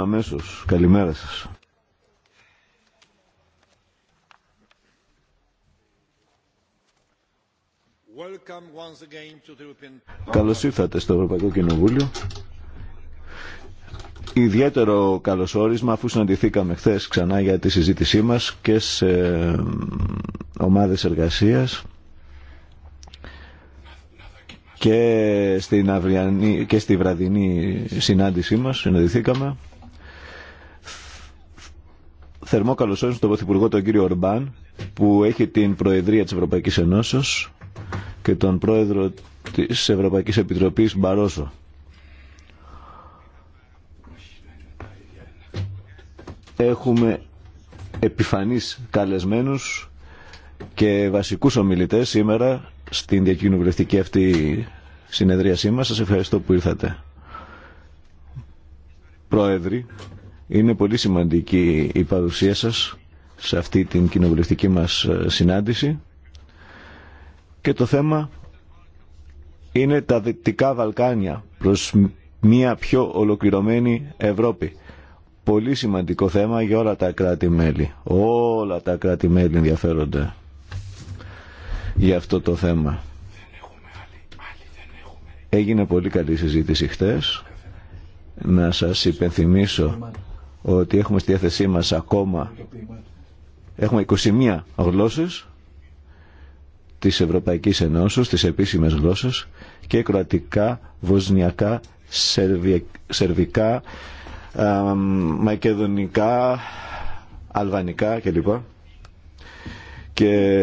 Αμέσως. Καλημέρα σας. Καλώς ήρθατε στο Ευρωπαϊκό Κοινοβούλιο. Ιδιαίτερο καλωσόρισμα αφού συναντηθήκαμε χθε ξανά για τη συζήτησή μας και σε ομάδες εργασίας και, στην αυριανή, και στη βραδινή συνάντησή μας συναντηθήκαμε Θερμό καλωσόρισμα στον Πρωθυπουργό τον κύριο Ορμπάν που έχει την Προεδρία της Ευρωπαϊκής Ενώσεως και τον Πρόεδρο της Ευρωπαϊκής Επιτροπής Μπαρόσο. Έχουμε επιφανείς καλεσμένους και βασικούς ομιλητές σήμερα στην διακοινοβουλευτική αυτή συνεδρίασή μας. Σας ευχαριστώ που ήρθατε. Πρόεδροι, είναι πολύ σημαντική η παρουσία σας σε αυτή την κοινοβουλευτική μας ε, συνάντηση και το θέμα είναι τα Δυτικά Βαλκάνια προς μια πιο ολοκληρωμένη Ευρώπη. Πολύ σημαντικό θέμα για όλα τα κράτη-μέλη. Όλα τα κράτη-μέλη ενδιαφέρονται για αυτό το θέμα. Έγινε πολύ καλή συζήτηση χτες. Να σας υπενθυμίσω ότι έχουμε στη διάθεσή μας ακόμα έχουμε 21 γλώσσες της Ευρωπαϊκής Ενώσεως, τις επίσημες γλώσσες και κροατικά, βοσνιακά, σερβικά, μακεδονικά, αλβανικά κλπ. Και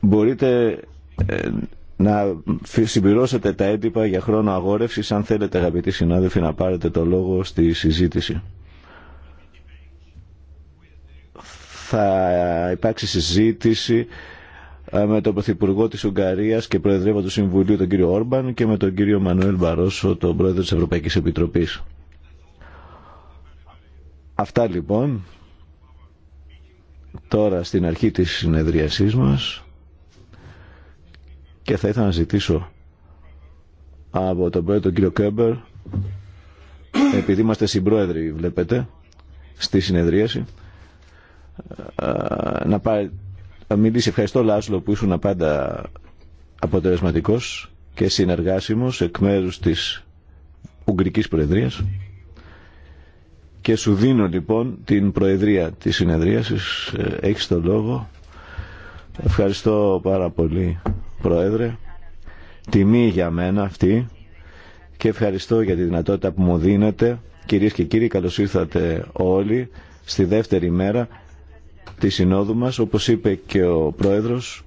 μπορείτε ε, να συμπληρώσετε τα έντυπα για χρόνο αγόρευσης αν θέλετε αγαπητοί συνάδελφοι να πάρετε το λόγο στη συζήτηση. θα υπάρξει συζήτηση ε, με τον Πρωθυπουργό της Ουγγαρίας και προεδρία του Συμβουλίου τον κύριο Όρμπαν και με τον κύριο Μανουέλ Μπαρόσο, τον Πρόεδρο της Ευρωπαϊκής Επιτροπής. Αυτά λοιπόν τώρα στην αρχή της συνεδρίασής μας και θα ήθελα να ζητήσω από τον Πρόεδρο τον κύριο Κέμπερ επειδή είμαστε συμπρόεδροι βλέπετε στη συνεδρίαση ε, να πάρει, να μιλήσει. Ευχαριστώ Λάσλο που ήσουν πάντα αποτελεσματικός και συνεργάσιμος εκ μέρους της Ουγγρικής Προεδρίας και σου δίνω λοιπόν την Προεδρία της συνεδρίασης. Ε, έχεις το λόγο. Ευχαριστώ πάρα πολύ Πρόεδρε. Τιμή για μένα αυτή και ευχαριστώ για τη δυνατότητα που μου δίνετε. Κυρίες και κύριοι καλώς ήρθατε όλοι στη δεύτερη μέρα τη Συνόδου μας. Όπως είπε και ο Πρόεδρος,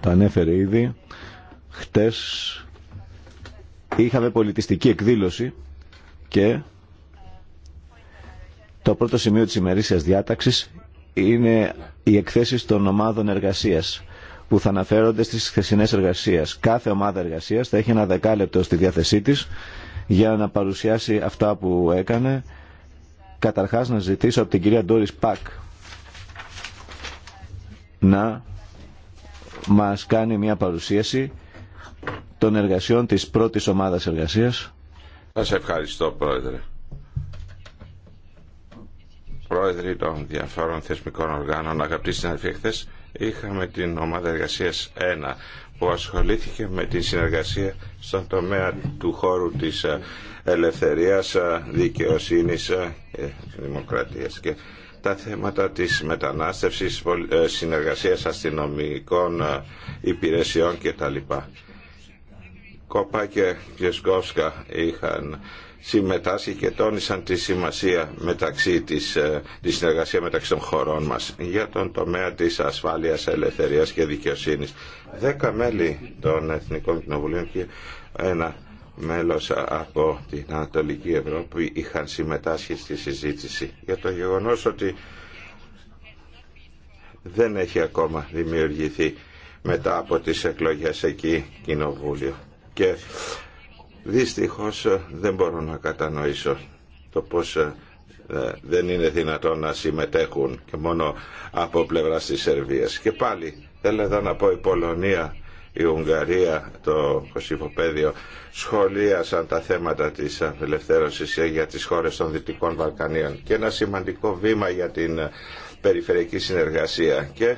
το ανέφερε ήδη, χτες είχαμε πολιτιστική εκδήλωση και το πρώτο σημείο της ημερήσιας διάταξης είναι οι εκθέσεις των ομάδων εργασίας που θα αναφέρονται στις χθεσινές εργασίες. Κάθε ομάδα εργασίας θα έχει ένα δεκάλεπτο στη διάθεσή της για να παρουσιάσει αυτά που έκανε. Καταρχάς να ζητήσω από την κυρία Ντόρις Πακ να μας κάνει μια παρουσίαση των εργασιών της πρώτης ομάδας εργασίας. Σας ευχαριστώ Πρόεδρε. Πρόεδρε των διαφόρων θεσμικών οργάνων, αγαπητοί συναδελφοί, χθε είχαμε την ομάδα εργασίας 1 που ασχολήθηκε με τη συνεργασία στον τομέα του χώρου της ε, ελευθερίας, ε, δικαιοσύνης ε, και δημοκρατίας. Και τα θέματα της μετανάστευσης, ε, συνεργασίας αστυνομικών ε, υπηρεσιών κτλ. Κόπα και Πιεσκόφσκα είχαν συμμετάσχει και τόνισαν τη σημασία μεταξύ της, ε, τη συνεργασία μεταξύ των χωρών μας για τον τομέα της ασφάλειας, ελευθερίας και δικαιοσύνης. Δέκα μέλη των Εθνικών Κοινοβουλίων και ένα μέλος από την Ανατολική Ευρώπη είχαν συμμετάσχει στη συζήτηση για το γεγονός ότι δεν έχει ακόμα δημιουργηθεί μετά από τις εκλογές εκεί κοινοβούλιο και δυστυχώς δεν μπορώ να κατανοήσω το πώς ε, δεν είναι δυνατόν να συμμετέχουν και μόνο από πλευρά της Σερβίας και πάλι θέλω εδώ να πω η Πολωνία η Ουγγαρία, το Πέδιο, σχολίασαν τα θέματα της απελευθέρωσης για τις χώρες των Δυτικών Βαλκανίων και ένα σημαντικό βήμα για την περιφερειακή συνεργασία και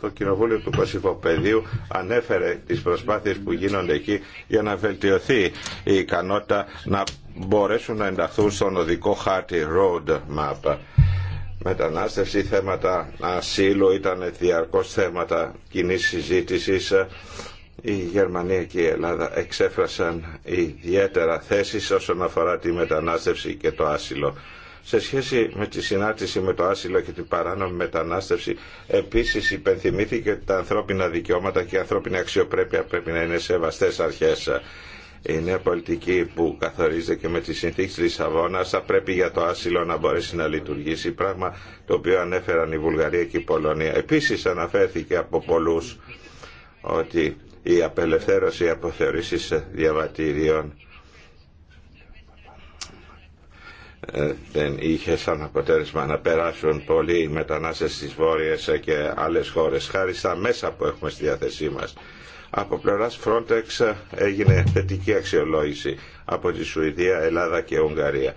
το Κοινοβούλιο του Κωσυφοπεδίου ανέφερε τις προσπάθειες που γίνονται εκεί για να βελτιωθεί η ικανότητα να μπορέσουν να ενταχθούν στον οδικό χάρτη road map μετανάστευση, θέματα ασύλου ήταν διαρκώς θέματα κοινή συζήτησης. Η Γερμανία και η Ελλάδα εξέφρασαν ιδιαίτερα θέσεις όσον αφορά τη μετανάστευση και το άσυλο. Σε σχέση με τη συνάρτηση με το άσυλο και την παράνομη μετανάστευση, επίσης υπενθυμήθηκε ότι τα ανθρώπινα δικαιώματα και η ανθρώπινη αξιοπρέπεια πρέπει να είναι σεβαστές αρχές η νέα πολιτική που καθορίζεται και με τη συνθήκες της Λισαβόνας θα πρέπει για το άσυλο να μπορέσει να λειτουργήσει πράγμα το οποίο ανέφεραν η Βουλγαρία και η Πολωνία. Επίσης αναφέρθηκε από πολλούς ότι η απελευθέρωση από διαβατήριων ε, δεν είχε σαν αποτέλεσμα να περάσουν πολλοί μετανάστες στις βόρειες και άλλες χώρες χάρη στα μέσα που έχουμε στη διάθεσή μας. Από πλευράς Frontex έγινε θετική αξιολόγηση από τη Σουηδία, Ελλάδα και Ουγγαρία.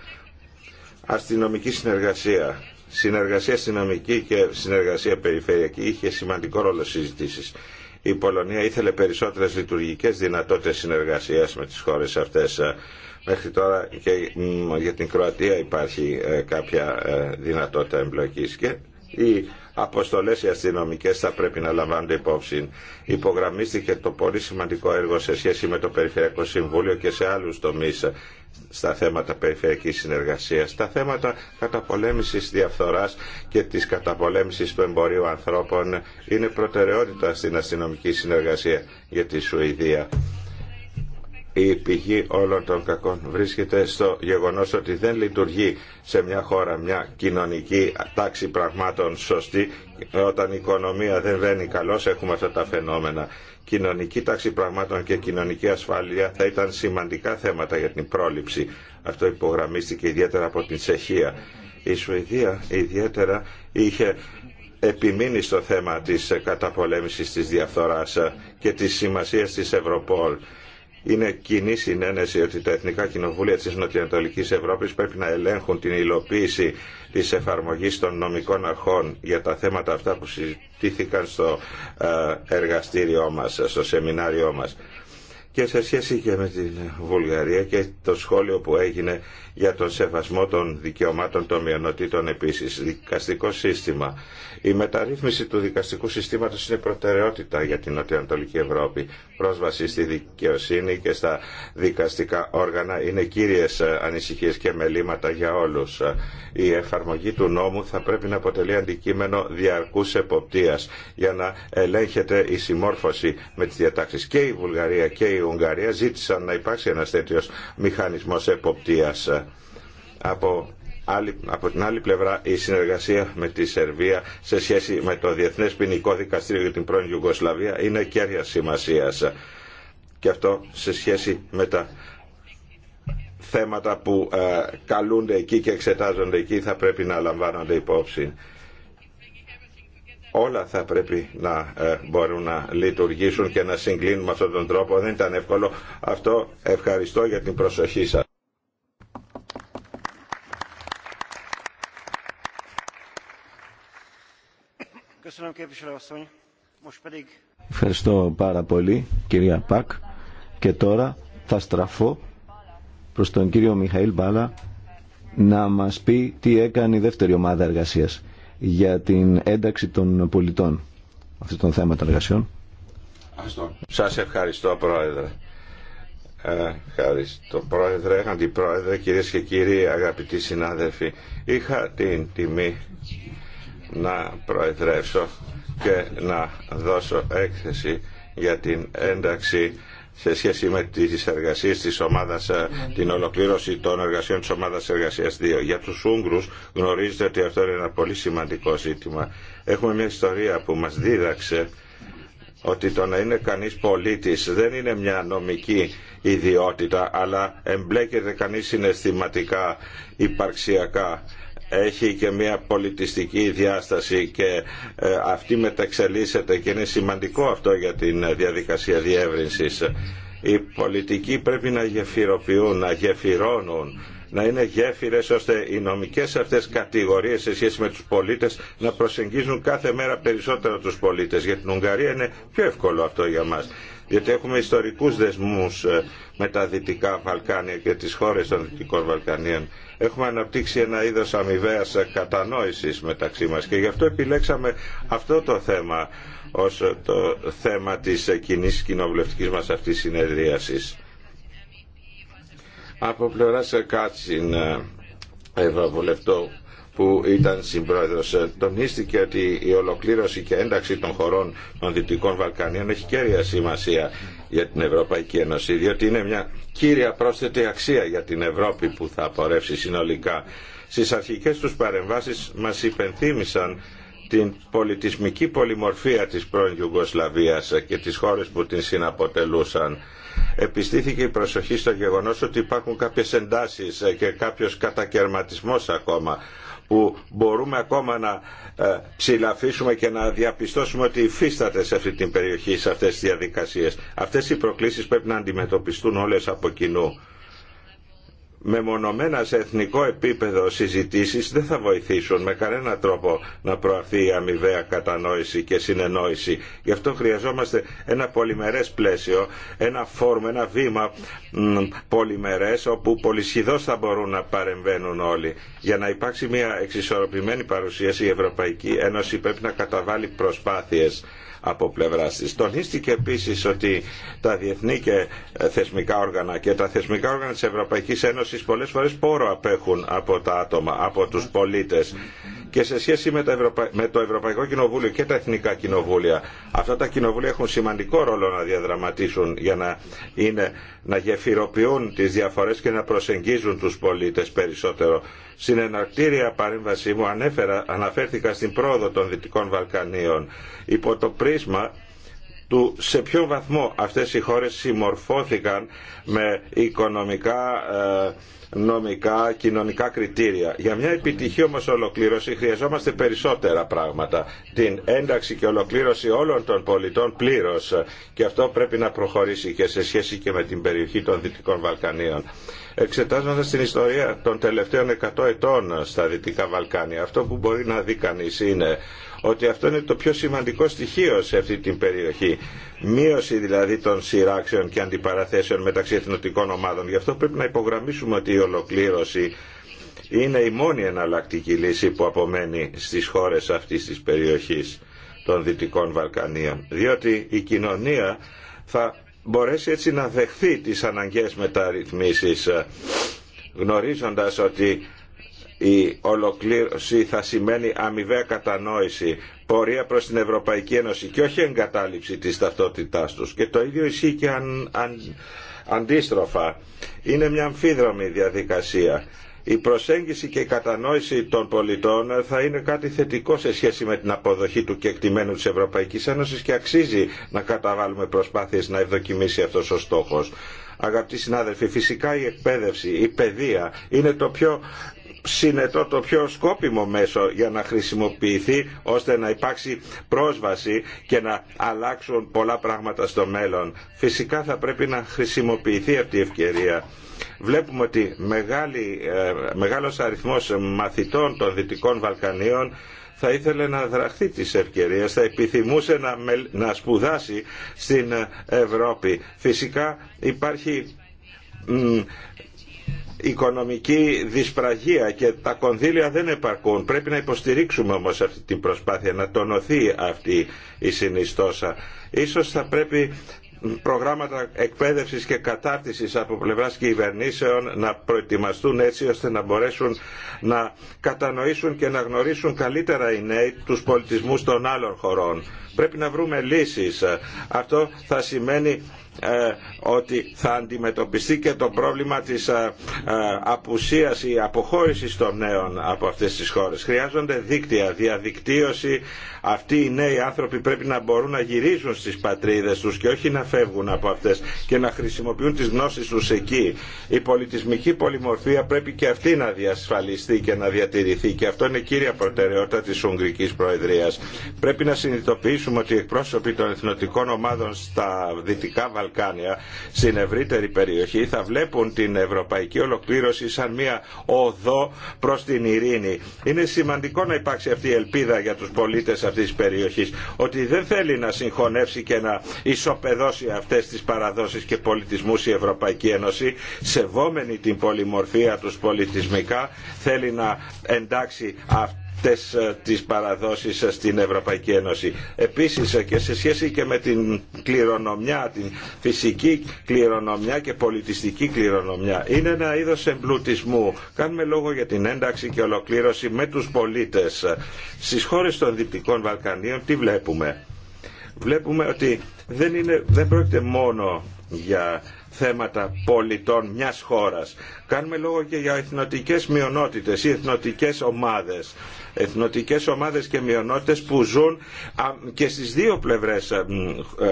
Αστυνομική συνεργασία. Συνεργασία αστυνομική και συνεργασία περιφερειακή είχε σημαντικό ρόλο συζητήσεις. Η Πολωνία ήθελε περισσότερες λειτουργικές δυνατότητες συνεργασίας με τις χώρες αυτές. Μέχρι τώρα και για την Κροατία υπάρχει ε, κάποια ε, δυνατότητα εμπλοκής και αποστολές οι αστυνομικέ θα πρέπει να λαμβάνονται υπόψη. Υπογραμμίστηκε το πολύ σημαντικό έργο σε σχέση με το Περιφερειακό Συμβούλιο και σε άλλους τομείς στα θέματα περιφερειακής συνεργασίας, Τα θέματα καταπολέμησης διαφθορά και της καταπολέμησης του εμπορίου ανθρώπων είναι προτεραιότητα στην αστυνομική συνεργασία για τη Σουηδία η πηγή όλων των κακών βρίσκεται στο γεγονός ότι δεν λειτουργεί σε μια χώρα μια κοινωνική τάξη πραγμάτων σωστή όταν η οικονομία δεν βαίνει καλώς έχουμε αυτά τα φαινόμενα κοινωνική τάξη πραγμάτων και κοινωνική ασφάλεια θα ήταν σημαντικά θέματα για την πρόληψη αυτό υπογραμμίστηκε ιδιαίτερα από την Τσεχία η Σουηδία ιδιαίτερα είχε επιμείνει στο θέμα της καταπολέμησης της διαφθοράς και της σημασίας της Ευρωπόλ είναι κοινή συνένεση ότι τα Εθνικά Κοινοβούλια της Νοτιοανατολικής Ευρώπης πρέπει να ελέγχουν την υλοποίηση της εφαρμογής των νομικών αρχών για τα θέματα αυτά που συζητήθηκαν στο ε, εργαστήριό μας, στο σεμινάριό μας. Και σε σχέση και με την Βουλγαρία και το σχόλιο που έγινε για τον σεβασμό των δικαιωμάτων των μειονοτήτων επίση Δικαστικό σύστημα. Η μεταρρύθμιση του δικαστικού συστήματο είναι προτεραιότητα για την Νοτιοανατολική Ευρώπη. Πρόσβαση στη δικαιοσύνη και στα δικαστικά όργανα είναι κύριε ανησυχίε και μελήματα για όλους. Η εφαρμογή του νόμου θα πρέπει να αποτελεί αντικείμενο διαρκού εποπτείας για να ελέγχεται η συμμόρφωση με τι διατάξει Και η Βουλγαρία και η Ουγγαρία ζήτησαν να υπάρξει ένα τέτοιο μηχανισμό εποπτείας από από την άλλη πλευρά η συνεργασία με τη Σερβία σε σχέση με το Διεθνές Ποινικό Δικαστήριο για την πρώην Ιουγκοσλαβία είναι κέρια σημασίας και αυτό σε σχέση με τα θέματα που ε, καλούνται εκεί και εξετάζονται εκεί θα πρέπει να λαμβάνονται υπόψη. Όλα θα πρέπει να ε, μπορούν να λειτουργήσουν και να συγκλίνουν με αυτόν τον τρόπο. Δεν ήταν εύκολο. Αυτό ευχαριστώ για την προσοχή σας. Ευχαριστώ πάρα πολύ κυρία Πακ και τώρα θα στραφώ προς τον κύριο Μιχαήλ Μπάλα να μας πει τι έκανε η δεύτερη ομάδα εργασίας για την ένταξη των πολιτών αυτών των θέματων εργασιών. Σας ευχαριστώ Πρόεδρε. Ε, ευχαριστώ Πρόεδρε, Αντιπρόεδρε, κυρίες και κύριοι, αγαπητοί συνάδελφοι. Είχα την τιμή να προεδρεύσω και να δώσω έκθεση για την ένταξη σε σχέση με τις εργασίες της ομάδας, ε, την ολοκλήρωση των εργασιών της ομάδας εργασίας 2. Για τους Ούγγρους γνωρίζετε ότι αυτό είναι ένα πολύ σημαντικό ζήτημα. Έχουμε μια ιστορία που μας δίδαξε ότι το να είναι κανείς πολίτης δεν είναι μια νομική ιδιότητα, αλλά εμπλέκεται κανείς συναισθηματικά, υπαρξιακά έχει και μια πολιτιστική διάσταση και ε, αυτή μεταξελίσσεται και είναι σημαντικό αυτό για την διαδικασία διεύρυνσης. Οι πολιτικοί πρέπει να γεφυροποιούν, να γεφυρώνουν να είναι γέφυρες ώστε οι νομικές αυτές κατηγορίες σε σχέση με τους πολίτες να προσεγγίζουν κάθε μέρα περισσότερο τους πολίτες. Για την Ουγγαρία είναι πιο εύκολο αυτό για μας γιατί έχουμε ιστορικούς δεσμούς ε, με τα Δυτικά Βαλκάνια και τις χώρες των Δυτικών Βαλκανίων. Έχουμε αναπτύξει ένα είδος αμοιβαία κατανόησης μεταξύ μας και γι' αυτό επιλέξαμε αυτό το θέμα ως το θέμα της ε, κοινή κοινοβουλευτικής μας αυτής συνεδρίασης από πλευράς ε, Κάτσιν ε, Ευρωβουλευτό που ήταν συμπρόεδρος ε, τονίστηκε ότι η ολοκλήρωση και ένταξη των χωρών των Δυτικών Βαλκανίων έχει κέρια σημασία για την Ευρωπαϊκή Ένωση διότι είναι μια κύρια πρόσθετη αξία για την Ευρώπη που θα απορρεύσει συνολικά. Στις αρχικές τους παρεμβάσεις μας υπενθύμησαν την πολιτισμική πολυμορφία της πρώην Ιουγκοσλαβίας και τις χώρες που την συναποτελούσαν επιστήθηκε η προσοχή στο γεγονός ότι υπάρχουν κάποιες εντάσεις και κάποιος κατακαιρματισμός ακόμα που μπορούμε ακόμα να ε, ψηλαφίσουμε και να διαπιστώσουμε ότι υφίσταται σε αυτή την περιοχή, σε αυτές τις διαδικασίες. Αυτές οι προκλήσεις πρέπει να αντιμετωπιστούν όλες από κοινού μεμονωμένα σε εθνικό επίπεδο συζητήσεις δεν θα βοηθήσουν με κανένα τρόπο να προαρθεί η αμοιβαία κατανόηση και συνεννόηση. Γι' αυτό χρειαζόμαστε ένα πολυμερές πλαίσιο, ένα φόρμα, ένα βήμα πολυμερές όπου πολυσχηδώς θα μπορούν να παρεμβαίνουν όλοι. Για να υπάρξει μια εξισορροπημένη παρουσίαση η Ευρωπαϊκή Ένωση πρέπει να καταβάλει προσπάθειες από πλευρά τη. Τονίστηκε επίση ότι τα διεθνή και θεσμικά όργανα και τα θεσμικά όργανα τη Ευρωπαϊκή Ένωση πολλέ φορέ πόρο απέχουν από τα άτομα, από του πολίτε. Και σε σχέση με, με το Ευρωπαϊκό Κοινοβούλιο και τα Εθνικά Κοινοβούλια, αυτά τα κοινοβούλια έχουν σημαντικό ρόλο να διαδραματίσουν για να, είναι, να γεφυροποιούν τι διαφορέ και να προσεγγίζουν του πολίτε περισσότερο. Στην εναρκτήρια παρέμβασή μου ανέφερα, αναφέρθηκα στην πρόοδο των Δυτικών Βαλκανίων. Υπό το πρίσμα του σε ποιο βαθμό αυτές οι χώρες συμμορφώθηκαν με οικονομικά, ε, νομικά, κοινωνικά κριτήρια. Για μια επιτυχή όμως ολοκλήρωση χρειαζόμαστε περισσότερα πράγματα. Την ένταξη και ολοκλήρωση όλων των πολιτών πλήρως και αυτό πρέπει να προχωρήσει και σε σχέση και με την περιοχή των Δυτικών Βαλκανίων. Εξετάζοντας την ιστορία των τελευταίων 100 ετών στα Δυτικά Βαλκάνια, αυτό που μπορεί να δει κανείς είναι ότι αυτό είναι το πιο σημαντικό στοιχείο σε αυτή την περιοχή. Μείωση δηλαδή των σειράξεων και αντιπαραθέσεων μεταξύ εθνοτικών ομάδων. Γι' αυτό πρέπει να υπογραμμίσουμε ότι η ολοκλήρωση είναι η μόνη εναλλακτική λύση που απομένει στις χώρες αυτής της περιοχής των Δυτικών Βαλκανίων. Διότι η κοινωνία θα μπορέσει έτσι να δεχθεί τις αναγκαίες μεταρρυθμίσεις ε, γνωρίζοντας ότι η ολοκλήρωση θα σημαίνει αμοιβαία κατανόηση, πορεία προς την Ευρωπαϊκή Ένωση και όχι εγκατάληψη της ταυτότητάς τους. Και το ίδιο ισχύει και αν, αν, αντίστροφα. Είναι μια αμφίδρομη διαδικασία. Η προσέγγιση και η κατανόηση των πολιτών θα είναι κάτι θετικό σε σχέση με την αποδοχή του κεκτημένου της Ευρωπαϊκής Ένωσης και αξίζει να καταβάλουμε προσπάθειες να ευδοκιμήσει αυτός ο στόχος. Αγαπητοί συνάδελφοι, φυσικά η εκπαίδευση, η παιδεία είναι το πιο συνετό, το πιο σκόπιμο μέσο για να χρησιμοποιηθεί ώστε να υπάρξει πρόσβαση και να αλλάξουν πολλά πράγματα στο μέλλον. Φυσικά θα πρέπει να χρησιμοποιηθεί αυτή η ευκαιρία. Βλέπουμε ότι μεγάλη, ε, μεγάλος αριθμός μαθητών των Δυτικών Βαλκανίων θα ήθελε να δραχθεί της ευκαιρίας, θα επιθυμούσε να, να σπουδάσει στην ε, Ευρώπη. Φυσικά υπάρχει οικονομική δυσπραγία και τα κονδύλια δεν επαρκούν. Πρέπει να υποστηρίξουμε όμως αυτή την προσπάθεια, να τονωθεί αυτή η συνιστόσα. Ίσως θα πρέπει προγράμματα εκπαίδευσης και κατάρτισης από πλευράς κυβερνήσεων να προετοιμαστούν έτσι ώστε να μπορέσουν να κατανοήσουν και να γνωρίσουν καλύτερα οι νέοι τους πολιτισμούς των άλλων χωρών. Πρέπει να βρούμε λύσεις. Αυτό θα σημαίνει ε, ότι θα αντιμετωπιστεί και το πρόβλημα της ε, ε, απουσίας ή αποχώρησης των νέων από αυτές τις χώρες. Χρειάζονται δίκτυα, διαδικτύωση. Αυτοί οι νέοι άνθρωποι πρέπει να μπορούν να γυρίζουν στις πατρίδες τους και όχι να φεύγουν από αυτές και να χρησιμοποιούν τις γνώσεις τους εκεί. Η πολιτισμική πολυμορφία πρέπει και αυτή να διασφαλιστεί και να διατηρηθεί και αυτό είναι κύρια προτεραιότητα της Ουγγρικής Προεδρίας. Πρέπει να συνειδητοποιήσουμε ότι οι εκπρόσωποι των εθνοτικών ομάδων στα Δυτικά Βαλκάνια Βαλκάνια στην ευρύτερη περιοχή θα βλέπουν την ευρωπαϊκή ολοκλήρωση σαν μια οδό προ την ειρήνη. Είναι σημαντικό να υπάρξει αυτή η ελπίδα για τους πολίτες αυτής της περιοχής ότι δεν θέλει να συγχωνεύσει και να ισοπεδώσει αυτές τις παραδόσεις και πολιτισμούς η Ευρωπαϊκή Ένωση σεβόμενη την πολυμορφία του πολιτισμικά θέλει να εντάξει αυτή της ε, παραδόσης ε, στην Ευρωπαϊκή Ένωση. Επίσης ε, και σε σχέση και με την κληρονομιά, την φυσική κληρονομιά και πολιτιστική κληρονομιά. Είναι ένα είδος εμπλουτισμού. Κάνουμε λόγο για την ένταξη και ολοκλήρωση με τους πολίτες. Στις χώρες των Δυτικών Βαλκανίων τι βλέπουμε. Βλέπουμε ότι δεν, είναι, δεν πρόκειται μόνο για θέματα πολιτών μιας χώρας. Κάνουμε λόγο και για εθνοτικές μειονότητες ή εθνοτικές ομάδες εθνοτικές ομάδες και μειονότητες που ζουν και στις δύο πλευρές ε, ε,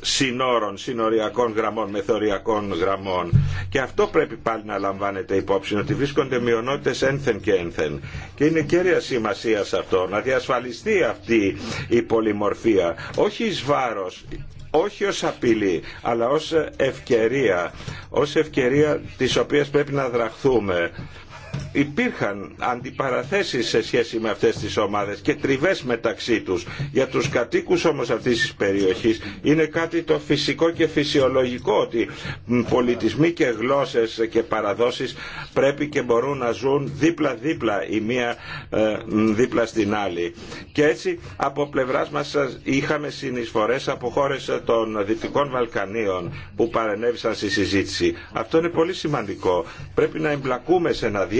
συνόρων, συνοριακών γραμμών, μεθοριακών γραμμών. Και αυτό πρέπει πάλι να λαμβάνεται υπόψη, ότι βρίσκονται μειονότητες ένθεν και ένθεν. Και είναι κέρια σημασία αυτό, να διασφαλιστεί αυτή η πολυμορφία. Όχι εις βάρος, όχι ως απειλή, αλλά ως ευκαιρία. Ως ευκαιρία της οποίας πρέπει να δραχθούμε υπήρχαν αντιπαραθέσεις σε σχέση με αυτές τις ομάδες και τριβές μεταξύ τους. Για τους κατοίκους όμως αυτής της περιοχής είναι κάτι το φυσικό και φυσιολογικό ότι πολιτισμοί και γλώσσες και παραδόσεις πρέπει και μπορούν να ζουν δίπλα-δίπλα η μία ε, δίπλα στην άλλη. Και έτσι από πλευράς μας είχαμε συνεισφορές από χώρες των Δυτικών Βαλκανίων που παρενέβησαν στη συζήτηση. Αυτό είναι πολύ σημαντικό. Πρέπει να εμπλακούμε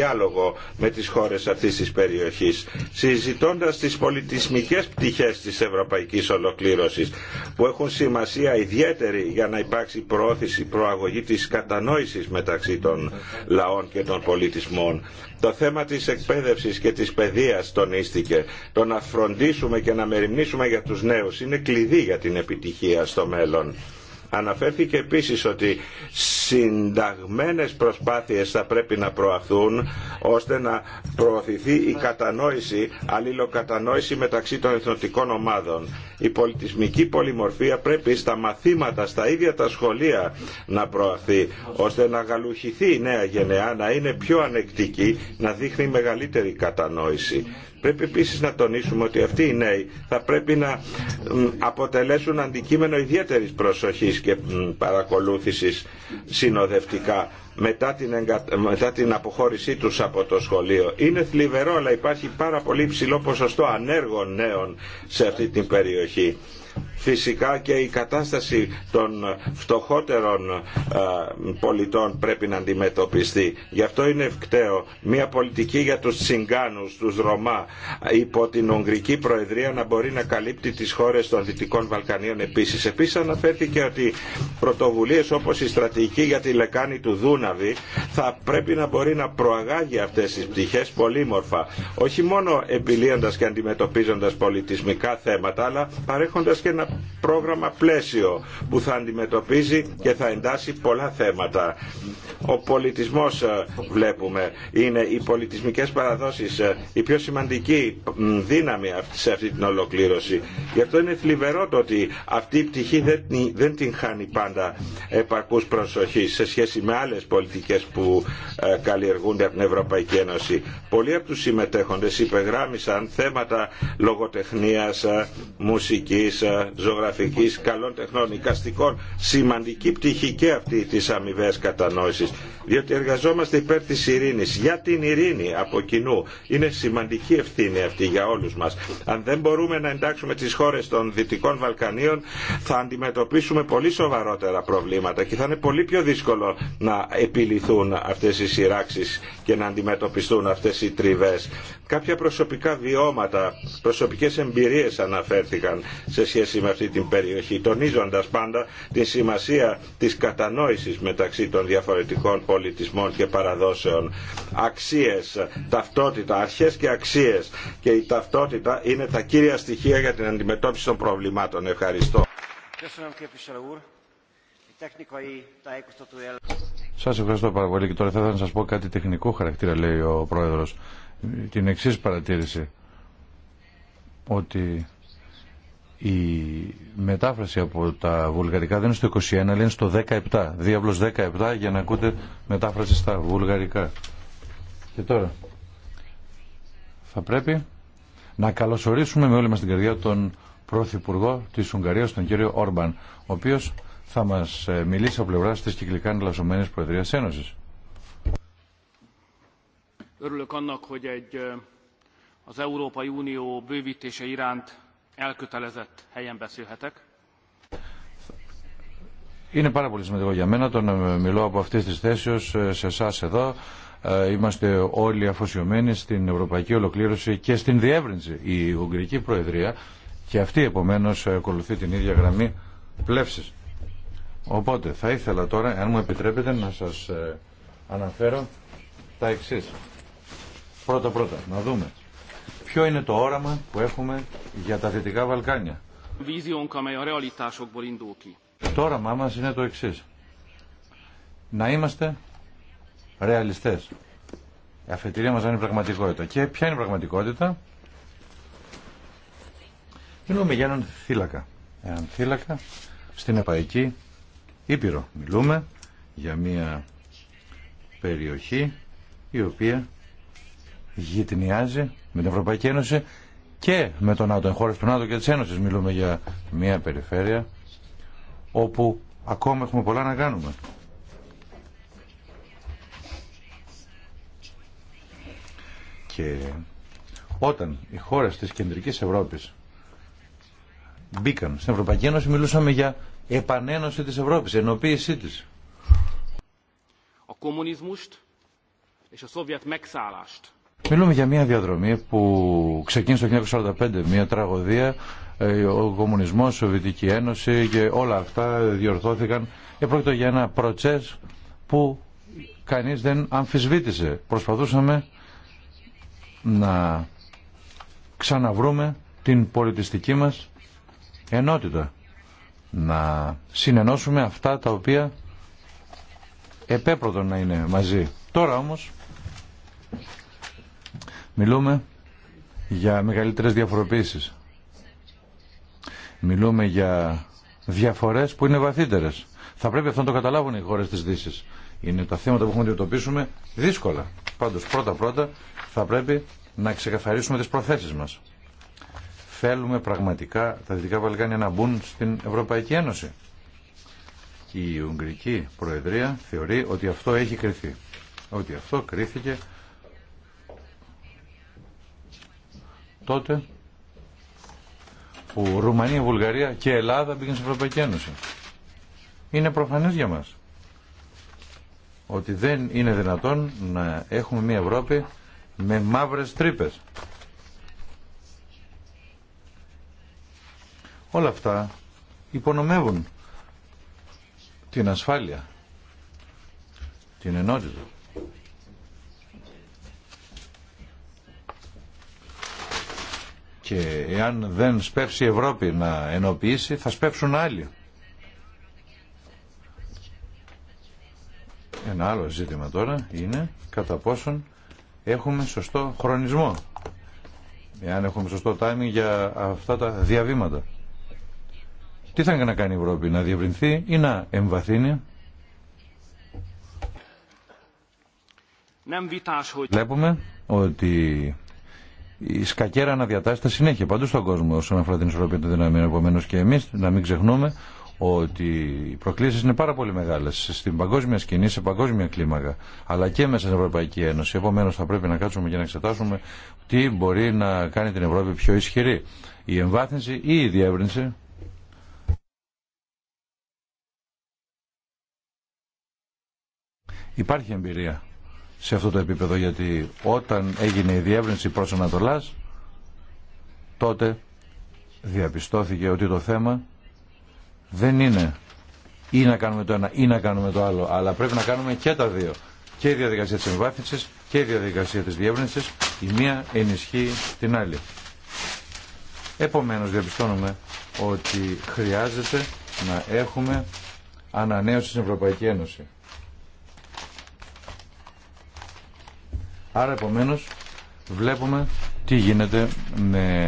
διάλογο με τις χώρες αυτής της περιοχής, συζητώντας τις πολιτισμικές πτυχές της ευρωπαϊκής ολοκλήρωσης, που έχουν σημασία ιδιαίτερη για να υπάρξει προώθηση, προαγωγή της κατανόησης μεταξύ των λαών και των πολιτισμών. Το θέμα της εκπαίδευσης και της παιδείας τονίστηκε. Το να φροντίσουμε και να μεριμνήσουμε για τους νέους είναι κλειδί για την επιτυχία στο μέλλον. Αναφέρθηκε επίσης ότι συνταγμένες προσπάθειες θα πρέπει να προαθούν ώστε να προωθηθεί η κατανόηση, αλληλοκατανόηση μεταξύ των εθνοτικών ομάδων. Η πολιτισμική πολυμορφία πρέπει στα μαθήματα, στα ίδια τα σχολεία να προαθεί, ώστε να γαλουχηθεί η νέα γενεά, να είναι πιο ανεκτική, να δείχνει μεγαλύτερη κατανόηση. Πρέπει επίσης να τονίσουμε ότι αυτοί οι νέοι θα πρέπει να αποτελέσουν αντικείμενο ιδιαίτερης προσοχής και παρακολούθησης συνοδευτικά μετά την, την αποχώρησή τους από το σχολείο. Είναι θλιβερό αλλά υπάρχει πάρα πολύ ψηλό ποσοστό ανέργων νέων σε αυτή την περιοχή. Φυσικά και η κατάσταση των φτωχότερων πολιτών πρέπει να αντιμετωπιστεί. Γι' αυτό είναι ευκταίο μια πολιτική για τους Τσιγκάνους, τους Ρωμά, υπό την Ουγγρική Προεδρία να μπορεί να καλύπτει τις χώρες των Δυτικών Βαλκανίων επίσης. Επίσης αναφέρθηκε ότι πρωτοβουλίες όπως η στρατηγική για τη λεκάνη του Δούναβη θα πρέπει να μπορεί να προαγάγει αυτές τις πτυχές πολύμορφα. Όχι μόνο επιλύοντας και αντιμετωπίζοντας πολιτισμικά θέματα, αλλά παρέχοντας και ένα πρόγραμμα πλαίσιο που θα αντιμετωπίζει και θα εντάσσει πολλά θέματα. Ο πολιτισμός ε, βλέπουμε είναι οι πολιτισμικές παραδόσεις ε, η πιο σημαντική δύναμη σε αυτή την ολοκλήρωση. Γι' αυτό είναι θλιβερό το ότι αυτή η πτυχή δεν την χάνει πάντα επαρκούς προσοχής σε σχέση με άλλες πολιτικές που ε, καλλιεργούνται από την Ευρωπαϊκή Ένωση. Πολλοί από τους συμμετέχοντες υπεγράμισαν θέματα λογοτεχνίας, μουσικής, ζωγραφικής, καλών τεχνών, οικαστικών, σημαντική πτυχή και αυτή της αμοιβέ κατανόησης. Διότι εργαζόμαστε υπέρ της ειρήνης. Για την ειρήνη από κοινού. Είναι σημαντική ευθύνη αυτή για όλους μας. Αν δεν μπορούμε να εντάξουμε τις χώρες των Δυτικών Βαλκανίων θα αντιμετωπίσουμε πολύ σοβαρότερα προβλήματα και θα είναι πολύ πιο δύσκολο να επιληθούν αυτές οι σειράξεις και να αντιμετωπιστούν αυτές οι τριβές. Κάποια προσωπικά βιώματα, προσωπικές εμπειρίες αναφέρθηκαν σε σχέση σχέση με αυτή την περιοχή, τονίζοντας πάντα τη σημασία της κατανόησης μεταξύ των διαφορετικών πολιτισμών και παραδόσεων. Αξίες, ταυτότητα, αρχές και αξίες και η ταυτότητα είναι τα κύρια στοιχεία για την αντιμετώπιση των προβλημάτων. Ευχαριστώ. Σα ευχαριστώ πάρα πολύ και τώρα θα ήθελα να σα πω κάτι τεχνικό χαρακτήρα, λέει ο Πρόεδρο. Την εξή παρατήρηση. Ότι η μετάφραση από τα βουλγαρικά δεν είναι στο 21 αλλά είναι στο 17 διάβλος 17 για να ακούτε μετάφραση στα βουλγαρικά και τώρα θα πρέπει να καλωσορίσουμε με όλη μας την καρδιά τον Πρωθυπουργό της Ουγγαρίας τον κύριο Όρμπαν ο οποίος θα μας ε, μιλήσει από πλευρά της κυκλικά εναλλασσομένης Προεδρίας Ένωσης Örülök annak, hogy egy, az Európai Unió bővítése είναι πάρα πολύ σημαντικό για μένα το να μιλώ από αυτή τη θέση ε, σε εσά εδώ. Ε, είμαστε όλοι αφοσιωμένοι στην ευρωπαϊκή ολοκλήρωση και στην διεύρυνση. Η Ουγγρική Προεδρία και αυτή επομένω ακολουθεί την ίδια γραμμή πλεύση. Οπότε θα ήθελα τώρα, αν μου επιτρέπετε, να σα ε, αναφέρω τα εξή. Πρώτα-πρώτα, να δούμε ποιο είναι το όραμα που έχουμε για τα Δυτικά Βαλκάνια. Το όραμά μας είναι το εξής. Να είμαστε ρεαλιστές. Η αφετηρία μας είναι πραγματικότητα. Και ποια είναι η πραγματικότητα. Μιλούμε για έναν θύλακα. Έναν θύλακα στην Επαϊκή Ήπειρο. Μιλούμε για μια περιοχή η οποία γειτονιάζει με την Ευρωπαϊκή Ένωση και με τον ΝΑΤΟ, χώρες του ΝΑΤΟ και της Ένωσης. Μιλούμε για μια περιφέρεια όπου ακόμα έχουμε πολλά να κάνουμε. Και όταν οι χώρες της κεντρικής Ευρώπης μπήκαν στην Ευρωπαϊκή Ένωση μιλούσαμε για επανένωση της Ευρώπης, ενοποίησή της. Ο κομμουνισμός και ο Σόβιετ μεξάλαστ. Μιλούμε για μια διαδρομή που ξεκίνησε το 1945, μια τραγωδία, ε, ο κομμουνισμός, η Σοβιτική Ένωση και όλα αυτά διορθώθηκαν. Επρόκειτο για ένα προτσές που κανείς δεν αμφισβήτησε. Προσπαθούσαμε να ξαναβρούμε την πολιτιστική μας ενότητα. Να συνενώσουμε αυτά τα οποία επέπρωτο να είναι μαζί. Τώρα όμως Μιλούμε για μεγαλύτερες διαφοροποίησεις. Μιλούμε για διαφορές που είναι βαθύτερες. Θα πρέπει αυτό να το καταλάβουν οι χώρες της Δύσης. Είναι τα θέματα που έχουμε να αντιμετωπίσουμε δύσκολα. Πάντως πρώτα-πρώτα θα πρέπει να ξεκαθαρίσουμε τις προθέσεις μας. Θέλουμε πραγματικά τα Δυτικά Βαλκάνια να μπουν στην Ευρωπαϊκή Ένωση. Η Ουγγρική Προεδρία θεωρεί ότι αυτό έχει κρυθεί. Ότι αυτό κρίθηκε τότε που Ρουμανία, Βουλγαρία και Ελλάδα μπήκαν στην Ευρωπαϊκή Ένωση. Είναι προφανές για μας ότι δεν είναι δυνατόν να έχουμε μια Ευρώπη με μαύρες τρύπες. Όλα αυτά υπονομεύουν την ασφάλεια, την ενότητα. Και εάν δεν σπεύσει η Ευρώπη να ενοποιήσει, θα σπεύσουν άλλοι. Ένα άλλο ζήτημα τώρα είναι κατά πόσον έχουμε σωστό χρονισμό. Εάν έχουμε σωστό timing για αυτά τα διαβήματα. Τι θα να κάνει η Ευρώπη, να διευρυνθεί ή να εμβαθύνει. Βλέπουμε ότι η σκακέρα αναδιατάσσεται συνέχεια παντού στον κόσμο όσον αφορά την ισορροπία των δυναμίων. Επομένω και εμεί να μην ξεχνούμε ότι οι προκλήσει είναι πάρα πολύ μεγάλε στην παγκόσμια σκηνή, σε παγκόσμια κλίμακα, αλλά και μέσα στην Ευρωπαϊκή Ένωση. Επομένω, θα πρέπει να κάτσουμε και να εξετάσουμε τι μπορεί να κάνει την Ευρώπη πιο ισχυρή. Η εμβάθυνση ή η διεύρυνση. Υπάρχει εμπειρία σε αυτό το επίπεδο γιατί όταν έγινε η διεύρυνση προς Ανατολάς τότε διαπιστώθηκε ότι το θέμα δεν είναι ή να κάνουμε το ένα ή να κάνουμε το άλλο αλλά πρέπει να κάνουμε και τα δύο και η διαδικασία της εμβάθυνσης και η διαδικασία της διεύρυνσης η μία ενισχύει την άλλη επομένως διαπιστώνουμε ότι χρειάζεται να έχουμε ανανέωση στην Ευρωπαϊκή Ένωση Άρα επομένως βλέπουμε τι γίνεται με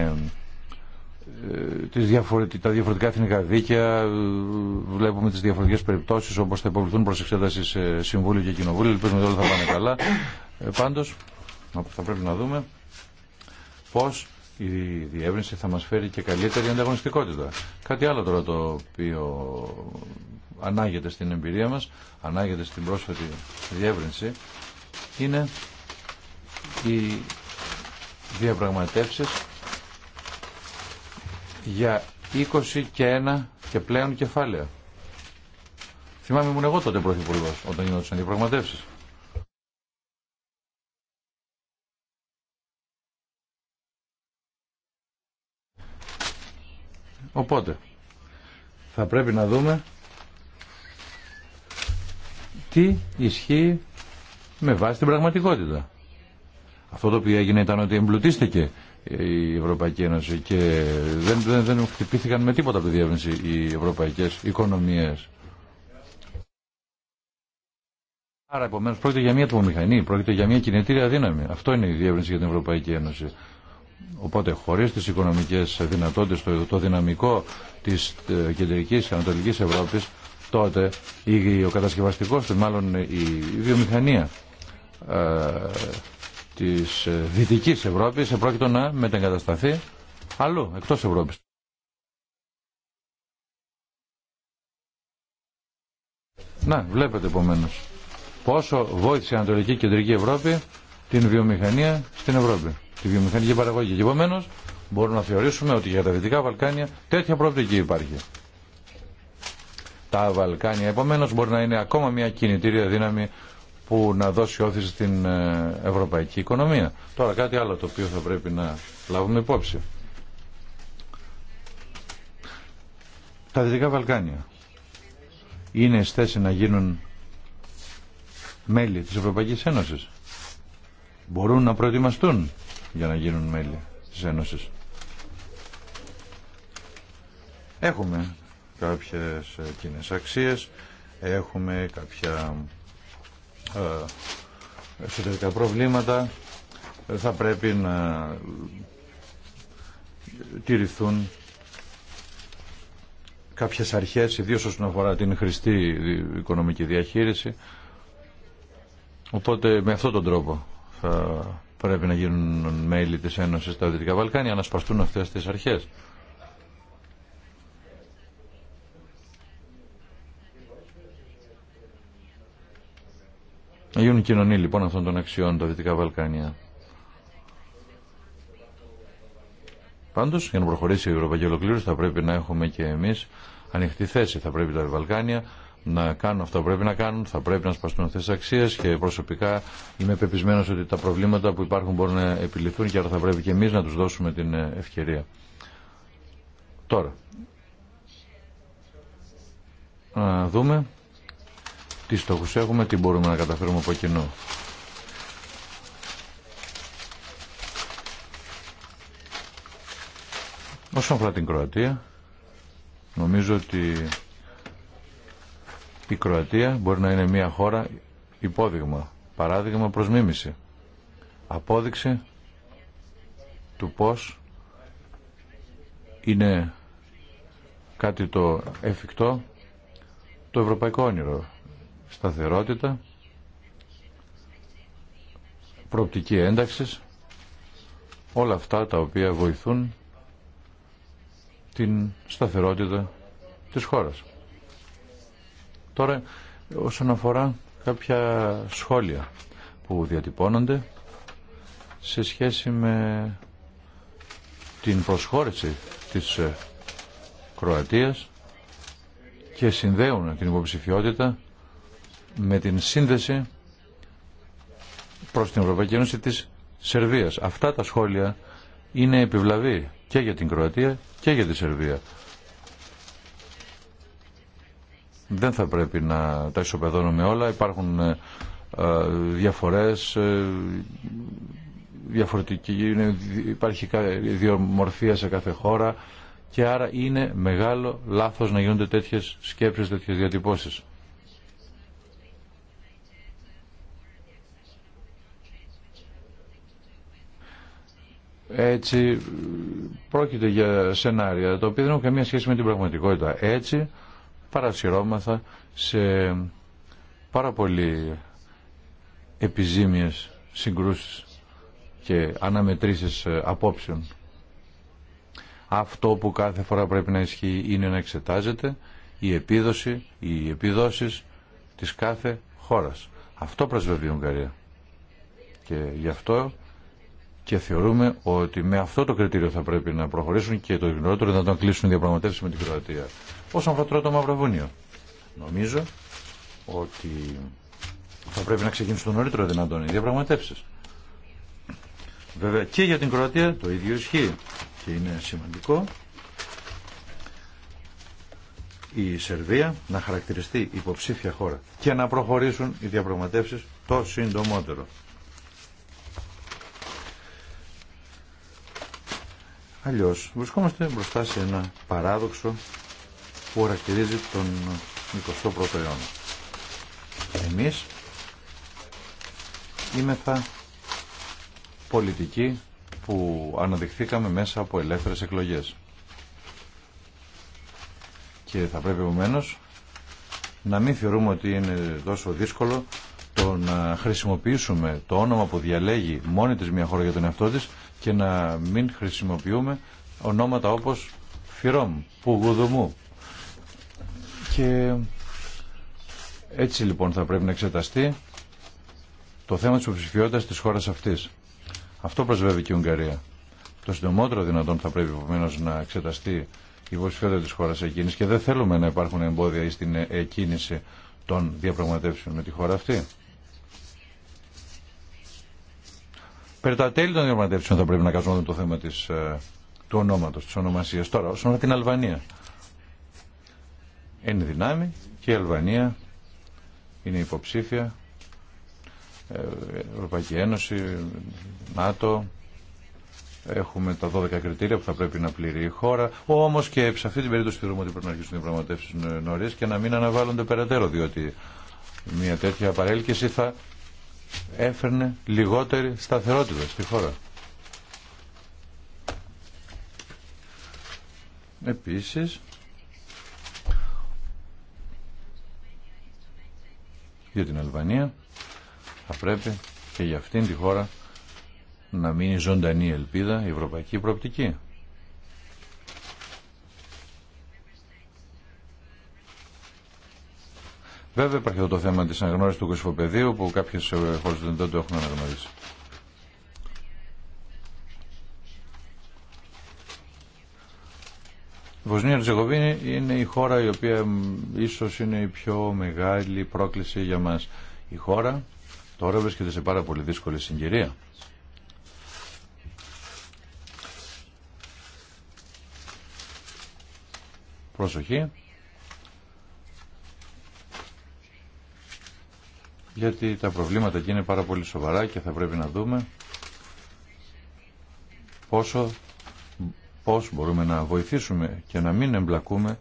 ε, τις διαφορετικά, τα διαφορετικά εθνικά δίκαια, βλέπουμε τις διαφορετικές περιπτώσεις όπως θα υποβληθούν προς εξέταση σε Συμβούλιο και Κοινοβούλιο, ελπίζουμε ότι όλα θα πάνε καλά. Ε, πάντως, θα πρέπει να δούμε πώς η διεύρυνση θα μας φέρει και καλύτερη ανταγωνιστικότητα. Κάτι άλλο τώρα το οποίο ανάγεται στην εμπειρία μας, ανάγεται στην πρόσφατη διεύρυνση, είναι οι διαπραγματεύσεις για 21 και 1 και πλέον κεφάλαια. Θυμάμαι ήμουν εγώ τότε πρωθυπουργό όταν γινόντουσαν διαπραγματεύσεις. Οπότε, θα πρέπει να δούμε τι ισχύει με βάση την πραγματικότητα. Αυτό το οποίο έγινε ήταν ότι εμπλουτίστηκε η Ευρωπαϊκή Ένωση και δεν, δεν, δεν χτυπήθηκαν με τίποτα από τη διεύρυνση οι ευρωπαϊκές οικονομίες. Άρα, επομένω, πρόκειται για μια τρομομηχανή, πρόκειται για μια κινητήρια δύναμη. Αυτό είναι η διεύρυνση για την Ευρωπαϊκή Ένωση. Οπότε, χωρί τι οικονομικέ δυνατότητε, το, το δυναμικό τη ε, κεντρική και ανατολική Ευρώπη, τότε η, ο κατασκευαστικό, μάλλον η, βιομηχανία, ε, της ε, Δυτικής Ευρώπης επρόκειτο να μετεγκατασταθεί αλλού, εκτός Ευρώπης. Να, βλέπετε επομένω. πόσο βόηθησε η Ανατολική Κεντρική Ευρώπη την βιομηχανία στην Ευρώπη, τη βιομηχανική παραγωγή. Και επομένω μπορούμε να θεωρήσουμε ότι για τα Δυτικά Βαλκάνια τέτοια προοπτική υπάρχει. Τα Βαλκάνια επομένω μπορεί να είναι ακόμα μια κινητήρια δύναμη που να δώσει όθηση στην ε, ευρωπαϊκή οικονομία. Τώρα κάτι άλλο το οποίο θα πρέπει να λάβουμε υπόψη. Τα Δυτικά Βαλκάνια είναι στη να γίνουν μέλη της Ευρωπαϊκής Ένωσης. Μπορούν να προετοιμαστούν για να γίνουν μέλη της Ένωσης. Έχουμε κάποιες κοινέ αξίες, έχουμε κάποια ε, εσωτερικά προβλήματα ε, θα πρέπει να τηρηθούν κάποιες αρχές, ιδίως όσον αφορά την χρηστή οικονομική διαχείριση. Οπότε με αυτόν τον τρόπο θα πρέπει να γίνουν μέλη της Ένωσης στα Δυτικά Βαλκάνια, να σπαστούν αυτές τις αρχές. Να γίνουν κοινωνοί λοιπόν αυτών των αξιών τα Δυτικά Βαλκάνια. Πάντως, για να προχωρήσει η Ευρωπαϊκή Ολοκλήρωση θα πρέπει να έχουμε και εμείς ανοιχτή θέση. Θα πρέπει τα Βαλκάνια να κάνουν αυτά που πρέπει να κάνουν, θα πρέπει να σπαστούν αυτέ τι αξίε και προσωπικά είμαι πεπισμένο ότι τα προβλήματα που υπάρχουν μπορούν να επιληθούν και άρα θα πρέπει και εμεί να του δώσουμε την ε, ευκαιρία. Τώρα, να δούμε τι στόχους έχουμε, τι μπορούμε να καταφέρουμε από κοινό. Όσον αφορά την Κροατία, νομίζω ότι η Κροατία μπορεί να είναι μια χώρα υπόδειγμα, παράδειγμα προς μίμηση. Απόδειξη του πώς είναι κάτι το εφικτό, το ευρωπαϊκό όνειρο σταθερότητα, προοπτική ένταξης, όλα αυτά τα οποία βοηθούν την σταθερότητα της χώρας. Τώρα, όσον αφορά κάποια σχόλια που διατυπώνονται σε σχέση με την προσχώρηση της ε, Κροατίας και συνδέουν την υποψηφιότητα με την σύνδεση προς την Ευρωπαϊκή Ένωση της Σερβίας. Αυτά τα σχόλια είναι επιβλαβή και για την Κροατία και για τη Σερβία. Δεν θα πρέπει να τα ισοπεδώνουμε όλα. Υπάρχουν ε, ε, διαφορές, ε, διαφορετική, είναι, υπάρχει διομορφία σε κάθε χώρα και άρα είναι μεγάλο λάθος να γίνονται τέτοιες σκέψεις, τέτοιες διατυπώσεις. Έτσι πρόκειται για σενάρια τα οποία δεν έχουν καμία σχέση με την πραγματικότητα. Έτσι παρασυρώμαθα σε πάρα πολύ επιζήμιες συγκρούσεις και αναμετρήσεις ε, απόψεων. Αυτό που κάθε φορά πρέπει να ισχύει είναι να εξετάζεται η επίδοση, οι επιδόσεις της κάθε χώρας. Αυτό πρεσβεύει η Ουγγαρία. Και γι' αυτό και θεωρούμε ότι με αυτό το κριτήριο θα πρέπει να προχωρήσουν και το γνωρότερο να τον κλείσουν οι διαπραγματεύσει με την Κροατία. Όσον αφορά τώρα το Μαυροβούνιο, νομίζω ότι θα πρέπει να ξεκινήσουν το νωρίτερο δυνατόν οι διαπραγματεύσει. Βέβαια και για την Κροατία το ίδιο ισχύει και είναι σημαντικό η Σερβία να χαρακτηριστεί υποψήφια χώρα και να προχωρήσουν οι διαπραγματεύσεις το συντομότερο. Αλλιώς βρισκόμαστε μπροστά σε ένα παράδοξο που χαρακτηρίζει τον 21ο αιώνα. Εμείς είμεθα πολιτικοί που αναδειχθήκαμε μέσα από ελεύθερες εκλογές. Και θα πρέπει επομένω να μην θεωρούμε ότι είναι τόσο δύσκολο το να χρησιμοποιήσουμε το όνομα που διαλέγει μόνη της μια χώρα για τον εαυτό της και να μην χρησιμοποιούμε ονόματα όπως Φιρόμ, Πουγουδουμού. Και έτσι λοιπόν θα πρέπει να εξεταστεί το θέμα της υποψηφιότητας της χώρας αυτής. Αυτό προσβεύει και η Ουγγαρία. Το συντομότερο δυνατόν θα πρέπει επομένω να εξεταστεί η υποψηφιότητα της χώρας εκείνης και δεν θέλουμε να υπάρχουν εμπόδια στην εκκίνηση των διαπραγματεύσεων με τη χώρα αυτή. Περί τα τέλη των διαπραγματεύσεων θα πρέπει να κάνουμε το θέμα της, ε, του ονόματος, της ονομασίας. Τώρα, όσον αφορά την Αλβανία. Είναι δυνάμει και η Αλβανία είναι υποψήφια. Ε, Ευρωπαϊκή Ένωση, ΝΑΤΟ, έχουμε τα 12 κριτήρια που θα πρέπει να πληρεί η χώρα. Όμω και σε αυτή την περίπτωση θεωρούμε ότι πρέπει να αρχίσουν οι διαπραγματεύσει νωρί και να μην αναβάλλονται περαιτέρω, διότι μια τέτοια παρέλκυση θα έφερνε λιγότερη σταθερότητα στη χώρα. Επίσης, για την Αλβανία θα πρέπει και για αυτήν τη χώρα να μείνει ζωντανή ελπίδα η ευρωπαϊκή προοπτική. Βέβαια υπάρχει εδώ το θέμα της αναγνώρισης του κοσμοπεδίου που κάποιες ε, χώρες δεν το έχουν αναγνωρίσει. Η Βοσνία Ριζεγοβίνη είναι η χώρα η οποία ίσως είναι η πιο μεγάλη πρόκληση για μας. Η χώρα τώρα βρίσκεται σε πάρα πολύ δύσκολη συγκυρία. Προσοχή γιατί τα προβλήματα εκεί είναι πάρα πολύ σοβαρά και θα πρέπει να δούμε πόσο, πώς μπορούμε να βοηθήσουμε και να μην εμπλακούμε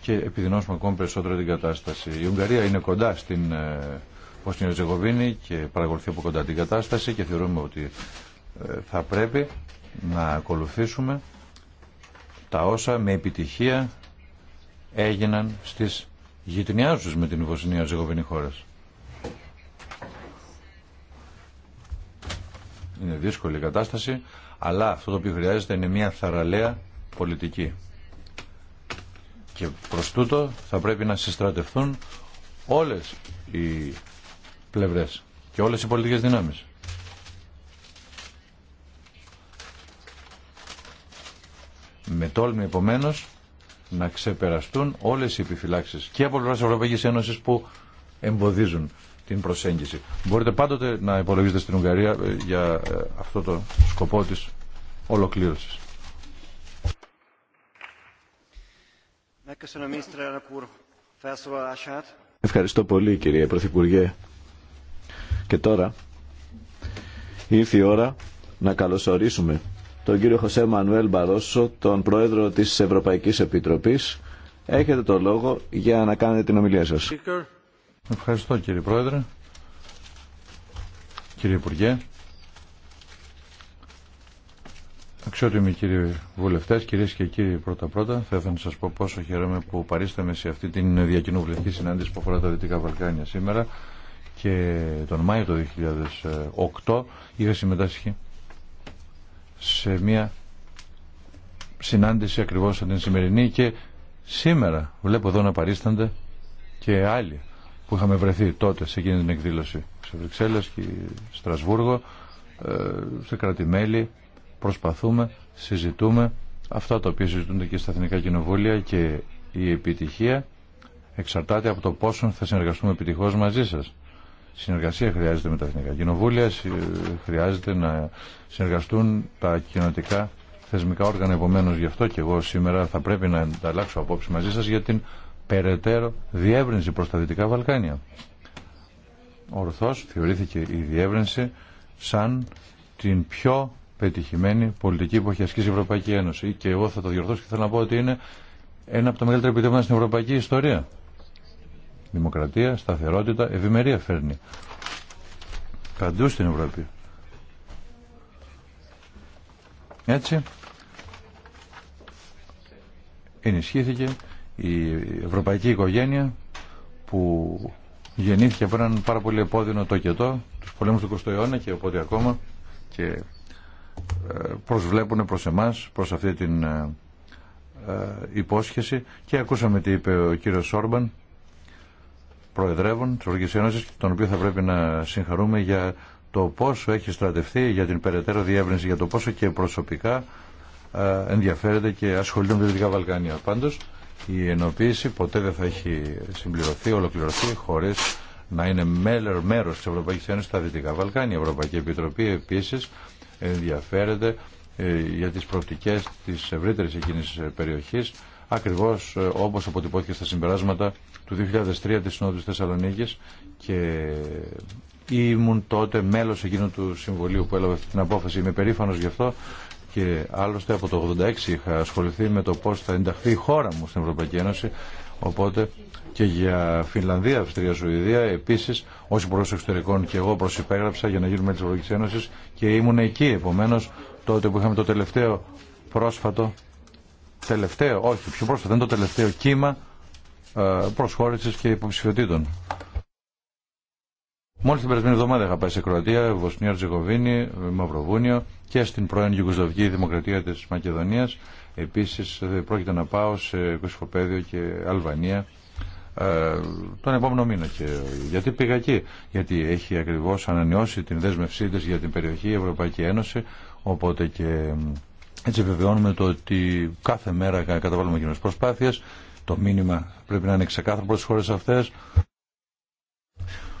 και επιδεινώσουμε ακόμη περισσότερο την κατάσταση. Η Ουγγαρία είναι κοντά στην ε, Βοσνία Ζεγοβίνη και παρακολουθεί από κοντά την κατάσταση και θεωρούμε ότι ε, θα πρέπει να ακολουθήσουμε τα όσα με επιτυχία έγιναν στις γειτνιάζους με την Βοσνία Ζεγοβίνη χώρας. Είναι δύσκολη η κατάσταση, αλλά αυτό το οποίο χρειάζεται είναι μια θαραλέα πολιτική. Και προς τούτο θα πρέπει να συστρατευτούν όλες οι πλευρές και όλες οι πολιτικές δυνάμεις. Με τόλμη επομένω να ξεπεραστούν όλες οι επιφυλάξεις και από πλευράς Ευρωπαϊκής Ένωσης που εμποδίζουν την προσέγγιση. Μπορείτε πάντοτε να υπολογίζετε στην Ουγγαρία ε, για ε, αυτό το σκοπό της ολοκλήρωσης. Ευχαριστώ πολύ κύριε Πρωθυπουργέ. Και τώρα ήρθε η ώρα να καλωσορίσουμε τον κύριο Χωσέ Μανουέλ Μπαρόσο, τον Πρόεδρο της Ευρωπαϊκής Επιτροπής. Έχετε το λόγο για να κάνετε την ομιλία σας. Ευχαριστώ κύριε Πρόεδρε. Κύριε Υπουργέ. Αξιότιμοι κύριοι βουλευτές, κυρίες και κύριοι πρώτα πρώτα, θα ήθελα να σας πω πόσο χαίρομαι που παρίσταμε σε αυτή την διακοινοβουλευτική συνάντηση που αφορά τα Δυτικά Βαλκάνια σήμερα και τον Μάιο του 2008 είχα συμμετάσχει σε μια συνάντηση ακριβώς σαν την σημερινή και σήμερα βλέπω εδώ να παρίστανται και άλλοι που είχαμε βρεθεί τότε σε εκείνη την εκδήλωση σε Βρυξέλλες και Στρασβούργο, ε, σε κρατημέλη, προσπαθούμε, συζητούμε αυτά τα οποία συζητούνται και στα Εθνικά Κοινοβούλια και η επιτυχία εξαρτάται από το πόσο θα συνεργαστούμε επιτυχώς μαζί σας. Συνεργασία χρειάζεται με τα Εθνικά Κοινοβούλια, χρειάζεται να συνεργαστούν τα κοινοτικά θεσμικά όργανα. Επομένω, γι' αυτό και εγώ σήμερα θα πρέπει να ανταλλάξω απόψη μαζί σα για την περαιτέρω διεύρυνση προς τα Δυτικά Βαλκάνια. Ορθώς θεωρήθηκε η διεύρυνση σαν την πιο πετυχημένη πολιτική που έχει ασκήσει η Ευρωπαϊκή Ένωση. Και εγώ θα το διορθώσω και θέλω να πω ότι είναι ένα από τα μεγαλύτερα επιτεύγματα στην ευρωπαϊκή ιστορία. Δημοκρατία, σταθερότητα, ευημερία φέρνει. Παντού στην Ευρώπη. Έτσι, ενισχύθηκε η ευρωπαϊκή οικογένεια που γεννήθηκε από έναν πάρα πολύ επώδυνο τοκετό τους πολέμους του 20ου αιώνα και οπότε ακόμα και ε, προσβλέπουν προς εμάς, προς αυτή την ε, ε, υπόσχεση και ακούσαμε τι είπε ο κύριος Σόρμπαν προεδρεύων της Ευρωπαϊκής Ένωσης τον οποίο θα πρέπει να συγχαρούμε για το πόσο έχει στρατευτεί για την περαιτέρω διεύρυνση, για το πόσο και προσωπικά ενδιαφέρεται και ασχολείται με την Δυτικά Βαλκάνια. Πάντως, η ενοποίηση ποτέ δεν θα έχει συμπληρωθεί, ολοκληρωθεί χωρίς να είναι μέρος της Ευρωπαϊκής Ένωσης στα Δυτικά Βαλκάνια. Η Ευρωπαϊκή Επιτροπή επίσης ενδιαφέρεται ε, για τις προοπτικές της ευρύτερης εκείνης περιοχής ακριβώς ε, όπως αποτυπώθηκε στα συμπεράσματα του 2003 της Συνόδου της Θεσσαλονίκης και ήμουν τότε μέλος εκείνου του συμβολίου που έλαβε αυτή την απόφαση. Είμαι περήφανος γι' αυτό και άλλωστε από το 86 είχα ασχοληθεί με το πώς θα ενταχθεί η χώρα μου στην Ευρωπαϊκή Ένωση οπότε και για Φινλανδία, Αυστρία, Σουηδία επίσης όσοι προς εξωτερικών και εγώ προσυπέγραψα για να γίνουμε της Ευρωπαϊκής Ένωσης και ήμουν εκεί επομένως τότε που είχαμε το τελευταίο πρόσφατο τελευταίο, όχι πιο πρόσφατο, δεν το τελευταίο κύμα ε, προσχώρησης και υποψηφιωτήτων. Μόλι την περασμένη εβδομάδα είχα πάει σε Κροατία, Βοσνία, Τζεκοβίνη, Μαυροβούνιο και στην πρώην Γιουγκοσλαβική Δημοκρατία τη Μακεδονία. Επίση πρόκειται να πάω σε Κωσυφοπαίδιο και Αλβανία ε, τον επόμενο μήνα. γιατί πήγα εκεί, Γιατί έχει ακριβώ ανανεώσει την δέσμευσή τη για την περιοχή η Ευρωπαϊκή Ένωση. Οπότε και έτσι επιβεβαιώνουμε το ότι κάθε μέρα καταβάλουμε κοινέ προσπάθειε. Το μήνυμα πρέπει να είναι ξεκάθαρο προ τι χώρε αυτέ.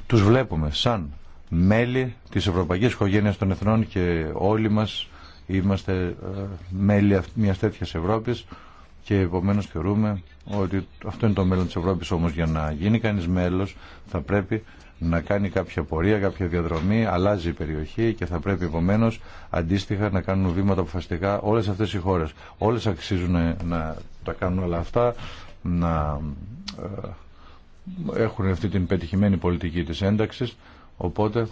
Τους βλέπουμε σαν μέλη της Ευρωπαϊκής Οικογένειας των Εθνών και όλοι μας είμαστε ε, μέλη μιας τέτοιας Ευρώπης και επομένως θεωρούμε ότι αυτό είναι το μέλλον της Ευρώπης όμως για να γίνει κανείς μέλος θα πρέπει να κάνει κάποια πορεία, κάποια διαδρομή, αλλάζει η περιοχή και θα πρέπει επομένω αντίστοιχα να κάνουν βήματα αποφασιστικά όλε αυτέ οι χώρε. Όλε αξίζουν να τα κάνουν όλα αυτά, να ε, έχουν αυτή την πετυχημένη πολιτική της ένταξης, οπότε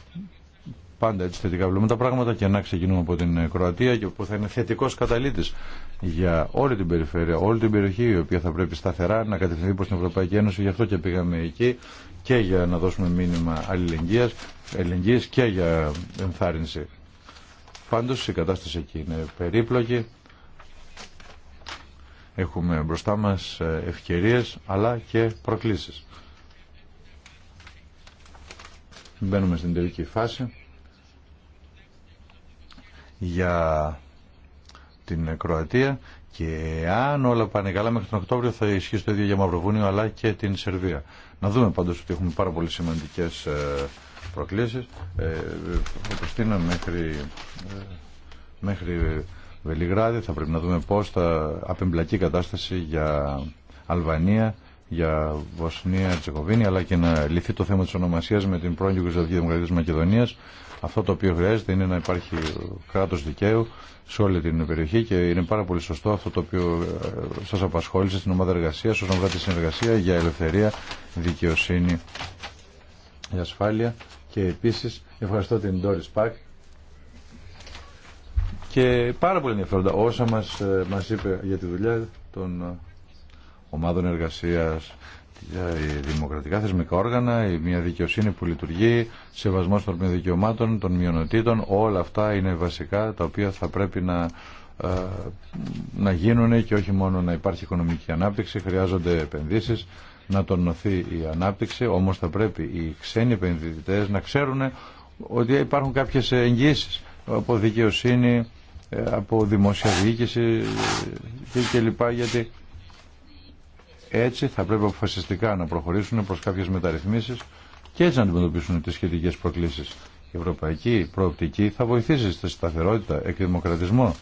πάντα έτσι θετικά βλέπουμε τα πράγματα και να ξεκινούμε από την Κροατία και που θα είναι θετικός καταλήτης για όλη την περιφέρεια, όλη την περιοχή η οποία θα πρέπει σταθερά να κατευθυνθεί προς την Ευρωπαϊκή Ένωση, γι' αυτό και πήγαμε εκεί και για να δώσουμε μήνυμα αλληλεγγύης, αλληλεγγύης και για ενθάρρυνση. Πάντως η κατάσταση εκεί είναι περίπλοκη. Έχουμε μπροστά μας ε, ευκαιρίες αλλά και προκλήσεις. Μπαίνουμε στην τελική φάση για την Κροατία και αν όλα πάνε καλά μέχρι τον Οκτώβριο θα ισχύσει το ίδιο για Μαυροβούνιο αλλά και την Σερβία. Να δούμε πάντως ότι έχουμε πάρα πολύ σημαντικές ε, προκλήσεις ε, από μέχρι, ε, μέχρι Βελιγράδι θα πρέπει να δούμε πώς θα απεμπλακεί κατάσταση για Αλβανία για Βοσνία, Τσεκοβίνη, αλλά και να λυθεί το θέμα της ονομασίας με την πρώην Ιουγκοσλαβική Δημοκρατία της Μακεδονίας. Αυτό το οποίο χρειάζεται είναι να υπάρχει κράτος δικαίου σε όλη την περιοχή και είναι πάρα πολύ σωστό αυτό το οποίο ε, σας απασχόλησε στην ομάδα εργασίας όσον αφορά συνεργασία για ελευθερία, δικαιοσύνη για ασφάλεια και επίσης ευχαριστώ την Doris Σπακ και πάρα πολύ ενδιαφέροντα όσα μας, ε, μας είπε για τη δουλειά των ε, ομάδων εργασίας, ε, δημοκρατικά θεσμικά όργανα, μια δικαιοσύνη που λειτουργεί, σεβασμός των δικαιωμάτων, των μειονοτήτων, όλα αυτά είναι βασικά τα οποία θα πρέπει να ε, να γίνουν και όχι μόνο να υπάρχει οικονομική ανάπτυξη, χρειάζονται επενδύσεις, να τονωθεί η ανάπτυξη, όμως θα πρέπει οι ξένοι επενδυτές να ξέρουν ότι υπάρχουν κάποιες εγγύσεις από δικαιοσύνη, ε, από δημόσια διοίκηση έτσι θα πρέπει αποφασιστικά να προχωρήσουν προς κάποιες μεταρρυθμίσεις και έτσι να αντιμετωπίσουν τις σχετικές προκλήσεις. Η ευρωπαϊκή προοπτική θα βοηθήσει στη σταθερότητα, εκδημοκρατισμό,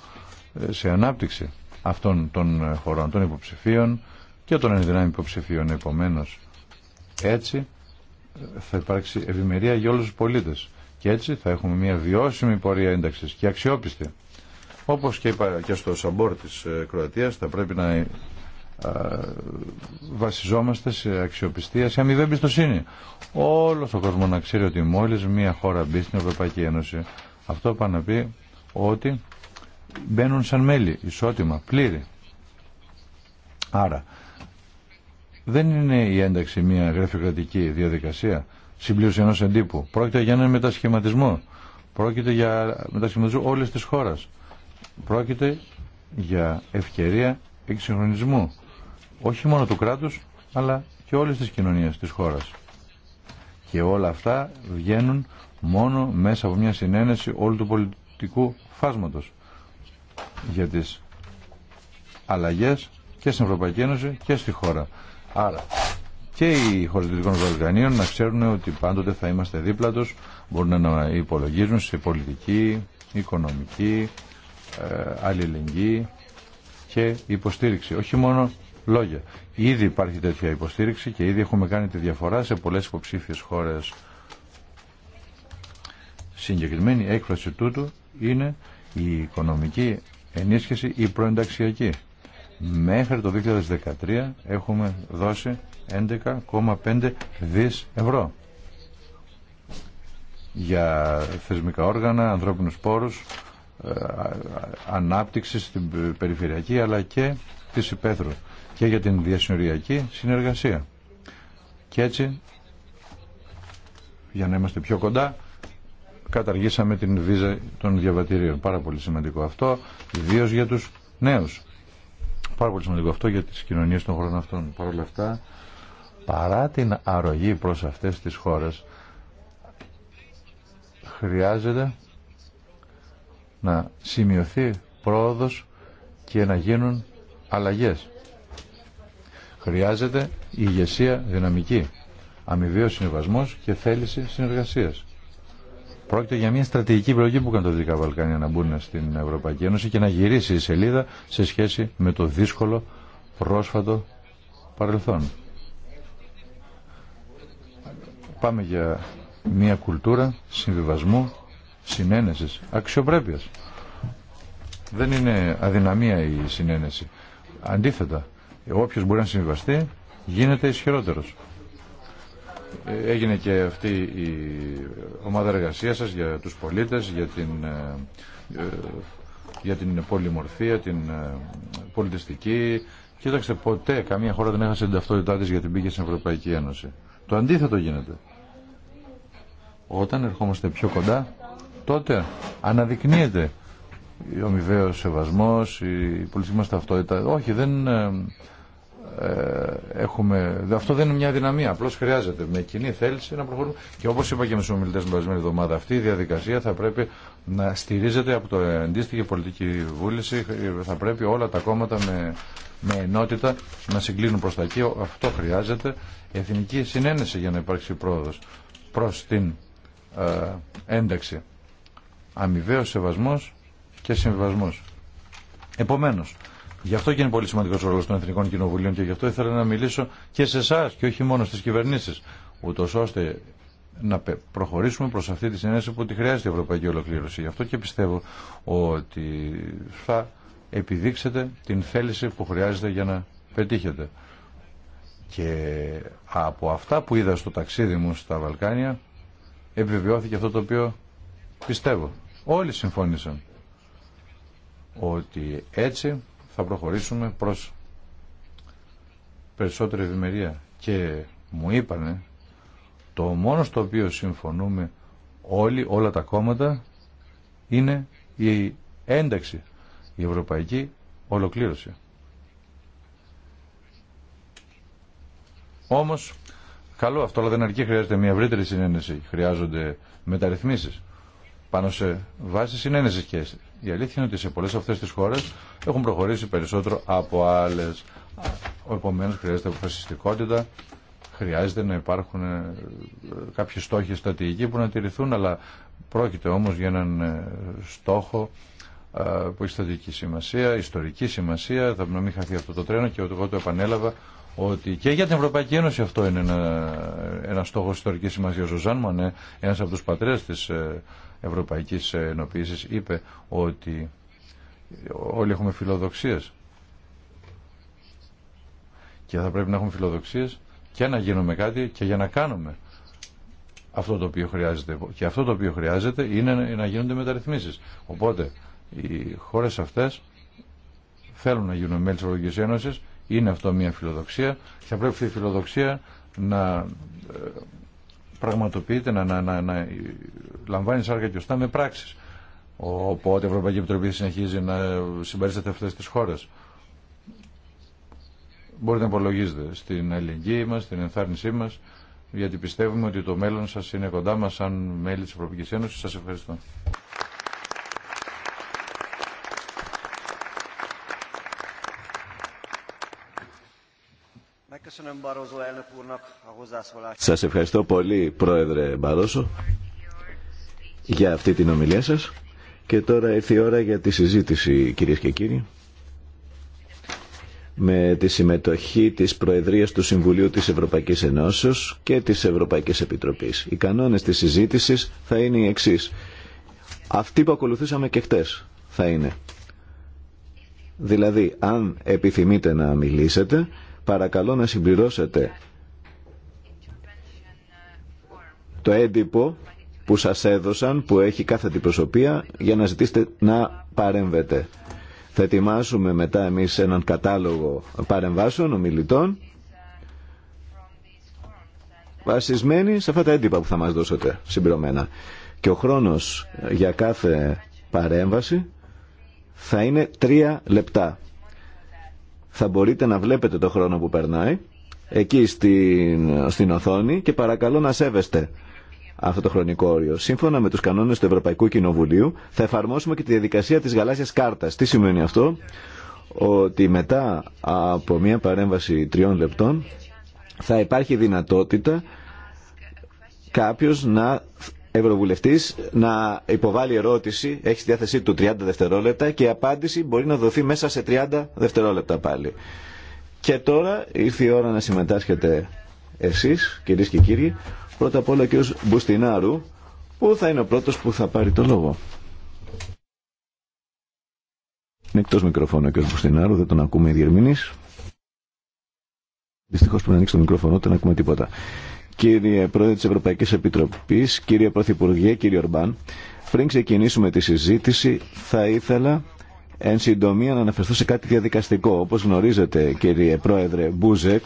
ε, σε ανάπτυξη αυτών των ε, χωρών, των υποψηφίων και των ενδυνάμει υποψηφίων. επομένω. έτσι ε, θα υπάρξει ευημερία για όλους τους πολίτες και έτσι θα έχουμε μια βιώσιμη πορεία ένταξης και αξιόπιστη. Όπως και και στο Σαμπόρ της Κροατίας θα πρέπει να ε, βασιζόμαστε σε αξιοπιστία, σε αμοιβή εμπιστοσύνη. Όλο ο κόσμο να ξέρει ότι μόλι μια χώρα μπει στην Ευρωπαϊκή Ένωση, αυτό πάνε να πει ότι μπαίνουν σαν μέλη, ισότιμα, πλήρη. Άρα, δεν είναι η ένταξη μια γραφειοκρατική διαδικασία συμπλήρωση ενό εντύπου. Πρόκειται για έναν μετασχηματισμό. Πρόκειται για μετασχηματισμό όλη τη χώρα. Πρόκειται για ευκαιρία εξυγχρονισμού όχι μόνο του κράτους αλλά και όλες τις κοινωνίες της χώρας. Και όλα αυτά βγαίνουν μόνο μέσα από μια συνένεση όλου του πολιτικού φάσματος για τις αλλαγές και στην Ευρωπαϊκή Ένωση και στη χώρα. Άρα και οι χώρες των Βαλκανίων να ξέρουν ότι πάντοτε θα είμαστε δίπλα τους, μπορούν να υπολογίζουν σε πολιτική, οικονομική, ε, αλληλεγγύη και υποστήριξη. Όχι μόνο λόγια. Ήδη υπάρχει τέτοια υποστήριξη και ήδη έχουμε κάνει τη διαφορά σε πολλές υποψήφιες χώρες. Συγκεκριμένη έκφραση τούτου είναι η οικονομική ενίσχυση, η προενταξιακή. Μέχρι το 2013 έχουμε δώσει 11,5 δις ευρώ για θεσμικά όργανα, ανθρώπινους πόρους, ε, ανάπτυξη στην περιφερειακή αλλά και της υπαίθρου και για την διασυνοριακή συνεργασία. Και έτσι, για να είμαστε πιο κοντά, καταργήσαμε την βίζα των διαβατηρίων. Πάρα πολύ σημαντικό αυτό, ιδίω για τους νέους. Πάρα πολύ σημαντικό αυτό για τις κοινωνίες των χωρών αυτών. Παρ' όλα αυτά, παρά την αρρωγή προς αυτές τις χώρες, χρειάζεται να σημειωθεί πρόοδος και να γίνουν αλλαγές. Χρειάζεται ηγεσία δυναμική, αμοιβαίο συμβασμό και θέληση συνεργασία. Πρόκειται για μια στρατηγική επιλογή που κάνουν τα Δυτικά Βαλκάνια να μπουν στην Ευρωπαϊκή Ένωση και να γυρίσει η σελίδα σε σχέση με το δύσκολο πρόσφατο παρελθόν. Πάμε για μια κουλτούρα συμβιβασμού, συνένεσης, αξιοπρέπειας. Δεν είναι αδυναμία η συνένεση. Αντίθετα, οποίο μπορεί να συμβαστεί, γίνεται ισχυρότερος. Ε, έγινε και αυτή η ομάδα εργασία σα για του πολίτε, για την, ε, ε, για την πολυμορφία, την πολιτιστική. Κοίταξτε, ποτέ καμία χώρα δεν έχασε την ταυτότητά της την μπήκε στην Ευρωπαϊκή Ένωση. Το αντίθετο γίνεται. Όταν ερχόμαστε πιο κοντά, τότε αναδεικνύεται ο σεβασμός, η πολιτική μας ταυτότητα. Όχι, δεν ε, έχουμε... Αυτό δεν είναι μια δυναμία, απλώς χρειάζεται με κοινή θέληση να προχωρούμε. Και όπως είπα και με του ομιλητέ την περασμένη εβδομάδα, αυτή η διαδικασία θα πρέπει να στηρίζεται από το αντίστοιχη πολιτική βούληση, θα πρέπει όλα τα κόμματα με, με ενότητα να συγκλίνουν προς τα εκεί. Αυτό χρειάζεται εθνική συνένεση για να υπάρξει πρόοδο προ την ε, ένταξη. Αμοιβαίο σεβασμό και συμβιβασμό. Επομένως, Γι' αυτό και είναι πολύ σημαντικό ο ρόλο των Εθνικών Κοινοβουλίων και γι' αυτό ήθελα να μιλήσω και σε εσά και όχι μόνο στι κυβερνήσει. Ούτω ώστε να προχωρήσουμε προ αυτή τη συνέντευξη που τη χρειάζεται η Ευρωπαϊκή Ολοκλήρωση. Γι' αυτό και πιστεύω ότι θα επιδείξετε την θέληση που χρειάζεται για να πετύχετε. Και από αυτά που είδα στο ταξίδι μου στα Βαλκάνια επιβιώθηκε αυτό το οποίο πιστεύω. Όλοι συμφώνησαν ότι έτσι θα προχωρήσουμε προς περισσότερη ευημερία. Και μου είπανε το μόνο στο οποίο συμφωνούμε όλοι, όλα τα κόμματα είναι η ένταξη, η ευρωπαϊκή ολοκλήρωση. Όμως, καλό αυτό, αλλά δεν αρκεί, χρειάζεται μια ευρύτερη συνένεση, χρειάζονται μεταρρυθμίσεις πάνω σε βάσει συνένεση και η αλήθεια είναι ότι σε πολλέ αυτέ τι χώρε έχουν προχωρήσει περισσότερο από άλλε. Επομένω, χρειάζεται αποφασιστικότητα, χρειάζεται να υπάρχουν ε, κάποιοι στόχοι στρατηγικοί που να τηρηθούν, αλλά πρόκειται όμω για έναν ε, στόχο ε, που έχει στρατηγική σημασία, ιστορική σημασία. Θα μην χαθεί αυτό το τρένο και εγώ το επανέλαβα ότι και για την Ευρωπαϊκή Ένωση αυτό είναι ένα, ένα στόχο ιστορική σημασία. Ο Ζωζάν Μονέ, ένα από του πατρέ τη Ευρωπαϊκής Ενοποίησης είπε ότι όλοι έχουμε φιλοδοξίες και θα πρέπει να έχουμε φιλοδοξίες και να γίνουμε κάτι και για να κάνουμε αυτό το οποίο χρειάζεται. Και αυτό το οποίο χρειάζεται είναι να γίνονται μεταρρυθμίσεις. Οπότε οι χώρες αυτές θέλουν να γίνουν μέλη της Ευρωπαϊκής Ένωσης, είναι αυτό μια φιλοδοξία, θα πρέπει αυτή η φιλοδοξία να ε, πραγματοποιείται, να, να, να, να λαμβάνει σάρκα και οστά με πράξεις. Οπότε η Ευρωπαϊκή Επιτροπή συνεχίζει να συμπαρίσταται αυτέ τι χώρες. Μπορείτε να υπολογίζετε στην αλληλεγγύη μας, στην ενθάρρυνσή μας, γιατί πιστεύουμε ότι το μέλλον σας είναι κοντά μα σαν μέλη της Ευρωπαϊκή Ένωση. Σας ευχαριστώ. Σας ευχαριστώ πολύ Πρόεδρε Μπαρόσο για αυτή την ομιλία σας και τώρα ήρθε η ώρα για τη συζήτηση κυρίες και κύριοι με τη συμμετοχή της Προεδρίας του Συμβουλίου της Ευρωπαϊκής Ενώσεως και της Ευρωπαϊκής Επιτροπής. Οι κανόνες της συζήτησης θα είναι οι εξής. Αυτοί που ακολουθήσαμε και χτες θα είναι. Δηλαδή, αν επιθυμείτε να μιλήσετε, Παρακαλώ να συμπληρώσετε το έντυπο που σας έδωσαν, που έχει κάθε αντιπροσωπεία, για να ζητήσετε να παρέμβετε. Θα ετοιμάσουμε μετά εμείς έναν κατάλογο παρεμβάσεων, ομιλητών, βασισμένοι σε αυτά τα έντυπα που θα μας δώσετε συμπληρωμένα. Και ο χρόνος για κάθε παρέμβαση θα είναι τρία λεπτά θα μπορείτε να βλέπετε το χρόνο που περνάει εκεί στην, στην οθόνη και παρακαλώ να σέβεστε αυτό το χρονικό όριο. Σύμφωνα με τους κανόνες του Ευρωπαϊκού Κοινοβουλίου θα εφαρμόσουμε και τη διαδικασία της γαλάζιας κάρτας. Τι σημαίνει αυτό? Ότι μετά από μια παρέμβαση τριών λεπτών θα υπάρχει δυνατότητα κάποιος να ευρωβουλευτής να υποβάλει ερώτηση, έχει στη διάθεσή του 30 δευτερόλεπτα και η απάντηση μπορεί να δοθεί μέσα σε 30 δευτερόλεπτα πάλι. Και τώρα ήρθε η ώρα να συμμετάσχετε εσείς, κυρίες και κύριοι, πρώτα απ' όλα ο κύριος Μπουστινάρου, που θα είναι ο πρώτος που θα πάρει το λόγο. Είναι εκτός μικροφώνου ο κύριος Μπουστινάρου, δεν τον ακούμε οι διερμηνείς. Δυστυχώς πρέπει να ανοίξει το μικρόφωνο, δεν ακούμε τίποτα κύριε Πρόεδρε της Ευρωπαϊκής Επιτροπής, κύριε Πρωθυπουργέ, κύριε Ορμπάν. Πριν ξεκινήσουμε τη συζήτηση, θα ήθελα εν συντομία να αναφερθώ σε κάτι διαδικαστικό. Όπως γνωρίζετε, κύριε Πρόεδρε Μπούζεκ,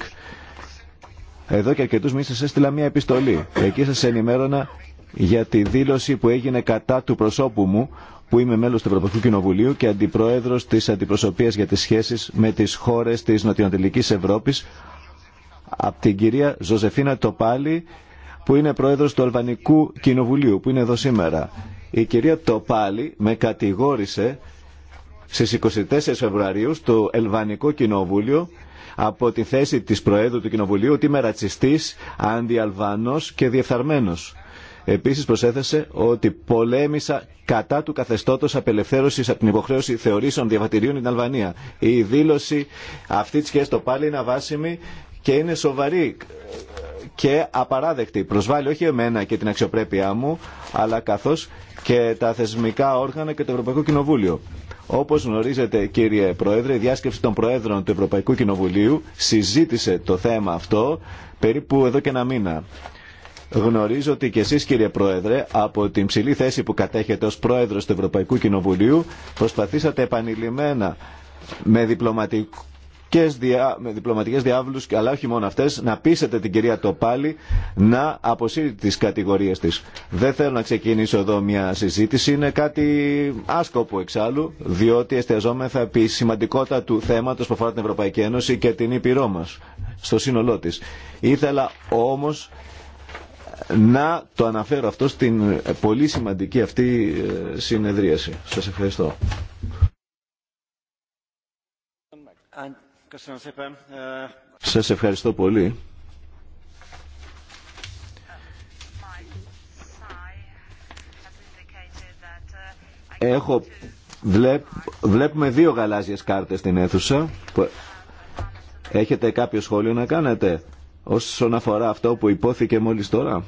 εδώ και αρκετούς μήνες σας έστειλα μια επιστολή. Εκεί σας ενημέρωνα για τη δήλωση που έγινε κατά του προσώπου μου, που είμαι μέλος του Ευρωπαϊκού Κοινοβουλίου και αντιπρόεδρος της Αντιπροσωπείας για τις σχέσεις με τις χώρες της Νοτιοανατολικής Ευρώπης, από την κυρία Ζωζεφίνα Τοπάλη που είναι πρόεδρος του Αλβανικού Κοινοβουλίου που είναι εδώ σήμερα. Η κυρία Τοπάλη με κατηγόρησε στις 24 Φεβρουαρίου στο Ελβανικό Κοινοβούλιο από τη θέση της Προέδρου του Κοινοβουλίου ότι είμαι ρατσιστής, αντιαλβανός και διεφθαρμένος. Επίσης προσέθεσε ότι πολέμησα κατά του καθεστώτος απελευθέρωσης από την υποχρέωση θεωρήσεων διαβατηρίων στην Αλβανία. Η δήλωση αυτή της σχεση το πάλι είναι αβάσιμη και είναι σοβαρή και απαράδεκτη. Προσβάλλει όχι εμένα και την αξιοπρέπειά μου, αλλά καθώς και τα θεσμικά όργανα και το Ευρωπαϊκό Κοινοβούλιο. Όπως γνωρίζετε κύριε Πρόεδρε, η διάσκεψη των Προέδρων του Ευρωπαϊκού Κοινοβουλίου συζήτησε το θέμα αυτό περίπου εδώ και ένα μήνα. Γνωρίζω ότι και εσείς κύριε Πρόεδρε, από την ψηλή θέση που κατέχετε ως Πρόεδρος του Ευρωπαϊκού Κοινοβουλίου, προσπαθήσατε επανειλημμένα με διπλωματικό διπλωματικές, διά, διπλωματικές διάβλους αλλά όχι μόνο αυτές να πείσετε την κυρία Τοπάλη να αποσύρει τις κατηγορίες της. Δεν θέλω να ξεκινήσω εδώ μια συζήτηση, είναι κάτι άσκοπο εξάλλου διότι εστιαζόμεθα επί σημαντικότητα του θέματος που αφορά την Ευρωπαϊκή Ένωση και την Ήπειρό μας στο σύνολό της. Ήθελα όμως να το αναφέρω αυτό στην πολύ σημαντική αυτή ε, συνεδρίαση. Σας ευχαριστώ. And σας ευχαριστώ πολύ. Έχω, βλέπ, βλέπουμε δύο γαλάζιες κάρτες στην αίθουσα. Έχετε κάποιο σχόλιο να κάνετε όσον αφορά αυτό που υπόθηκε μόλις τώρα.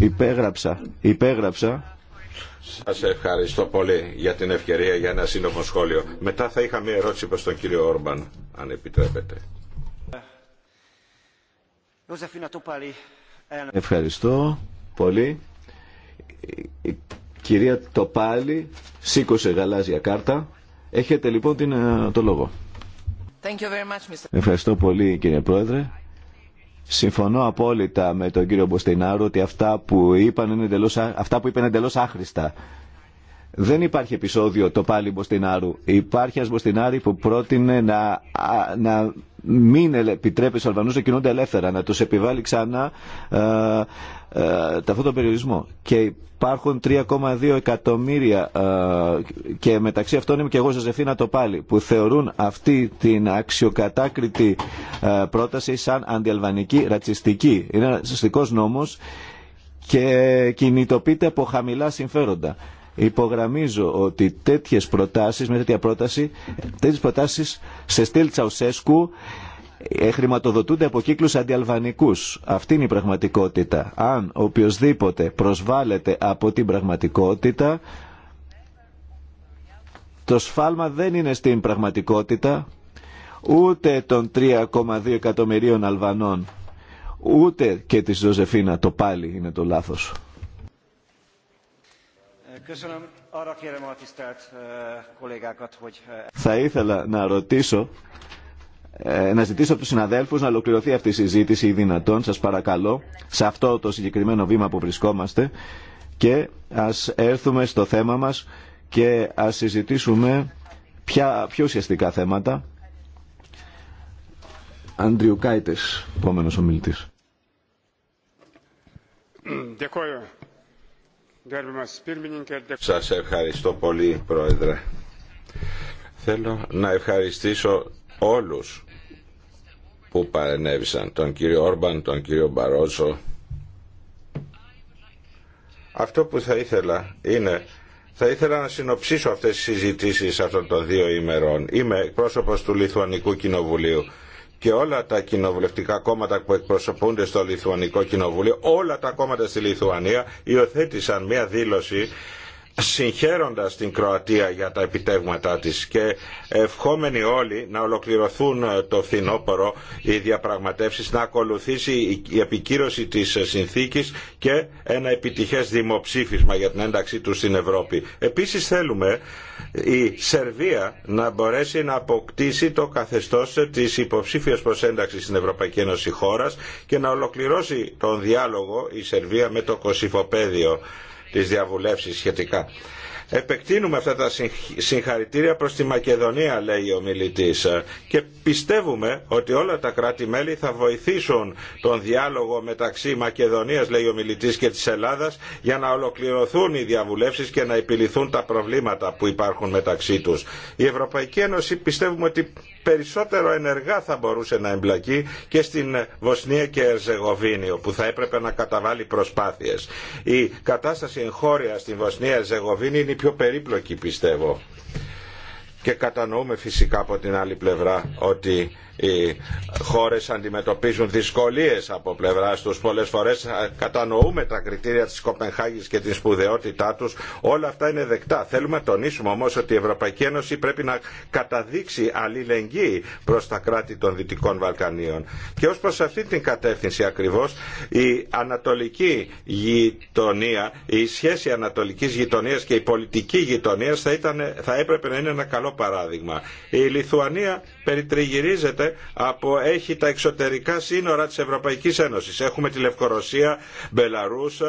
Υπέγραψα, υπέγραψα σας ευχαριστώ πολύ για την ευκαιρία για ένα σύντομο σχόλιο. Μετά θα είχα μια ερώτηση προς τον κύριο Όρμπαν, αν επιτρέπετε. Ευχαριστώ πολύ. Η κυρία Τοπάλη σήκωσε γαλάζια κάρτα. Έχετε λοιπόν την, ε, το λόγο. Ευχαριστώ πολύ κύριε Πρόεδρε. Συμφωνώ απόλυτα με τον κύριο Μποστινάρου ότι αυτά που, είπαν είναι εντελώς, αυτά που είπαν είναι εντελώς άχρηστα. Δεν υπάρχει επεισόδιο το πάλι Μποστινάρου. Υπάρχει ένα Μποστινάρη που πρότεινε να, να μην επιτρέπει στους Αλβανούς να κινούνται ελεύθερα, να τους επιβάλλει ξανά ε, ε, τον περιορισμό. Και υπάρχουν 3,2 εκατομμύρια ε, και μεταξύ αυτών είμαι και εγώ Ζεζεφίνα το πάλι που θεωρούν αυτή την αξιοκατάκριτη ε, πρόταση σαν αντιαλβανική ρατσιστική. Είναι ένα ρατσιστικός νόμος και κινητοποιείται από χαμηλά συμφέροντα. Υπογραμμίζω ότι τέτοιες προτάσεις, με τέτοια πρόταση, τέτοιες προτάσεις σε στυλ Τσαουσέσκου ε, χρηματοδοτούνται από κύκλους αντιαλβανικούς. Αυτή είναι η πραγματικότητα. Αν οποιοδήποτε προσβάλλεται από την πραγματικότητα, το σφάλμα δεν είναι στην πραγματικότητα ούτε των 3,2 εκατομμυρίων Αλβανών, ούτε και της Ζωζεφίνα. Το πάλι είναι το λάθος. Θα ήθελα να ρωτήσω, ε, να ζητήσω από τους συναδέλφους να ολοκληρωθεί αυτή η συζήτηση ή δυνατόν, σας παρακαλώ, σε αυτό το συγκεκριμένο βήμα που βρισκόμαστε και ας έρθουμε στο θέμα μας και ας συζητήσουμε ποια, πιο ουσιαστικά θέματα. Αντριουκάητες, επόμενος ομιλητής. Ευχαριστώ. Σας ευχαριστώ πολύ, Πρόεδρε. Θέλω να ευχαριστήσω όλους που παρενέβησαν, τον κύριο Όρμπαν, τον κύριο Μπαρόζο. Αυτό που θα ήθελα είναι θα ήθελα να συνοψίσω αυτές τις συζητήσεις αυτών των δύο ημερών. Είμαι πρόσωπος του Λιθουανικού Κοινοβουλίου και όλα τα κοινοβουλευτικά κόμματα που εκπροσωπούνται στο Λιθουανικό Κοινοβούλιο, όλα τα κόμματα στη Λιθουανία υιοθέτησαν μια δήλωση συγχαίροντας την Κροατία για τα επιτέγματα της και ευχόμενοι όλοι να ολοκληρωθούν ε, το φθινόπωρο οι διαπραγματεύσεις, να ακολουθήσει η επικύρωση της ε, συνθήκης και ένα επιτυχές δημοψήφισμα για την ένταξή του στην Ευρώπη. Επίσης θέλουμε η Σερβία να μπορέσει να αποκτήσει το καθεστώς ε, της υποψήφιας προς ένταξη στην Ευρωπαϊκή Ένωση χώρας και να ολοκληρώσει τον διάλογο η Σερβία με το Κωσυφοπαίδειο τις διαβουλεύσεις σχετικά. Επεκτείνουμε αυτά τα συγχαρητήρια προς τη Μακεδονία, λέει ο μιλητής, ε, και πιστεύουμε ότι όλα τα κράτη-μέλη θα βοηθήσουν τον διάλογο μεταξύ Μακεδονίας, λέει ο μιλητής, και της Ελλάδας για να ολοκληρωθούν οι διαβουλεύσεις και να επιληθούν τα προβλήματα που υπάρχουν μεταξύ τους. Η Ευρωπαϊκή Ένωση πιστεύουμε ότι περισσότερο ενεργά θα μπορούσε να εμπλακεί και στην Βοσνία και Ερζεγοβίνη όπου θα έπρεπε να καταβάλει προσπάθειες. Η κατάσταση εγχώρια στην Βοσνία Ερζεγοβίνη είναι η πιο περίπλοκη πιστεύω. Και κατανοούμε φυσικά από την άλλη πλευρά ότι οι χώρες αντιμετωπίζουν δυσκολίες από πλευράς τους. Πολλές φορές ε, κατανοούμε τα κριτήρια της Κοπενχάγης και τη σπουδαιότητά τους. Όλα αυτά είναι δεκτά. Θέλουμε να τονίσουμε όμως ότι η Ευρωπαϊκή Ένωση πρέπει να καταδείξει αλληλεγγύη προς τα κράτη των Δυτικών Βαλκανίων. Και ως προς αυτή την κατεύθυνση ακριβώς η ανατολική γειτονία, η σχέση ανατολικής γειτονίας και η πολιτική γειτονία θα, θα έπρεπε να είναι ένα καλό παράδειγμα. Η Λιθουανία περιτριγυρίζεται από, έχει τα εξωτερικά σύνορα της Ευρωπαϊκής Ένωσης. Έχουμε τη Λευκορωσία, Μπελαρούς,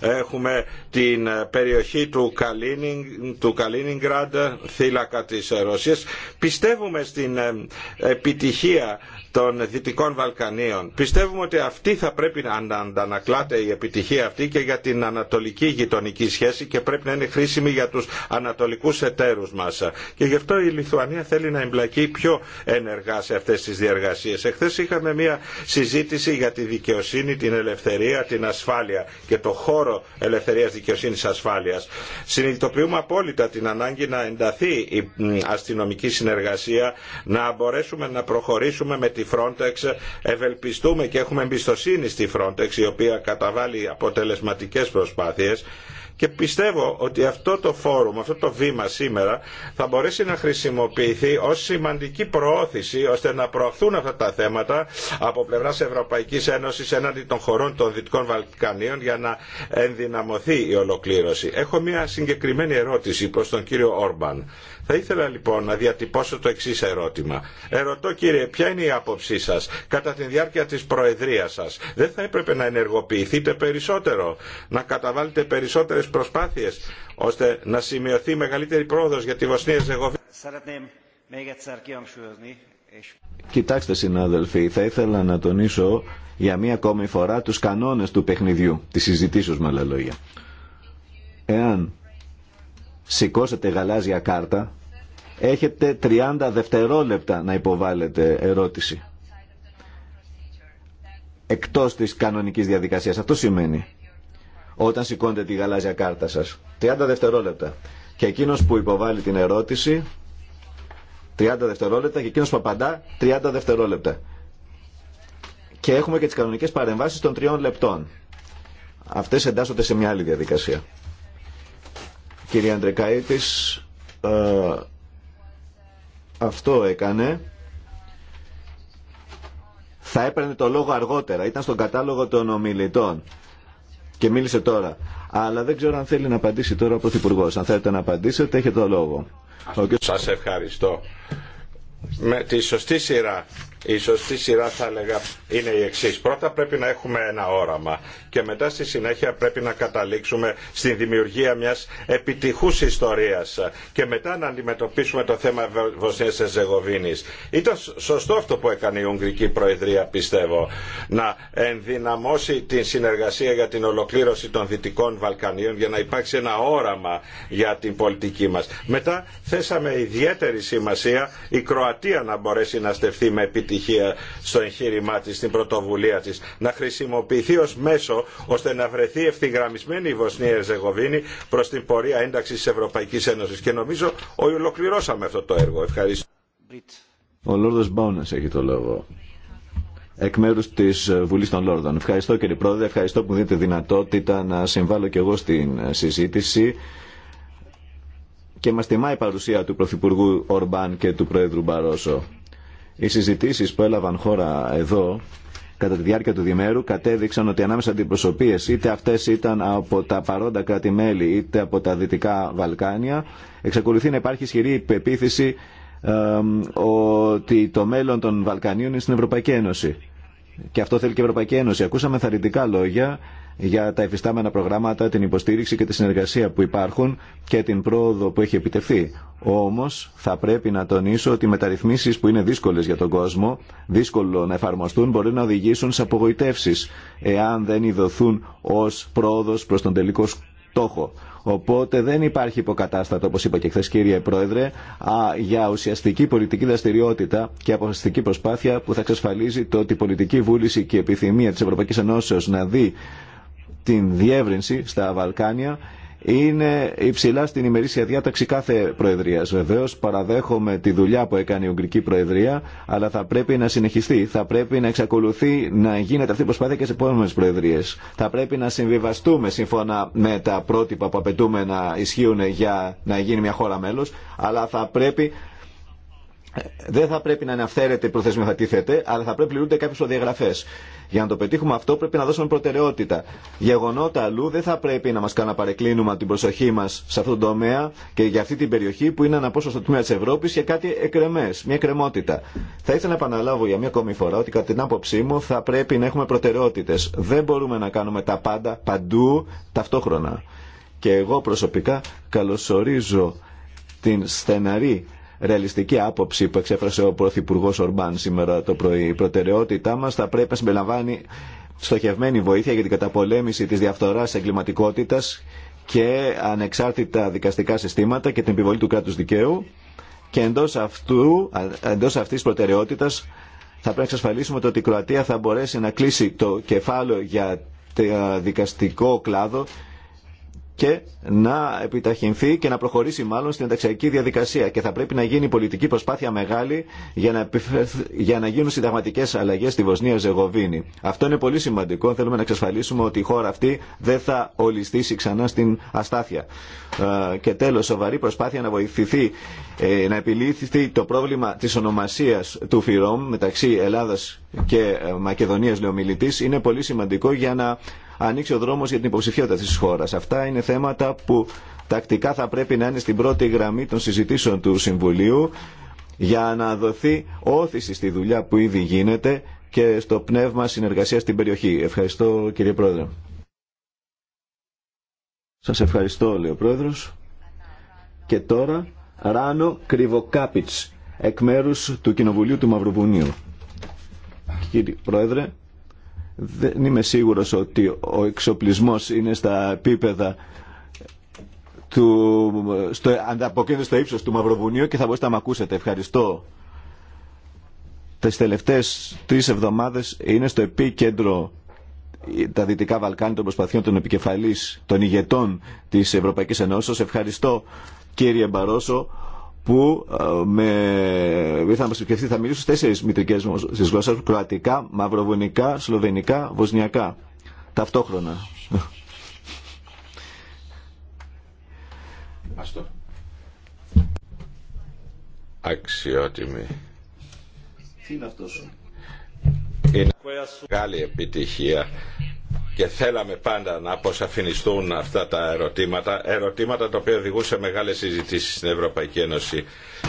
έχουμε την περιοχή του, Καλίνιν, του Καλίνιγκραντ, θύλακα της Ρωσίας. Πιστεύουμε στην ε, επιτυχία των Δυτικών Βαλκανίων. Πιστεύουμε ότι αυτή θα πρέπει να αντανακλάται η επιτυχία αυτή και για την ανατολική γειτονική σχέση και πρέπει να είναι χρήσιμη για τους ανατολικούς εταίρους μας. Και γι' αυτό η Λιθουανία θέλει να εμπλακεί πιο ενεργά σε αυτές τις διεργασίες. Εχθές είχαμε μια συζήτηση για τη δικαιοσύνη, την ελευθερία, την ασφάλεια και το χώρο ελευθερίας δικαιοσύνης ασφάλειας. Συνειδητοποιούμε απόλυτα την ανάγκη να ενταθεί η αστυνομική συνεργασία, να μπορέσουμε να προχωρήσουμε με Frontex. Ευελπιστούμε και έχουμε εμπιστοσύνη στη Frontex η οποία καταβάλει αποτελεσματικές προσπάθειες και πιστεύω ότι αυτό το φόρουμ, αυτό το βήμα σήμερα θα μπορέσει να χρησιμοποιηθεί ως σημαντική προώθηση ώστε να προωθούν αυτά τα θέματα από πλευράς Ευρωπαϊκής Ένωσης έναντι των χωρών των Δυτικών Βαλκανίων για να ενδυναμωθεί η ολοκλήρωση. Έχω μια συγκεκριμένη ερώτηση προς τον κύριο Όρμπαν. Θα ήθελα λοιπόν να διατυπώσω το εξή ερώτημα. Ερωτώ κύριε, ποια είναι η άποψή σα κατά τη διάρκεια τη προεδρία σα. Δεν θα έπρεπε να ενεργοποιηθείτε περισσότερο, να καταβάλλετε περισσότερε προσπάθειε ώστε να σημειωθεί μεγαλύτερη πρόοδο για τη Βοσνία Ζεγοβίνη. Κοιτάξτε συνάδελφοι, θα ήθελα να τονίσω για μία ακόμη φορά τους κανόνες του παιχνιδιού, τη συζητήσεως με άλλα λόγια. Εάν σηκώσετε γαλάζια κάρτα, έχετε 30 δευτερόλεπτα να υποβάλλετε ερώτηση. Εκτός της κανονικής διαδικασίας. Αυτό σημαίνει όταν σηκώνετε τη γαλάζια κάρτα σας. 30 δευτερόλεπτα. Και εκείνος που υποβάλλει την ερώτηση 30 δευτερόλεπτα και εκείνος που απαντά 30 δευτερόλεπτα. Και έχουμε και τις κανονικές παρεμβάσεις των τριών λεπτών. Αυτές εντάσσονται σε μια άλλη διαδικασία κυρία Αντρεκαίτης ε, αυτό έκανε θα έπαιρνε το λόγο αργότερα ήταν στον κατάλογο των ομιλητών και μίλησε τώρα αλλά δεν ξέρω αν θέλει να απαντήσει τώρα ο Πρωθυπουργός αν θέλετε να απαντήσετε έχετε το λόγο Σας ευχαριστώ με τη σωστή σειρά η σωστή σειρά θα έλεγα είναι η εξή. Πρώτα πρέπει να έχουμε ένα όραμα και μετά στη συνέχεια πρέπει να καταλήξουμε στην δημιουργία μια επιτυχού ιστορία και μετά να αντιμετωπίσουμε το θέμα Βοσνία Ζεγοβίνη. Ήταν σωστό αυτό που έκανε η Ουγγρική Προεδρία, πιστεύω, να ενδυναμώσει την συνεργασία για την ολοκλήρωση των Δυτικών Βαλκανίων για να υπάρξει ένα όραμα για την πολιτική μα. Μετά θέσαμε ιδιαίτερη σημασία η Κροατία να μπορέσει να στεφθεί με επιτυχία επιτυχία στο εγχείρημά τη στην πρωτοβουλία τη Να χρησιμοποιηθεί ω μέσο ώστε να βρεθεί ευθυγραμμισμένη η Βοσνία Ερζεγοβίνη προς την πορεία ένταξη τη Ευρωπαϊκή Ένωση. Και νομίζω ότι ολοκληρώσαμε αυτό το έργο. Ευχαριστώ. Ο Λόρδο Μπάουνας έχει το λόγο εκ μέρου τη ε, Βουλή των Λόρδων. Ευχαριστώ κύριε Πρόεδρε, ευχαριστώ που δίνετε δυνατότητα να συμβάλλω κι εγώ στην ε, συζήτηση και μας τιμά η παρουσία του Πρωθυπουργού Ορμπάν και του Πρόεδρου Μπαρόσο. Οι συζητήσεις που έλαβαν χώρα εδώ κατά τη διάρκεια του διμέρου κατέδειξαν ότι ανάμεσα αντιπροσωπείες είτε αυτές ήταν από τα παρόντα κράτη-μέλη είτε από τα Δυτικά Βαλκάνια εξακολουθεί να υπάρχει ισχυρή υπεποίθηση ότι το μέλλον των Βαλκανίων είναι στην Ευρωπαϊκή Ένωση. Και αυτό θέλει και η Ευρωπαϊκή Ένωση. Ακούσαμε θαρρυντικά λόγια για τα εφιστάμενα προγράμματα, την υποστήριξη και τη συνεργασία που υπάρχουν και την πρόοδο που έχει επιτευχθεί. Όμω, θα πρέπει να τονίσω ότι οι μεταρρυθμίσει που είναι δύσκολε για τον κόσμο, δύσκολο να εφαρμοστούν, μπορεί να οδηγήσουν σε απογοητεύσει, εάν δεν ιδωθούν ω πρόοδο προ τον τελικό στόχο. Οπότε δεν υπάρχει υποκατάστατο, όπω είπα και χθε, κύριε Πρόεδρε, α για ουσιαστική πολιτική δραστηριότητα και αποφασιστική προσπάθεια που θα εξασφαλίζει το ότι η πολιτική βούληση και η επιθυμία τη Ευρωπαϊκή Ενώσεω να δει την διεύρυνση στα Βαλκάνια είναι υψηλά στην ημερήσια διάταξη κάθε Προεδρία. Βεβαίω, παραδέχομαι τη δουλειά που έκανε η Ουγγρική Προεδρία, αλλά θα πρέπει να συνεχιστεί. Θα πρέπει να εξακολουθεί να γίνεται αυτή η προσπάθεια και σε επόμενε Προεδρίε. Θα πρέπει να συμβιβαστούμε σύμφωνα με τα πρότυπα που απαιτούμε να ισχύουν για να γίνει μια χώρα μέλο, αλλά θα πρέπει δεν θα πρέπει να είναι αυθαίρετη η προθεσμία θα τίθεται, αλλά θα πρέπει να πληρούνται κάποιε προδιαγραφέ. Για να το πετύχουμε αυτό, πρέπει να δώσουμε προτεραιότητα. Γεγονότα αλλού δεν θα πρέπει να μα κάνουν να παρεκκλίνουμε την προσοχή μα σε αυτόν τον τομέα και για αυτή την περιοχή που είναι αναπόσπαστο τμήμα τη Ευρώπη και κάτι εκρεμέ, μια εκκρεμότητα. Θα ήθελα να επαναλάβω για μια ακόμη φορά ότι κατά την άποψή μου θα πρέπει να έχουμε προτεραιότητε. Δεν μπορούμε να κάνουμε τα πάντα παντού ταυτόχρονα. Και εγώ προσωπικά καλωσορίζω την στεναρή ρεαλιστική άποψη που εξέφρασε ο Πρωθυπουργό Ορμπάν σήμερα το πρωί. Η προτεραιότητά μα θα πρέπει να συμπεριλαμβάνει στοχευμένη βοήθεια για την καταπολέμηση τη διαφθορά εγκληματικότητα και ανεξάρτητα δικαστικά συστήματα και την επιβολή του κράτου δικαίου. Και εντό αυτή τη προτεραιότητα θα πρέπει να εξασφαλίσουμε ότι η Κροατία θα μπορέσει να κλείσει το κεφάλαιο για το δικαστικό κλάδο και να επιταχυνθεί και να προχωρήσει μάλλον στην ενταξιακή διαδικασία. Και θα πρέπει να γίνει πολιτική προσπάθεια μεγάλη για να, για να γίνουν συνταγματικέ αλλαγέ στη Βοσνία Ζεγοβίνη. Αυτό είναι πολύ σημαντικό. Θέλουμε να εξασφαλίσουμε ότι η χώρα αυτή δεν θα ολιστήσει ξανά στην αστάθεια. Ε, και τέλο, σοβαρή προσπάθεια να βοηθηθεί ε, να επιλύθει το πρόβλημα τη ονομασία του ΦΥΡΟΜ μεταξύ Ελλάδα και ε, Μακεδονία, λέει είναι πολύ σημαντικό για να ανοίξει ο δρόμος για την υποψηφιότητα τη χώρα. Αυτά είναι θέματα που τακτικά θα πρέπει να είναι στην πρώτη γραμμή των συζητήσεων του Συμβουλίου για να δοθεί όθηση στη δουλειά που ήδη γίνεται και στο πνεύμα συνεργασίας στην περιοχή. Ευχαριστώ κύριε Πρόεδρε. Σας ευχαριστώ λέει ο Πρόεδρος. Και τώρα Ράνο Κρυβοκάπιτς εκ μέρους του Κοινοβουλίου του Μαυροβουνίου. Κύριε Πρόεδρε, δεν είμαι σίγουρος ότι ο εξοπλισμός είναι στα επίπεδα του, στο, ανταποκρίνεται στο ύψος του Μαυροβουνίου και θα μπορούσατε να με ακούσετε. Ευχαριστώ. Τις τελευταίες τρεις εβδομάδες είναι στο επίκεντρο τα Δυτικά Βαλκάνια των προσπαθειών των επικεφαλής των ηγετών της Ευρωπαϊκής Ενώσεως. Ευχαριστώ κύριε Μπαρόσο που ε, με, ήρθα να επισκεφθεί, θα μιλήσω τέσσερις μητρικές μου στις γλώσσες κροατικά, μαυροβουνικά, σλοβενικά, βοσνιακά, ταυτόχρονα. Αστό. Αξιότιμη. Τι είναι αυτό Είναι μεγάλη επιτυχία και θέλαμε πάντα να αποσαφινιστούν αυτά τα ερωτήματα, ερωτήματα τα οποία οδηγούν σε μεγάλες συζητήσεις στην Ευρωπαϊκή Ένωση,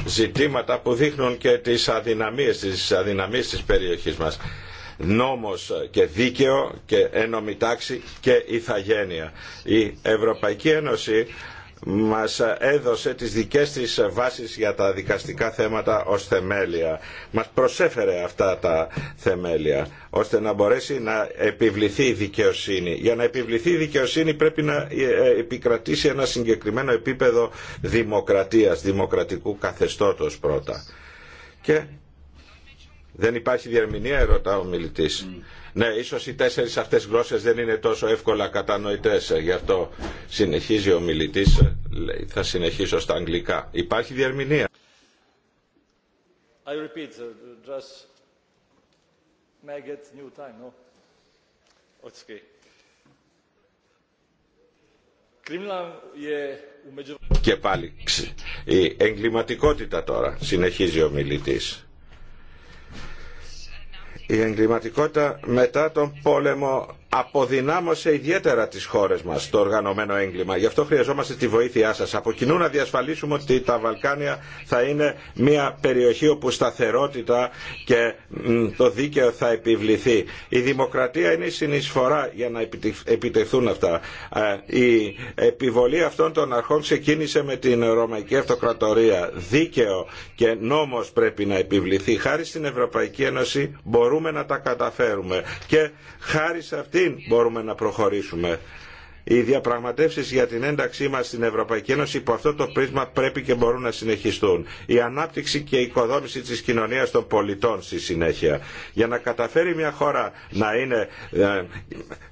ζητήματα που δείχνουν και τις αδυναμίες, τις αδυναμίες της περιοχής μας νόμος και δίκαιο και ένωμη τάξη και ηθαγένεια. Η Ευρωπαϊκή Ένωση μας έδωσε τις δικές της βάσεις για τα δικαστικά θέματα ως θεμέλια. Μας προσέφερε αυτά τα θεμέλια ώστε να μπορέσει να επιβληθεί η δικαιοσύνη. Για να επιβληθεί η δικαιοσύνη πρέπει να ε, ε, επικρατήσει ένα συγκεκριμένο επίπεδο δημοκρατίας, δημοκρατικού καθεστώτος πρώτα. Και δεν υπάρχει διερμηνία, ερωτά ο μιλητής. Mm. Ναι, ίσως οι τέσσερις αυτές γλώσσες δεν είναι τόσο εύκολα κατανοητές, γι' αυτό συνεχίζει ο μιλητής, λέει, θα συνεχίσω στα αγγλικά. Υπάρχει διαρμηνία. Uh, Και πάλι η εγκληματικότητα τώρα συνεχίζει ο μιλητής η εγκληματικότητα μετά τον πόλεμο αποδυνάμωσε ιδιαίτερα τις χώρες μας το οργανωμένο έγκλημα. Γι' αυτό χρειαζόμαστε τη βοήθειά σας. Από κοινού να διασφαλίσουμε ότι τα Βαλκάνια θα είναι μια περιοχή όπου σταθερότητα και το δίκαιο θα επιβληθεί. Η δημοκρατία είναι η συνεισφορά για να επιτευχθούν αυτά. Ε, η επιβολή αυτών των αρχών ξεκίνησε με την Ρωμαϊκή Αυτοκρατορία. Δίκαιο και νόμος πρέπει να επιβληθεί. Χάρη στην Ευρωπαϊκή Ένωση μπορούμε να τα καταφέρουμε. Και χάρη σε αυτήν μπορούμε να προχωρήσουμε. Οι διαπραγματεύσει για την ένταξή μα στην Ευρωπαϊκή Ένωση υπό αυτό το πρίσμα πρέπει και μπορούν να συνεχιστούν. Η ανάπτυξη και η οικοδόμηση τη κοινωνία των πολιτών στη συνέχεια. Για να καταφέρει μια χώρα να είναι ε,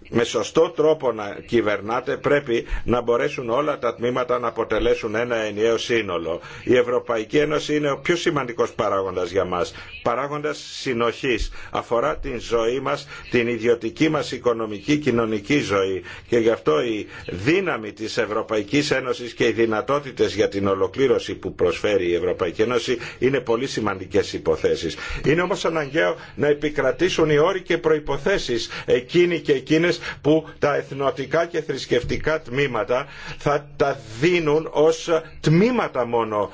με σωστό τρόπο να κυβερνάτε πρέπει να μπορέσουν όλα τα τμήματα να αποτελέσουν ένα ενιαίο σύνολο. Η Ευρωπαϊκή Ένωση είναι ο πιο σημαντικός παράγοντας για μας. Παράγοντας συνοχής. Αφορά την ζωή μας, την ιδιωτική μας οικονομική κοινωνική ζωή. Και γι' αυτό η δύναμη της Ευρωπαϊκής Ένωσης και οι δυνατότητες για την ολοκλήρωση που προσφέρει η Ευρωπαϊκή Ένωση είναι πολύ σημαντικές υποθέσεις. Είναι όμως αναγκαίο να επικρατήσουν οι όροι και προϋποθέσεις εκείνη και εκείνες που τα εθνοτικά και θρησκευτικά τμήματα θα τα δίνουν ως τμήματα μόνο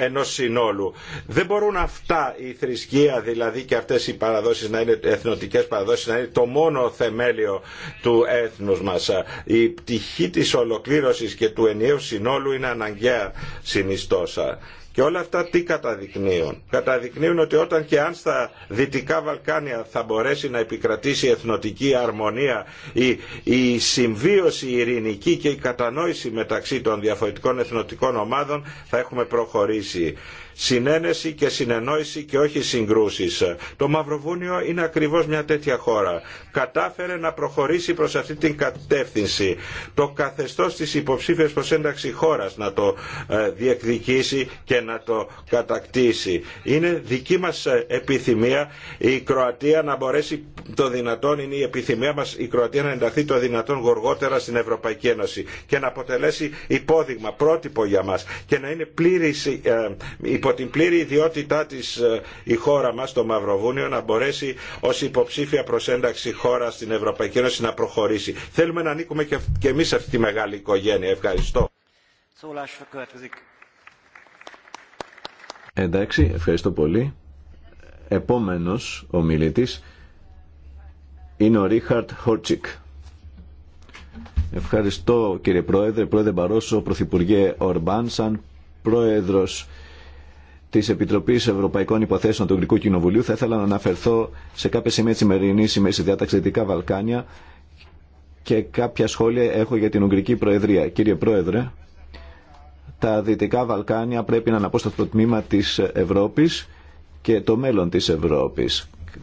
ενός συνόλου. Δεν μπορούν αυτά η θρησκεία δηλαδή και αυτές οι παραδόσεις να είναι εθνοτικές παραδόσεις να είναι το μόνο θεμέλιο του έθνους μας. Η πτυχή της ολοκλήρωσης και του ενιαίου συνόλου είναι αναγκαία συνιστόσα και όλα αυτά τι καταδεικνύουν. Καταδεικνύουν ότι όταν και αν στα Δυτικά Βαλκάνια θα μπορέσει να επικρατήσει η εθνοτική αρμονία, η, η συμβίωση ειρηνική και η κατανόηση μεταξύ των διαφορετικών εθνοτικών ομάδων θα έχουμε προχωρήσει συνένεση και συνεννόηση και όχι συγκρούσεις. Το Μαυροβούνιο είναι ακριβώς μια τέτοια χώρα. Κατάφερε να προχωρήσει προς αυτή την κατεύθυνση. Το καθεστώς της υποψήφιας προς ένταξη χώρας να το ε, διεκδικήσει και να το κατακτήσει. Είναι δική μας ε, επιθυμία η Κροατία να μπορέσει το δυνατόν, είναι η επιθυμία μας η Κροατία να ενταχθεί το δυνατόν γοργότερα στην Ευρωπαϊκή Ένωση και να αποτελέσει υπόδειγμα, πρότυπο για μας και να είναι πλήρη ε, υπό την πλήρη ιδιότητά της ε, η χώρα μας το Μαυροβούνιο να μπορέσει ως υποψήφια προς ένταξη χώρα στην Ευρωπαϊκή Ένωση να προχωρήσει. Θέλουμε να ανήκουμε και, και εμείς αυτή τη μεγάλη οικογένεια. Ευχαριστώ. Εντάξει, ευχαριστώ πολύ. Επόμενος ο μιλητής είναι ο Ρίχαρτ Χόρτσικ. Ευχαριστώ κύριε Πρόεδρε, Πρόεδρε Μπαρόσο, Πρωθυπουργέ Ορμπάν, Πρόεδρος τη Επιτροπή Ευρωπαϊκών Υποθέσεων του Ουγγρικού Κοινοβουλίου, θα ήθελα να αναφερθώ σε κάποια σημεία τη σημερινή διάταξη Δυτικά Βαλκάνια και κάποια σχόλια έχω για την Ουγγρική Προεδρία. Κύριε Πρόεδρε, τα Δυτικά Βαλκάνια πρέπει να είναι το τμήμα τη Ευρώπη και το μέλλον τη Ευρώπη.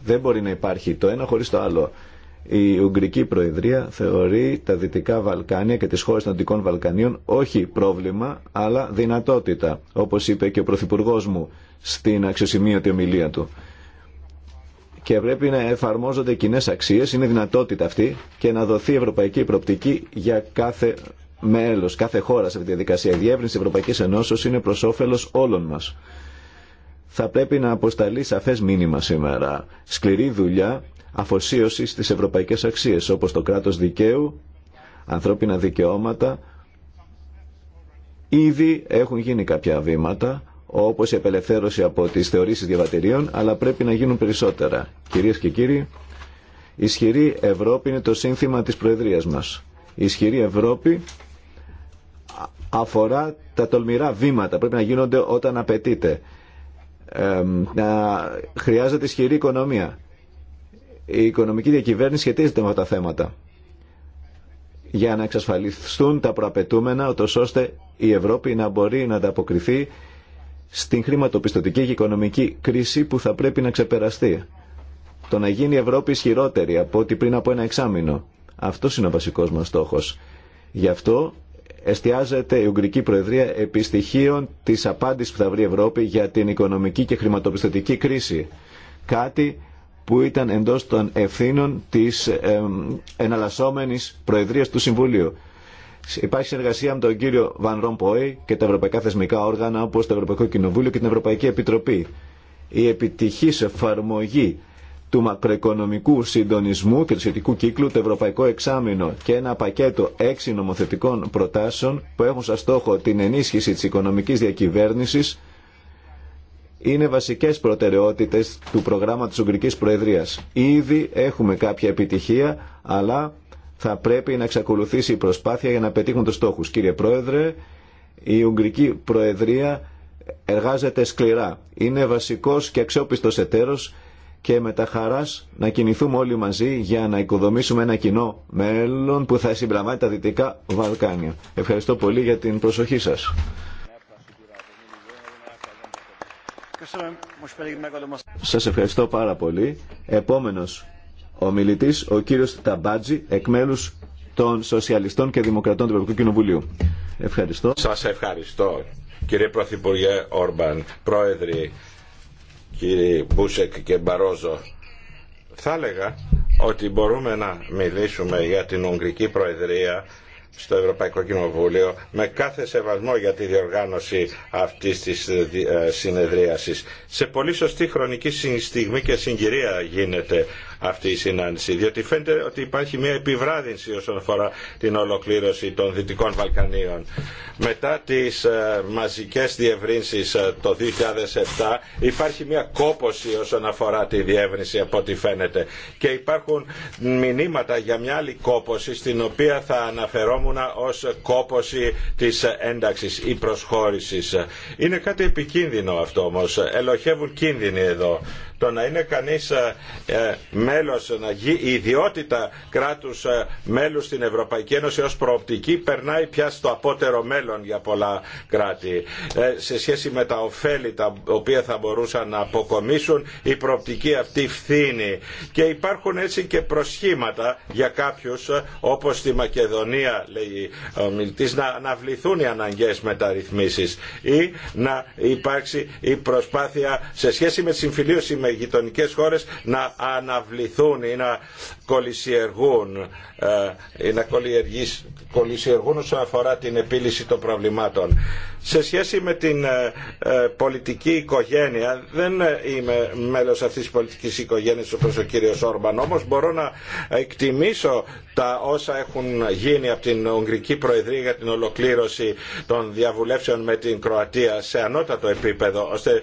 Δεν μπορεί να υπάρχει το ένα χωρί το άλλο. Η Ουγγρική Προεδρία θεωρεί τα Δυτικά Βαλκάνια και τις χώρες των Δυτικών Βαλκανίων όχι πρόβλημα, αλλά δυνατότητα, όπως είπε και ο Πρωθυπουργό μου στην αξιοσημείωτη ομιλία του. Και πρέπει να εφαρμόζονται κοινέ αξίες, είναι δυνατότητα αυτή και να δοθεί ευρωπαϊκή προπτική για κάθε μέλος, κάθε χώρα σε αυτή τη διαδικασία. Η διεύρυνση Ευρωπαϊκής Ενώσεως είναι προς όφελος όλων μας θα πρέπει να αποσταλεί σαφές μήνυμα σήμερα. Σκληρή δουλειά αφοσίωση στις ευρωπαϊκές αξίες όπως το κράτος δικαίου, ανθρώπινα δικαιώματα. Ήδη έχουν γίνει κάποια βήματα όπως η απελευθέρωση από τις θεωρήσεις διαβατηρίων, αλλά πρέπει να γίνουν περισσότερα. Κυρίες και κύριοι, ισχυρή Ευρώπη είναι το σύνθημα της Προεδρίας μας. Η ισχυρή Ευρώπη αφορά τα τολμηρά βήματα. Πρέπει να γίνονται όταν απαιτείται. να χρειάζεται ισχυρή οικονομία η οικονομική διακυβέρνηση σχετίζεται με αυτά τα θέματα για να εξασφαλιστούν τα προαπαιτούμενα, ούτως ώστε η Ευρώπη να μπορεί να ανταποκριθεί στην χρηματοπιστωτική και οικονομική κρίση που θα πρέπει να ξεπεραστεί. Το να γίνει η Ευρώπη ισχυρότερη από ό,τι πριν από ένα εξάμεινο. Αυτό είναι ο βασικό μα στόχο. Γι' αυτό εστιάζεται η Ουγγρική Προεδρία επί στοιχείων της απάντησης που θα βρει η Ευρώπη για την οικονομική και χρηματοπιστωτική κρίση. Κάτι που ήταν εντός των ευθύνων της εναλλασσόμενης Προεδρίας του Συμβουλίου. Υπάρχει συνεργασία με τον κύριο Βαν Ρομποέ και τα ευρωπαϊκά θεσμικά όργανα όπως το Ευρωπαϊκό Κοινοβούλιο και την Ευρωπαϊκή Επιτροπή. Η σε εφαρμογή του μακροοικονομικού συντονισμού και του σχετικού κύκλου, το Ευρωπαϊκό Εξάμεινο και ένα πακέτο έξι νομοθετικών προτάσεων που έχουν σαν στόχο την ενίσχυση της οικονομικής διακυβέρνησης είναι βασικές προτεραιότητες του προγράμματος Ουγγρική Προεδρίας. Ήδη έχουμε κάποια επιτυχία, αλλά θα πρέπει να εξακολουθήσει η προσπάθεια για να πετύχουν τους στόχους. Κύριε Πρόεδρε, η Ουγγρική Προεδρία εργάζεται σκληρά. Είναι βασικός και αξιόπιστος εταίρο και με τα να κινηθούμε όλοι μαζί για να οικοδομήσουμε ένα κοινό μέλλον που θα συμπλαμβάνει τα Δυτικά Βαλκάνια. Ευχαριστώ πολύ για την προσοχή σας. Σας ευχαριστώ πάρα πολύ. Επόμενος ο μιλητής, ο κύριος Ταμπάτζη, εκ μέλους των Σοσιαλιστών και Δημοκρατών του Ευρωπαϊκού Κοινοβουλίου. Ευχαριστώ. Σας ευχαριστώ. Κύριε Πρωθυπουργέ Όρμπαν, Πρόεδροι, κύριοι Μπούσεκ και Μπαρόζο, θα έλεγα ότι μπορούμε να μιλήσουμε για την Ουγγρική Προεδρία στο Ευρωπαϊκό Κοινοβούλιο με κάθε σεβασμό για τη διοργάνωση αυτής της ε, ε, συνεδρίασης. Σε πολύ σωστή χρονική στιγμή και συγκυρία γίνεται αυτή η συνάντηση. Διότι φαίνεται ότι υπάρχει μια επιβράδυνση όσον αφορά την ολοκλήρωση των Δυτικών Βαλκανίων. Μετά τις ε, μαζικές διευρύνσεις ε, το 2007 υπάρχει μια κόπωση όσον αφορά τη διεύρυνση από ό,τι φαίνεται. Και υπάρχουν μηνύματα για μια άλλη κόποση στην οποία θα αναφερόμουν ως κόποση της ένταξη ή προσχώρησης. Είναι κάτι επικίνδυνο αυτό όμως. Ελοχεύουν κίνδυνοι εδώ. Το να είναι κανείς ε, ε, μέλος, η ιδιότητα κράτους ε, μέλους στην Ευρωπαϊκή Ένωση ως προοπτική περνάει πια στο απότερο μέλλον για πολλά κράτη. Σε σχέση με τα ωφέλη τα οποία θα μπορούσαν να αποκομίσουν η προοπτική αυτή φθήνει. Και υπάρχουν έτσι και προσχήματα για κάποιους όπως στη Μακεδονία λέει ο μιλτής, να αναβληθούν οι αναγκαίες μεταρρυθμίσεις ή να υπάρξει η προσπάθεια σε σχέση με τη συμφιλίωση με γειτονικές χώρες να αναβληθούν ή να κολυσιεργούν, ε, να κολυσιεργούν όσον αφορά την επίλυση των προβλημάτων. Σε σχέση με την ε, ε, πολιτική οικογένεια, δεν είμαι μέλος αυτής της πολιτικής οικογένειας όπως ο κύριος Όρμπαν, όμως μπορώ να εκτιμήσω τα όσα έχουν γίνει από την Ουγγρική Προεδρία για την ολοκλήρωση των διαβουλεύσεων με την Κροατία σε ανώτατο επίπεδο, ώστε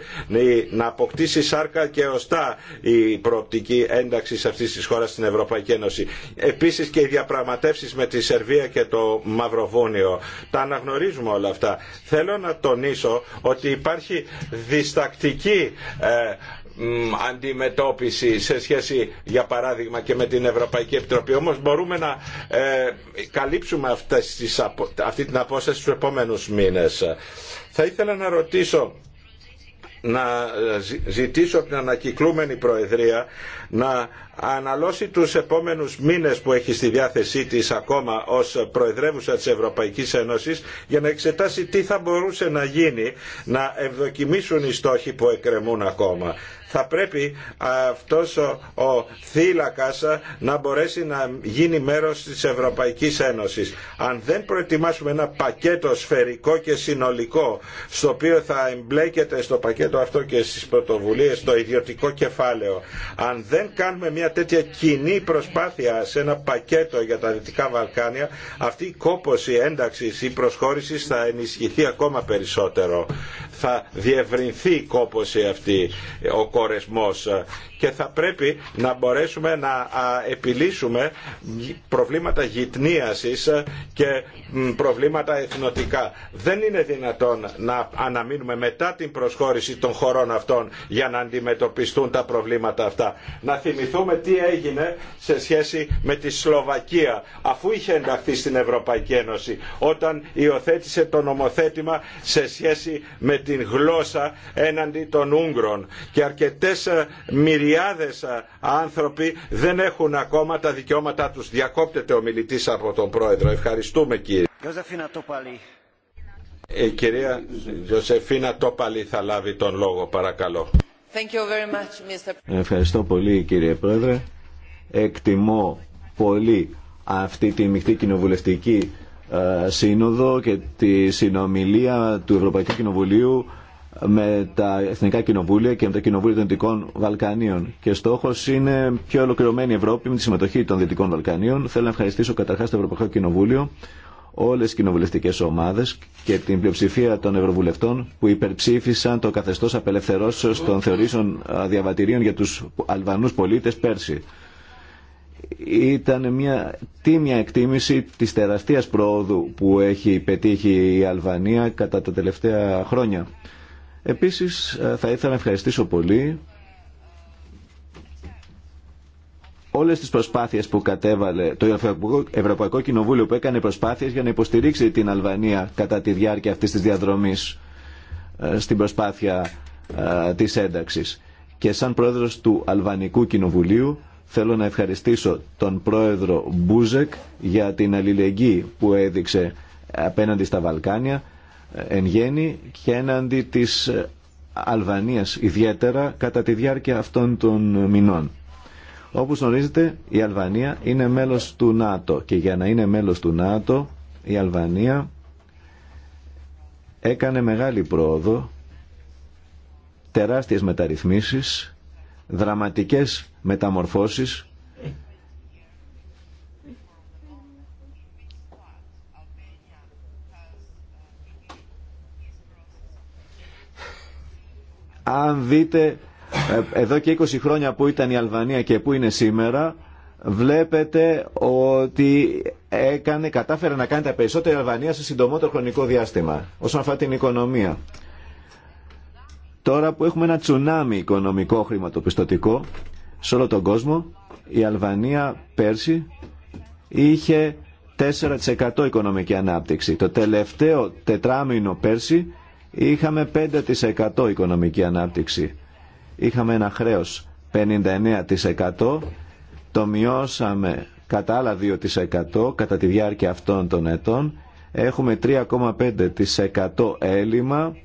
να αποκτήσει σάρκα και ωστά η προοπτική ένταξη αυτής της χώρας στην Ευρωπαϊκή Ευρωπαϊκή Επίσης και οι διαπραγματεύσεις με τη Σερβία και το Μαυροβούνιο. Τα αναγνωρίζουμε όλα αυτά. Θέλω να τονίσω ότι υπάρχει διστακτική ε, αντιμετώπιση σε σχέση για παράδειγμα και με την Ευρωπαϊκή Επιτροπή όμως μπορούμε να ε, καλύψουμε αυτές τις, αυτή την απόσταση στους επόμενους μήνες. Θα ήθελα να ρωτήσω να ε, ζητήσω από την ανακυκλούμενη Προεδρία να αναλώσει τους επόμενους μήνες που έχει στη διάθεσή της ακόμα ως Προεδρεύουσα της Ευρωπαϊκής Ένωσης για να εξετάσει τι θα μπορούσε να γίνει να ευδοκιμήσουν οι στόχοι που εκκρεμούν ακόμα θα πρέπει αυτός ο, ο θύλακας να μπορέσει να γίνει μέρος της Ευρωπαϊκής Ένωσης. Αν δεν προετοιμάσουμε ένα πακέτο σφαιρικό και συνολικό στο οποίο θα εμπλέκεται στο πακέτο αυτό και στις πρωτοβουλίες το ιδιωτικό κεφάλαιο, αν δεν κάνουμε μια τέτοια κοινή προσπάθεια σε ένα πακέτο για τα Δυτικά Βαλκάνια, αυτή η κόπωση ένταξης ή προσχώρησης θα ενισχυθεί ακόμα περισσότερο. Θα διευρυνθεί η κόπωση αυτή, ο χωρεσμός και θα πρέπει να μπορέσουμε να επιλύσουμε προβλήματα γυτνίασης και προβλήματα εθνοτικά. Δεν είναι δυνατόν να αναμείνουμε μετά την προσχώρηση των χωρών αυτών για να αντιμετωπιστούν τα προβλήματα αυτά. Να θυμηθούμε τι έγινε σε σχέση με τη Σλοβακία αφού είχε ενταχθεί στην Ευρωπαϊκή Ένωση όταν υιοθέτησε το νομοθέτημα σε σχέση με την γλώσσα έναντι των Ούγγρων και αρκετές ε, χιλιάδες άνθρωποι δεν έχουν ακόμα τα δικαιώματά τους. Διακόπτεται ο μιλητής από τον Πρόεδρο. Ευχαριστούμε κύριε. Η ε, κυρία Ζωσεφίνα Τόπαλη θα λάβει τον λόγο παρακαλώ. Ευχαριστώ πολύ κύριε Πρόεδρε. Εκτιμώ πολύ αυτή τη μειχτή κοινοβουλευτική ε, σύνοδο και τη συνομιλία του Ευρωπαϊκού Κοινοβουλίου με τα Εθνικά Κοινοβούλια και με τα Κοινοβούλια των Δυτικών Βαλκανίων. Και στόχο είναι πιο ολοκληρωμένη Ευρώπη με τη συμμετοχή των Δυτικών Βαλκανίων. Θέλω να ευχαριστήσω καταρχά το Ευρωπαϊκό Κοινοβούλιο, όλε τι κοινοβουλευτικέ ομάδε και την πλειοψηφία των Ευρωβουλευτών που υπερψήφισαν το καθεστώ απελευθερώσεω των θεωρήσεων διαβατηρίων για του Αλβανού πολίτε πέρσι. Ήταν μια τίμια εκτίμηση της τεραστίας πρόοδου που έχει πετύχει η Αλβανία κατά τα τελευταία χρόνια Επίσης ε, θα ήθελα να ευχαριστήσω πολύ όλες τις προσπάθειες που κατέβαλε το Ευρωπαϊκό Κοινοβούλιο που έκανε προσπάθειες για να υποστηρίξει την Αλβανία κατά τη διάρκεια αυτής της διαδρομής ε, στην προσπάθεια ε, της ένταξης. Και σαν πρόεδρος του Αλβανικού Κοινοβουλίου θέλω να ευχαριστήσω τον πρόεδρο Μπούζεκ για την αλληλεγγύη που έδειξε απέναντι στα Βαλκάνια εν γέννη και έναντι της Αλβανίας ιδιαίτερα κατά τη διάρκεια αυτών των μηνών. Όπως γνωρίζετε η Αλβανία είναι μέλος του ΝΑΤΟ και για να είναι μέλος του ΝΑΤΟ η Αλβανία έκανε μεγάλη πρόοδο, τεράστιες μεταρρυθμίσεις, δραματικές μεταμορφώσεις Αν δείτε ε, εδώ και 20 χρόνια που ήταν η Αλβανία και που είναι σήμερα, βλέπετε ότι έκανε, κατάφερε να κάνει τα περισσότερα η Αλβανία σε συντομότερο χρονικό διάστημα όσον αφορά την οικονομία. Τώρα που έχουμε ένα τσουνάμι οικονομικό χρηματοπιστωτικό σε όλο τον κόσμο, η Αλβανία πέρσι είχε 4% οικονομική ανάπτυξη. Το τελευταίο τετράμινο πέρσι Είχαμε 5% οικονομική ανάπτυξη. Είχαμε ένα χρέος 59%. Το μειώσαμε κατά άλλα 2% κατά τη διάρκεια αυτών των ετών. Έχουμε 3,5% έλλειμμα,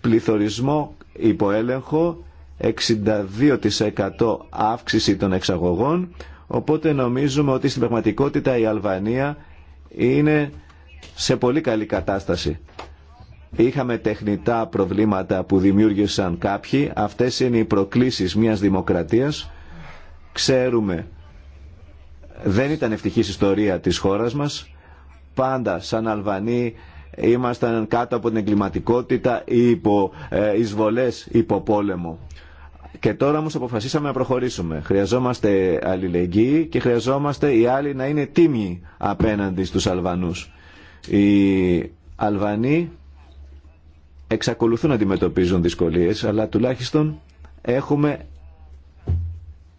πληθωρισμό υποέλεγχο, 62% αύξηση των εξαγωγών. Οπότε νομίζουμε ότι στην πραγματικότητα η Αλβανία είναι σε πολύ καλή κατάσταση. Είχαμε τεχνητά προβλήματα που δημιούργησαν κάποιοι. Αυτές είναι οι προκλήσεις μιας δημοκρατίας. Ξέρουμε, δεν ήταν ευτυχής ιστορία της χώρας μας. Πάντα σαν Αλβανοί ήμασταν κάτω από την εγκληματικότητα ή υπό ε, εισβολές υπό πόλεμο. Και τώρα όμως αποφασίσαμε να προχωρήσουμε. Χρειαζόμαστε αλληλεγγύη και χρειαζόμαστε οι άλλοι να είναι τίμοι απέναντι στους Αλβανούς. Οι Αλβανοί εξακολουθούν να αντιμετωπίζουν δυσκολίες, αλλά τουλάχιστον έχουμε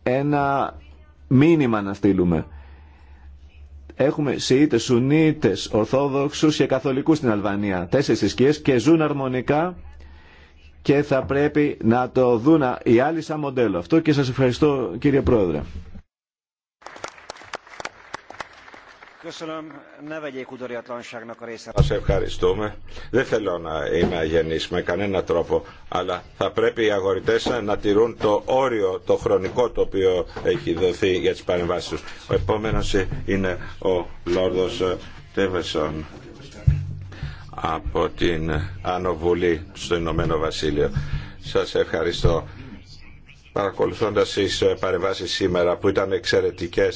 ένα μήνυμα να στείλουμε. Έχουμε Σιήτες, Σουνίτες, Ορθόδοξους και Καθολικούς στην Αλβανία. Τέσσερις θρησκείες και ζουν αρμονικά και θα πρέπει να το δουν οι άλλοι σαν μοντέλο. Αυτό και σας ευχαριστώ κύριε Πρόεδρε. Σας ευχαριστούμε. Δεν θέλω να είμαι αγενής με κανένα τρόπο, αλλά θα πρέπει οι αγορητές να τηρούν το όριο, το χρονικό το οποίο έχει δοθεί για τις παρεμβάσεις τους. Ο επόμενος είναι ο Λόρδος Τέβεσον από την Ανοβούλη στο Ηνωμένο Βασίλειο. Σας ευχαριστώ. Παρακολουθώντα τι ε, παρεμβάσει σήμερα που ήταν εξαιρετικέ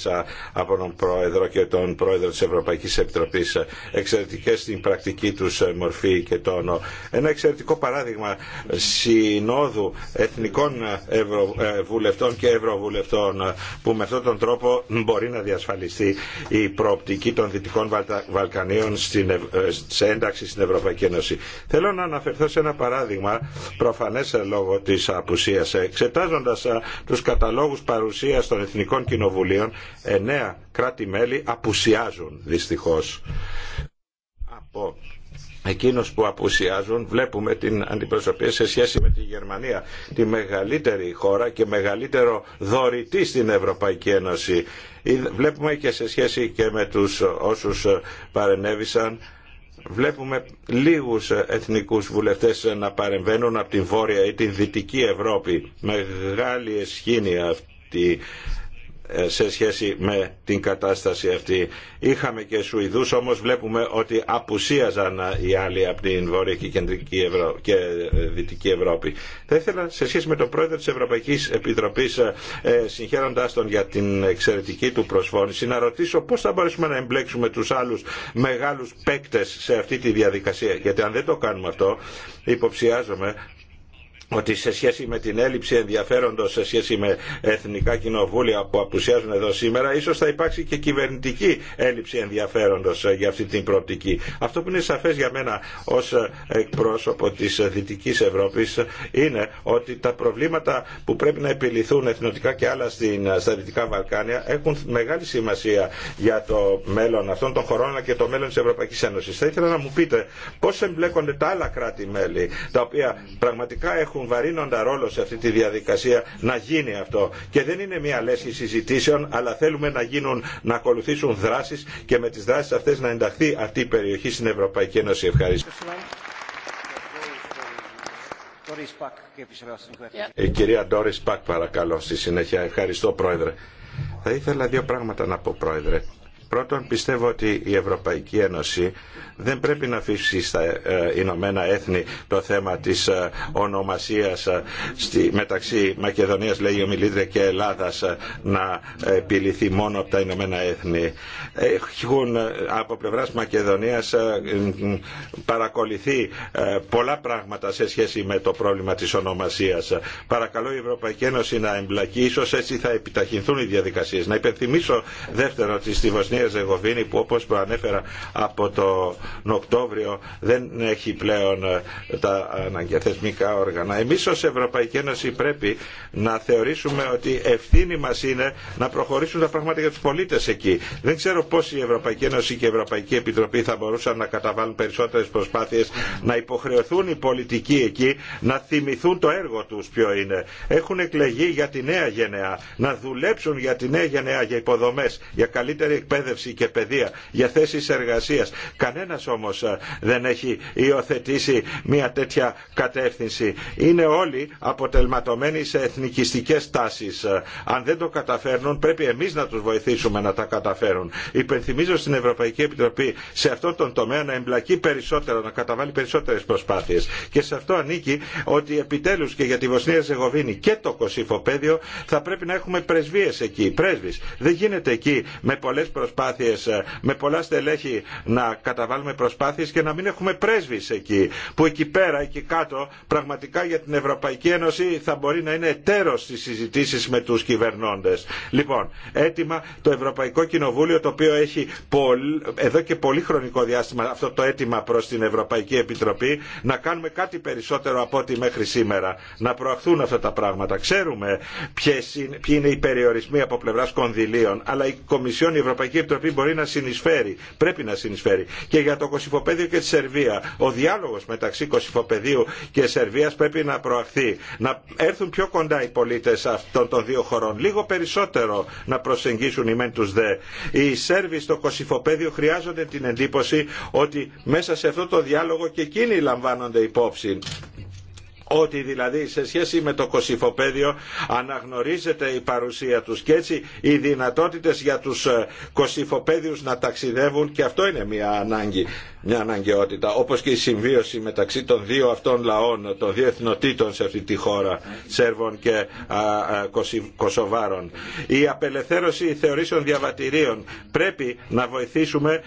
από τον Πρόεδρο και τον Πρόεδρο της Ευρωπαϊκής Επιτροπής, ε, εξαιρετικέ στην πρακτική του ε, μορφή και τόνο. Ένα εξαιρετικό παράδειγμα συνόδου εθνικών ευρωβουλευτών και ευρωβουλευτών που με αυτόν τον τρόπο μπορεί να διασφαλιστεί η προοπτική των Δυτικών Βαλκανίων σε ένταξη στην Ευρωπαϊκή Ένωση. Θέλω να αναφερθώ σε ένα παράδειγμα προφανέ λόγω τη απουσία. εξετάζοντα. Του ε, τους καταλόγους παρουσίας των Εθνικών Κοινοβουλίων, εννέα κράτη-μέλη απουσιάζουν δυστυχώς. Από εκείνους που απουσιάζουν βλέπουμε την αντιπροσωπεία σε σχέση με τη Γερμανία τη μεγαλύτερη χώρα και μεγαλύτερο δωρητή στην Ευρωπαϊκή Ένωση βλέπουμε και σε σχέση και με τους όσους παρενέβησαν βλέπουμε λίγους εθνικούς βουλευτές να παρεμβαίνουν από την Βόρεια ή την Δυτική Ευρώπη. Μεγάλη αισχύνη αυτή ε, σε σχέση με την κατάσταση αυτή. Είχαμε και Σουηδούς, όμως βλέπουμε ότι απουσίαζαν ε, οι άλλοι από την Βόρεια και, Κεντρική Ευρω... και ε, Δυτική Ευρώπη. Θα ήθελα σε σχέση με τον πρόεδρο της Ευρωπαϊκής Επιτροπής, ε, συγχαίροντάς τον για την εξαιρετική του προσφώνηση, να ρωτήσω πώς θα μπορέσουμε να εμπλέξουμε τους άλλους μεγάλους παίκτες σε αυτή τη διαδικασία. Γιατί αν δεν το κάνουμε αυτό, υποψιάζομαι ότι σε σχέση με την έλλειψη ενδιαφέροντος σε σχέση με εθνικά κοινοβούλια που απουσιάζουν εδώ σήμερα ίσως θα υπάρξει και κυβερνητική έλλειψη ενδιαφέροντος ε, για αυτή την προοπτική. Αυτό που είναι σαφές για μένα ως ε, εκπρόσωπο της Δυτικής Ευρώπης είναι ότι τα προβλήματα που πρέπει να επιληθούν εθνοτικά και άλλα ε, στα Δυτικά Βαλκάνια έχουν μεγάλη σημασία για το μέλλον αυτών των χωρών και το μέλλον της Ευρωπαϊκής Ένωσης. Θα ήθελα να μου πείτε πώς εμπλέκονται τα άλλα κράτη-μέλη τα οποία πραγματικά έχουν έχουν βαρύνοντα ρόλο σε αυτή τη διαδικασία να γίνει αυτό. Και δεν είναι μια λέσχη συζητήσεων, αλλά θέλουμε να, γίνουν, να ακολουθήσουν δράσει και με τι δράσει αυτέ να ενταχθεί αυτή η περιοχή στην Ευρωπαϊκή Ένωση. Ευχαριστώ. Η ε, κυρία Ντόρις Πακ παρακαλώ στη συνέχεια. Ευχαριστώ πρόεδρε. Θα ήθελα δύο πράγματα να πω πρόεδρε. Πρώτον πιστεύω ότι η Ευρωπαϊκή Ένωση δεν πρέπει να αφήσει στα ε, Ηνωμένα Έθνη το θέμα της ε, ονομασίας ε, μεταξύ Μακεδονίας λέει ο Μιλίδρε και Ελλάδας να επιληθεί μόνο από τα Ηνωμένα Έθνη. Έχουν από πλευράς Μακεδονίας παρακολουθεί πολλά πράγματα σε σχέση με το πρόβλημα της ονομασίας. Παρακαλώ η Ευρωπαϊκή Ένωση να εμπλακεί, ίσως έτσι θα επιταχυνθούν οι διαδικασίες. Να υπενθυμίσω δεύτερο ότι στη Βοσνία Ζεγοβίνη που όπω προανέφερα από το Οκτώβριο δεν έχει πλέον ε, τα αναγκαθεσμικά όργανα. Εμείς ως Ευρωπαϊκή Ένωση πρέπει να θεωρήσουμε ότι ευθύνη μας είναι να προχωρήσουν τα πράγματα για τους πολίτες εκεί. Δεν ξέρω πώς η Ευρωπαϊκή Ένωση και η Ευρωπαϊκή Επιτροπή θα μπορούσαν να καταβάλουν περισσότερες προσπάθειες να υποχρεωθούν οι πολιτικοί εκεί να θυμηθούν το έργο τους ποιο είναι. Έχουν εκλεγεί για τη νέα γενεά, να δουλέψουν για τη νέα γενεά, για υποδομέ για καλύτερη εκπαίδευση και παιδεία, για θέσεις εργασίας. Κανένα Κανένας όμως ε, δεν έχει υιοθετήσει μια τέτοια κατεύθυνση. Είναι όλοι αποτελματωμένοι σε εθνικιστικές τάσεις. Ε, αν δεν το καταφέρνουν πρέπει εμείς να τους βοηθήσουμε να τα καταφέρουν. Υπενθυμίζω στην Ευρωπαϊκή Επιτροπή σε αυτόν τον τομέα να εμπλακεί περισσότερο, να καταβάλει περισσότερες προσπάθειες. Και σε αυτό ανήκει ότι επιτέλους και για τη Βοσνία Ζεγοβίνη και το Πέδιο θα πρέπει να έχουμε πρεσβείες εκεί, πρέσβεις. Δεν γίνεται εκεί με πολλές προσπάθειες, ε, με πολλά στελέχη να καταβάλουν με προσπάθειες και να μην έχουμε πρέσβει εκεί που εκεί πέρα, εκεί κάτω πραγματικά για την Ευρωπαϊκή Ένωση θα μπορεί να είναι εταίρο στι συζητήσει με του κυβερνώντες. Λοιπόν, έτοιμα το Ευρωπαϊκό Κοινοβούλιο το οποίο έχει εδώ και πολύ χρονικό διάστημα αυτό το αίτημα προ την Ευρωπαϊκή Επιτροπή να κάνουμε κάτι περισσότερο από ό,τι μέχρι σήμερα. Να προαχθούν αυτά τα πράγματα. Ξέρουμε ποιοι είναι οι περιορισμοί από πλευρά κονδυλίων, αλλά η Κομισιόν, η Ευρωπαϊκή Επιτροπή μπορεί να συνεισφέρει. Πρέπει να συνεισφέρει για το Κωσυφοπέδιο και τη Σερβία. Ο διάλογο μεταξύ Κωσυφοπεδίου και Σερβία πρέπει να προαχθεί. Να έρθουν πιο κοντά οι πολίτε αυτών των δύο χωρών. Λίγο περισσότερο να προσεγγίσουν οι μεν του δε. Οι Σέρβοι στο Κωσυφοπέδιο χρειάζονται την εντύπωση ότι μέσα σε αυτό το διάλογο και εκείνοι λαμβάνονται υπόψη ότι δηλαδή σε σχέση με το κοσυφοπέδιο αναγνωρίζεται η παρουσία τους και έτσι οι δυνατότητες για τους ε, κοσυφοπέδιους να ταξιδεύουν και αυτό είναι μια ανάγκη μια αναγκαιότητα όπως και η συμβίωση μεταξύ των δύο αυτών λαών των δύο εθνοτήτων σε αυτή τη χώρα Σέρβων και Κωσοβάρων η απελευθέρωση θεωρήσεων διαβατηρίων πρέπει να βοηθήσουμε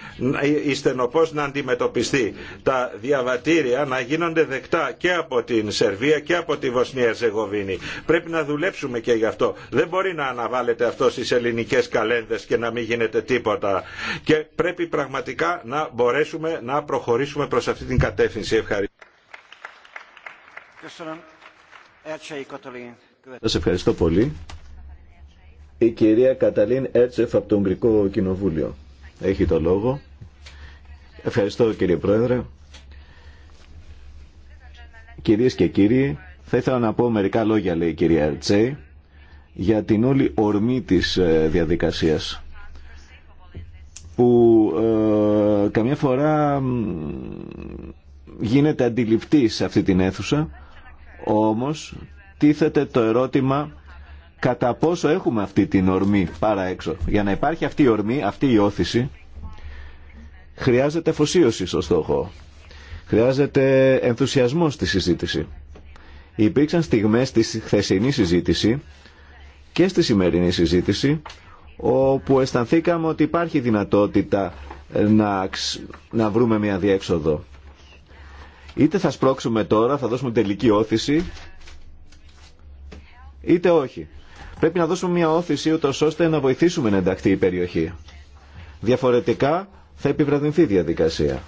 η στενοπός να αντιμετωπιστεί τα διαβατήρια να γίνονται δεκτά και από την Σερβία και από τη Βοσνία Ζεγοβίνη πρέπει να δουλέψουμε και γι' αυτό δεν μπορεί να αναβάλλεται αυτό στις ελληνικές καλένδες και να μην γίνεται τίποτα και πρέπει πραγματικά να μπορέσουμε να προχωρήσουμε προς αυτή την κατεύθυνση. Ευχαριστώ. Σας ευχαριστώ πολύ. Η κυρία Καταλίν Έτσεφ από το Ουγγρικό Κοινοβούλιο. Έχει το λόγο. Ευχαριστώ κύριε Πρόεδρε. Κυρίες και κύριοι, θα ήθελα να πω μερικά λόγια, λέει η κυρία Ερτσέη, για την όλη ορμή της ε, διαδικασίας που ε, καμιά φορά γίνεται αντιληπτή σε αυτή την αίθουσα, όμως τίθεται το ερώτημα κατά πόσο έχουμε αυτή την ορμή πάρα έξω. Για να υπάρχει αυτή η ορμή, αυτή η όθηση, χρειάζεται φωσίωση στο στόχο. Χρειάζεται ενθουσιασμό στη συζήτηση. Υπήρξαν στιγμές στη χθεσινή συζήτηση και στη σημερινή συζήτηση όπου αισθανθήκαμε ότι υπάρχει δυνατότητα να, βρούμε μια διέξοδο. Είτε θα σπρώξουμε τώρα, θα δώσουμε τελική όθηση, είτε όχι. Πρέπει να δώσουμε μια όθηση ούτως ώστε να βοηθήσουμε να ενταχθεί η περιοχή. Διαφορετικά θα επιβραδυνθεί η διαδικασία.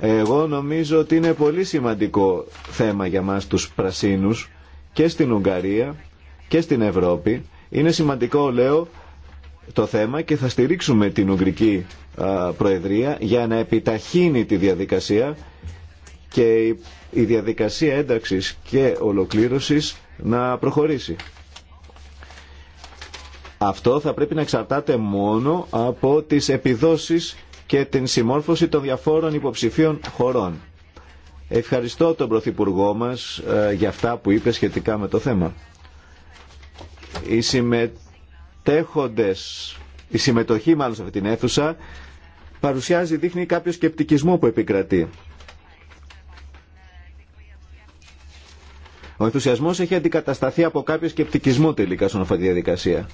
Εγώ νομίζω ότι είναι πολύ σημαντικό θέμα για μας τους πρασίνους και στην Ουγγαρία και στην Ευρώπη. Είναι σημαντικό, λέω, το θέμα και θα στηρίξουμε την Ουγγρική Προεδρία για να επιταχύνει τη διαδικασία και η διαδικασία ένταξης και ολοκλήρωσης να προχωρήσει. Αυτό θα πρέπει να εξαρτάται μόνο από τις επιδόσεις και την συμμόρφωση των διαφόρων υποψηφίων χωρών. Ευχαριστώ τον Πρωθυπουργό μας για αυτά που είπε σχετικά με το θέμα. Η συμμετέχοντες, η συμμετοχή μάλλον σε αυτή την αίθουσα, παρουσιάζει, δείχνει κάποιο σκεπτικισμό που επικρατεί. Ο ενθουσιασμός έχει αντικατασταθεί από κάποιο σκεπτικισμό τελικά στον αυτή τη διαδικασία.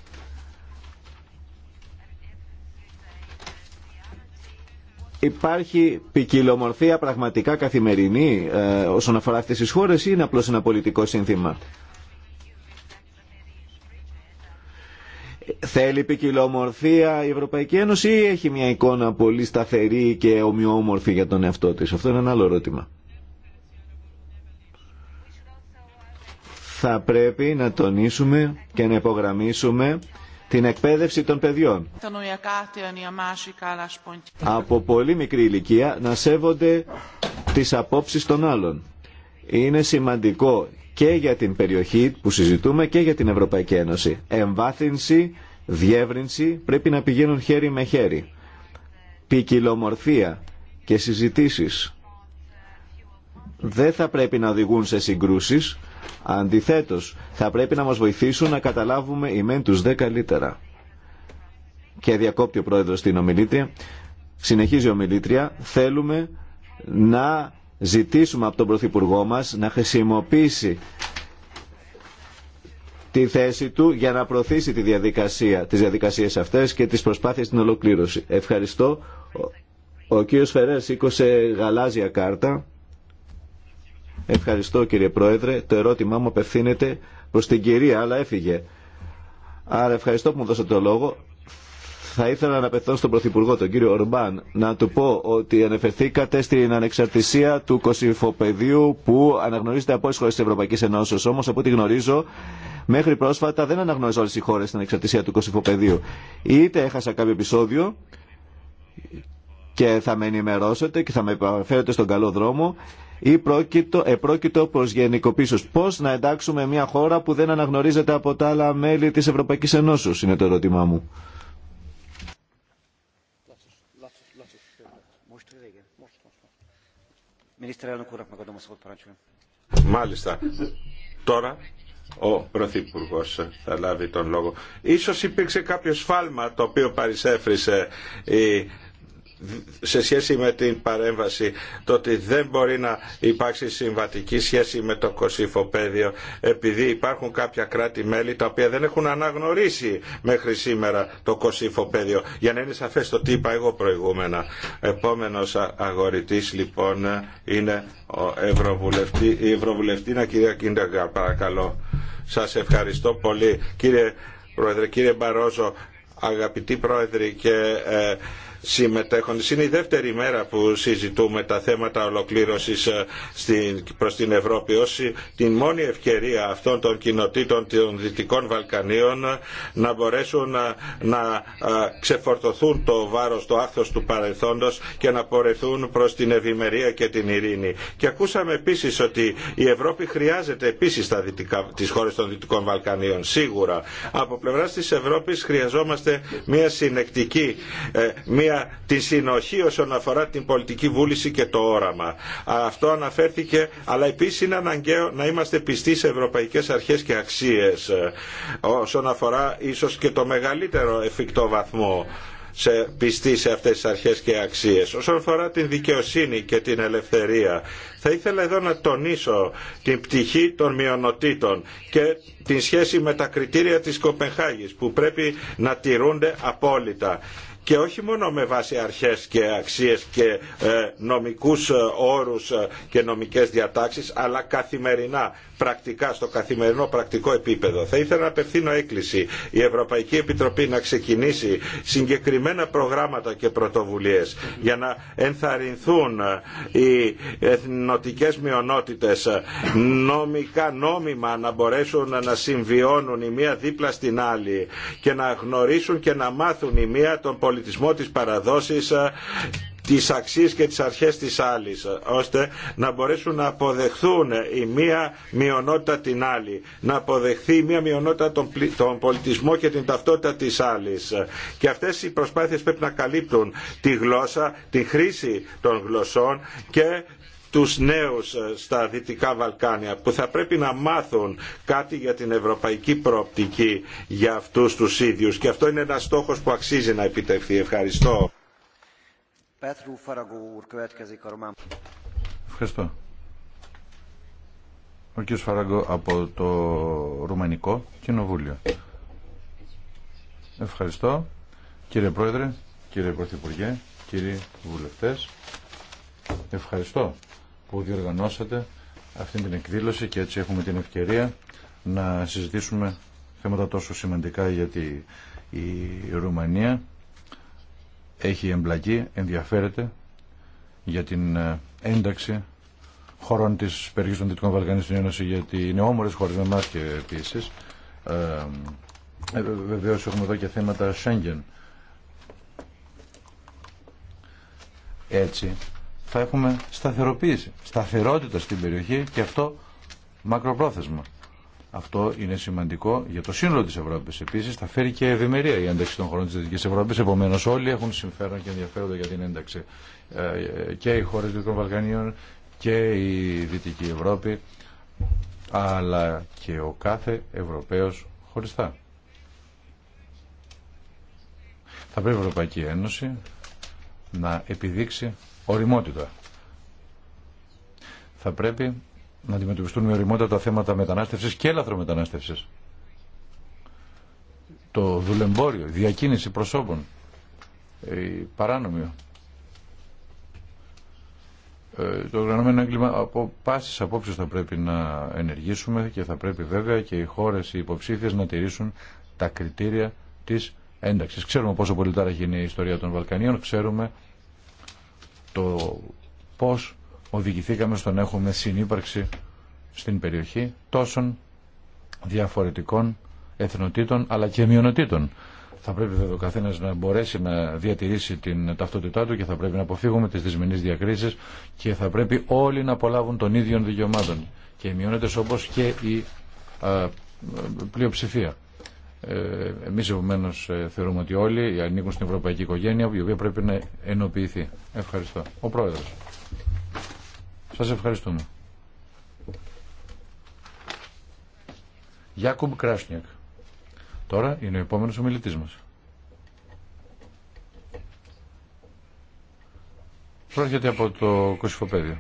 Υπάρχει ποικιλομορφία πραγματικά καθημερινή ε, όσον αφορά αυτές τις χώρες ή είναι απλώς ένα πολιτικό σύνθημα. Θέλει ποικιλομορφία η Ευρωπαϊκή Ένωση ή έχει μια εικόνα πολύ σταθερή και ομοιόμορφη για τον εαυτό της. Αυτό είναι ένα άλλο ερώτημα. Θα πρέπει να τονίσουμε και να υπογραμμίσουμε την εκπαίδευση των παιδιών. Από πολύ μικρή ηλικία να σέβονται τις απόψεις των άλλων. Είναι σημαντικό και για την περιοχή που συζητούμε και για την Ευρωπαϊκή Ένωση. Εμβάθυνση, διεύρυνση πρέπει να πηγαίνουν χέρι με χέρι. Πικυλομορφία και συζητήσεις δεν θα πρέπει να οδηγούν σε συγκρούσεις, αντιθέτως θα πρέπει να μας βοηθήσουν να καταλάβουμε οι μεν τους δε καλύτερα. Και διακόπτει ο πρόεδρος την ομιλήτρια, συνεχίζει η ομιλήτρια, θέλουμε να ζητήσουμε από τον Πρωθυπουργό μας να χρησιμοποιήσει τη θέση του για να προωθήσει τη διαδικασία, τις διαδικασίες αυτές και τις προσπάθειες στην ολοκλήρωση. Ευχαριστώ. Ο κύριος Φερέρ σήκωσε γαλάζια κάρτα. Ευχαριστώ κύριε Πρόεδρε. Το ερώτημά μου απευθύνεται προς την κυρία, αλλά έφυγε. Άρα ευχαριστώ που μου δώσατε το λόγο. Θα ήθελα να πεθώ στον Πρωθυπουργό, τον κύριο Ορμπάν, να του πω ότι ανεφερθήκατε στην ανεξαρτησία του κοσυφοπεδίου που αναγνωρίζεται από όλε τι χώρε τη Ευρωπαϊκή Ενώσεω. Όμω, από ό,τι γνωρίζω, μέχρι πρόσφατα δεν αναγνωρίζω όλε οι χώρε την ανεξαρτησία του κοσυφοπεδίου. Είτε έχασα κάποιο επεισόδιο και θα με ενημερώσετε και θα με φέρετε στον καλό δρόμο ή πρόκειτο, επρόκειτο προς γενικοποίησης. Πώ να εντάξουμε μια χώρα που δεν αναγνωρίζεται από τα άλλα μέλη της Ευρωπαϊκής Ενώσεως είναι το ερώτημά μου. Μάλιστα. Τώρα ο Πρωθυπουργό θα λάβει τον λόγο. Ίσως υπήρξε κάποιο σφάλμα το οποίο παρισέφρισε η σε σχέση με την παρέμβαση το ότι δεν μπορεί να υπάρξει συμβατική σχέση με το κοσυφοπαίδιο επειδή υπάρχουν κάποια κράτη-μέλη τα οποία δεν έχουν αναγνωρίσει μέχρι σήμερα το κοσυφοπαίδιο για να είναι σαφές το τι είπα εγώ προηγούμενα επόμενος αγορητής λοιπόν είναι ο Ευρωβουλευτή, η Ευρωβουλευτήνα κυρία Κίντεγκα παρακαλώ σας ευχαριστώ πολύ κύριε Πρόεδρε, κύριε Μπαρόζο αγαπητοί πρόεδροι και ε, συμμετέχοντες. Είναι η δεύτερη μέρα που συζητούμε τα θέματα ολοκλήρωσης ε, στην, προς την Ευρώπη ως την μόνη ευκαιρία αυτών των κοινοτήτων των Δυτικών Βαλκανίων ε, να μπορέσουν ε, να, να ξεφορτωθούν το βάρος, το άχθος του παρελθόντος και να πορεθούν προς την ευημερία και την ειρήνη. Και ακούσαμε επίσης ότι η Ευρώπη χρειάζεται επίσης τα των Δυτικών Βαλκανίων, σίγουρα. Από πλευράς της Ευρώπης χρειαζόμαστε μια συνεκτική, μια την συνοχή όσον αφορά την πολιτική βούληση και το όραμα. Αυτό αναφέρθηκε, αλλά επίσης είναι αναγκαίο να είμαστε πιστοί σε ευρωπαϊκές αρχές και αξίες ε, όσον αφορά ίσως και το μεγαλύτερο εφικτό βαθμό σε πιστή σε αυτές τις αρχές και αξίες. Όσον αφορά την δικαιοσύνη και την ελευθερία, θα ήθελα εδώ να τονίσω την πτυχή των μειονοτήτων και την σχέση με τα κριτήρια της Κοπενχάγης που πρέπει να τηρούνται απόλυτα και όχι μόνο με βάση αρχές και αξίες και ε, νομικούς ε, όρους ε, και νομικές διατάξεις αλλά καθημερινά πρακτικά στο καθημερινό πρακτικό επίπεδο. Θα ήθελα να απευθύνω έκκληση η Ευρωπαϊκή Επιτροπή να ξεκινήσει συγκεκριμένα προγράμματα και πρωτοβουλίες για να ενθαρρυνθούν οι εθνοτικές μειονότητες νομικά νόμιμα να μπορέσουν να συμβιώνουν η μία δίπλα στην άλλη και να γνωρίσουν και να μάθουν η μία τον πολιτισμό, τις παραδόσεις ε, τις αξίες και τις αρχές της άλλης ε, ώστε να μπορέσουν να αποδεχθούν η μία μειονότητα την άλλη να αποδεχθεί η μία μειονότητα τον, πολιτισμό και την ταυτότητα της άλλης και αυτές οι προσπάθειες πρέπει να καλύπτουν τη γλώσσα, τη χρήση των γλωσσών και τους νέους ε, στα Δυτικά Βαλκάνια που θα πρέπει να μάθουν κάτι για την ευρωπαϊκή προοπτική για αυτούς τους ίδιους και αυτό είναι ένας στόχος που αξίζει να επιτευχθεί. Ευχαριστώ. Ευχαριστώ. Ο κ. Φαραγκό από το Ρουμανικό Κοινοβούλιο. Ευχαριστώ. Κύριε Πρόεδρε, κύριε Πρωθυπουργέ, κύριοι βουλευτές, ευχαριστώ που διοργανώσατε αυτή την εκδήλωση και έτσι έχουμε την ευκαιρία να συζητήσουμε θέματα τόσο σημαντικά γιατί η Ρουμανία έχει εμπλακεί, ενδιαφέρεται για την ε, ένταξη χωρών της περιοχής των Δυτικών Βαλκανίων στην Ένωση γιατί είναι όμορες χώρες με εμάς και επίσης ε, ε βεβαίως έχουμε εδώ και θέματα Schengen έτσι θα έχουμε σταθεροποίηση, σταθερότητα στην περιοχή και αυτό μακροπρόθεσμα. Αυτό είναι σημαντικό για το σύνολο τη Ευρώπη. Επίση, θα φέρει και ευημερία η ένταξη των χωρών τη Δυτική Ευρώπη. Επομένω, όλοι έχουν συμφέρον και ενδιαφέρονται για την ένταξη. Ε, και οι χώρε των Βαλκανίων και η Δυτική Ευρώπη, αλλά και ο κάθε Ευρωπαίο χωριστά. Θα πρέπει η Ευρωπαϊκή Ένωση να επιδείξει οριμότητα. Θα πρέπει να αντιμετωπιστούν με οριμότητα τα θέματα μετανάστευσης και λαθρομετανάστευσης. Το δουλεμπόριο, διακίνηση προσώπων, παράνομιο, ε, το οργανωμένο έγκλημα από πάσης απόψεις θα πρέπει να ενεργήσουμε και θα πρέπει βέβαια και οι χώρες, οι υποψήφιες να τηρήσουν τα κριτήρια της ένταξης. Ξέρουμε πόσο πολύ ταραχή είναι η ιστορία των Βαλκανίων, ξέρουμε το πώς οδηγηθήκαμε στο να έχουμε συνύπαρξη στην περιοχή τόσων διαφορετικών εθνοτήτων αλλά και μειονοτήτων. Θα πρέπει βέβαια ο καθένα να μπορέσει να διατηρήσει την ταυτότητά του και θα πρέπει να αποφύγουμε τι δυσμενεί διακρίσει και θα πρέπει όλοι να απολάβουν των ίδιων δικαιωμάτων. Και οι μειώνεται όπω και η πλειοψηφία. Ε, εμείς επομένω ε, θεωρούμε ότι όλοι ανήκουν στην ευρωπαϊκή οικογένεια η οποία πρέπει να ενοποιηθεί. Ευχαριστώ. Ο Πρόεδρος. Σας ευχαριστούμε. Γιάκουμ Κράσνιακ. Τώρα είναι ο επόμενος ομιλητής μας. Πρόκειται από το Κωσυφοπέδιο.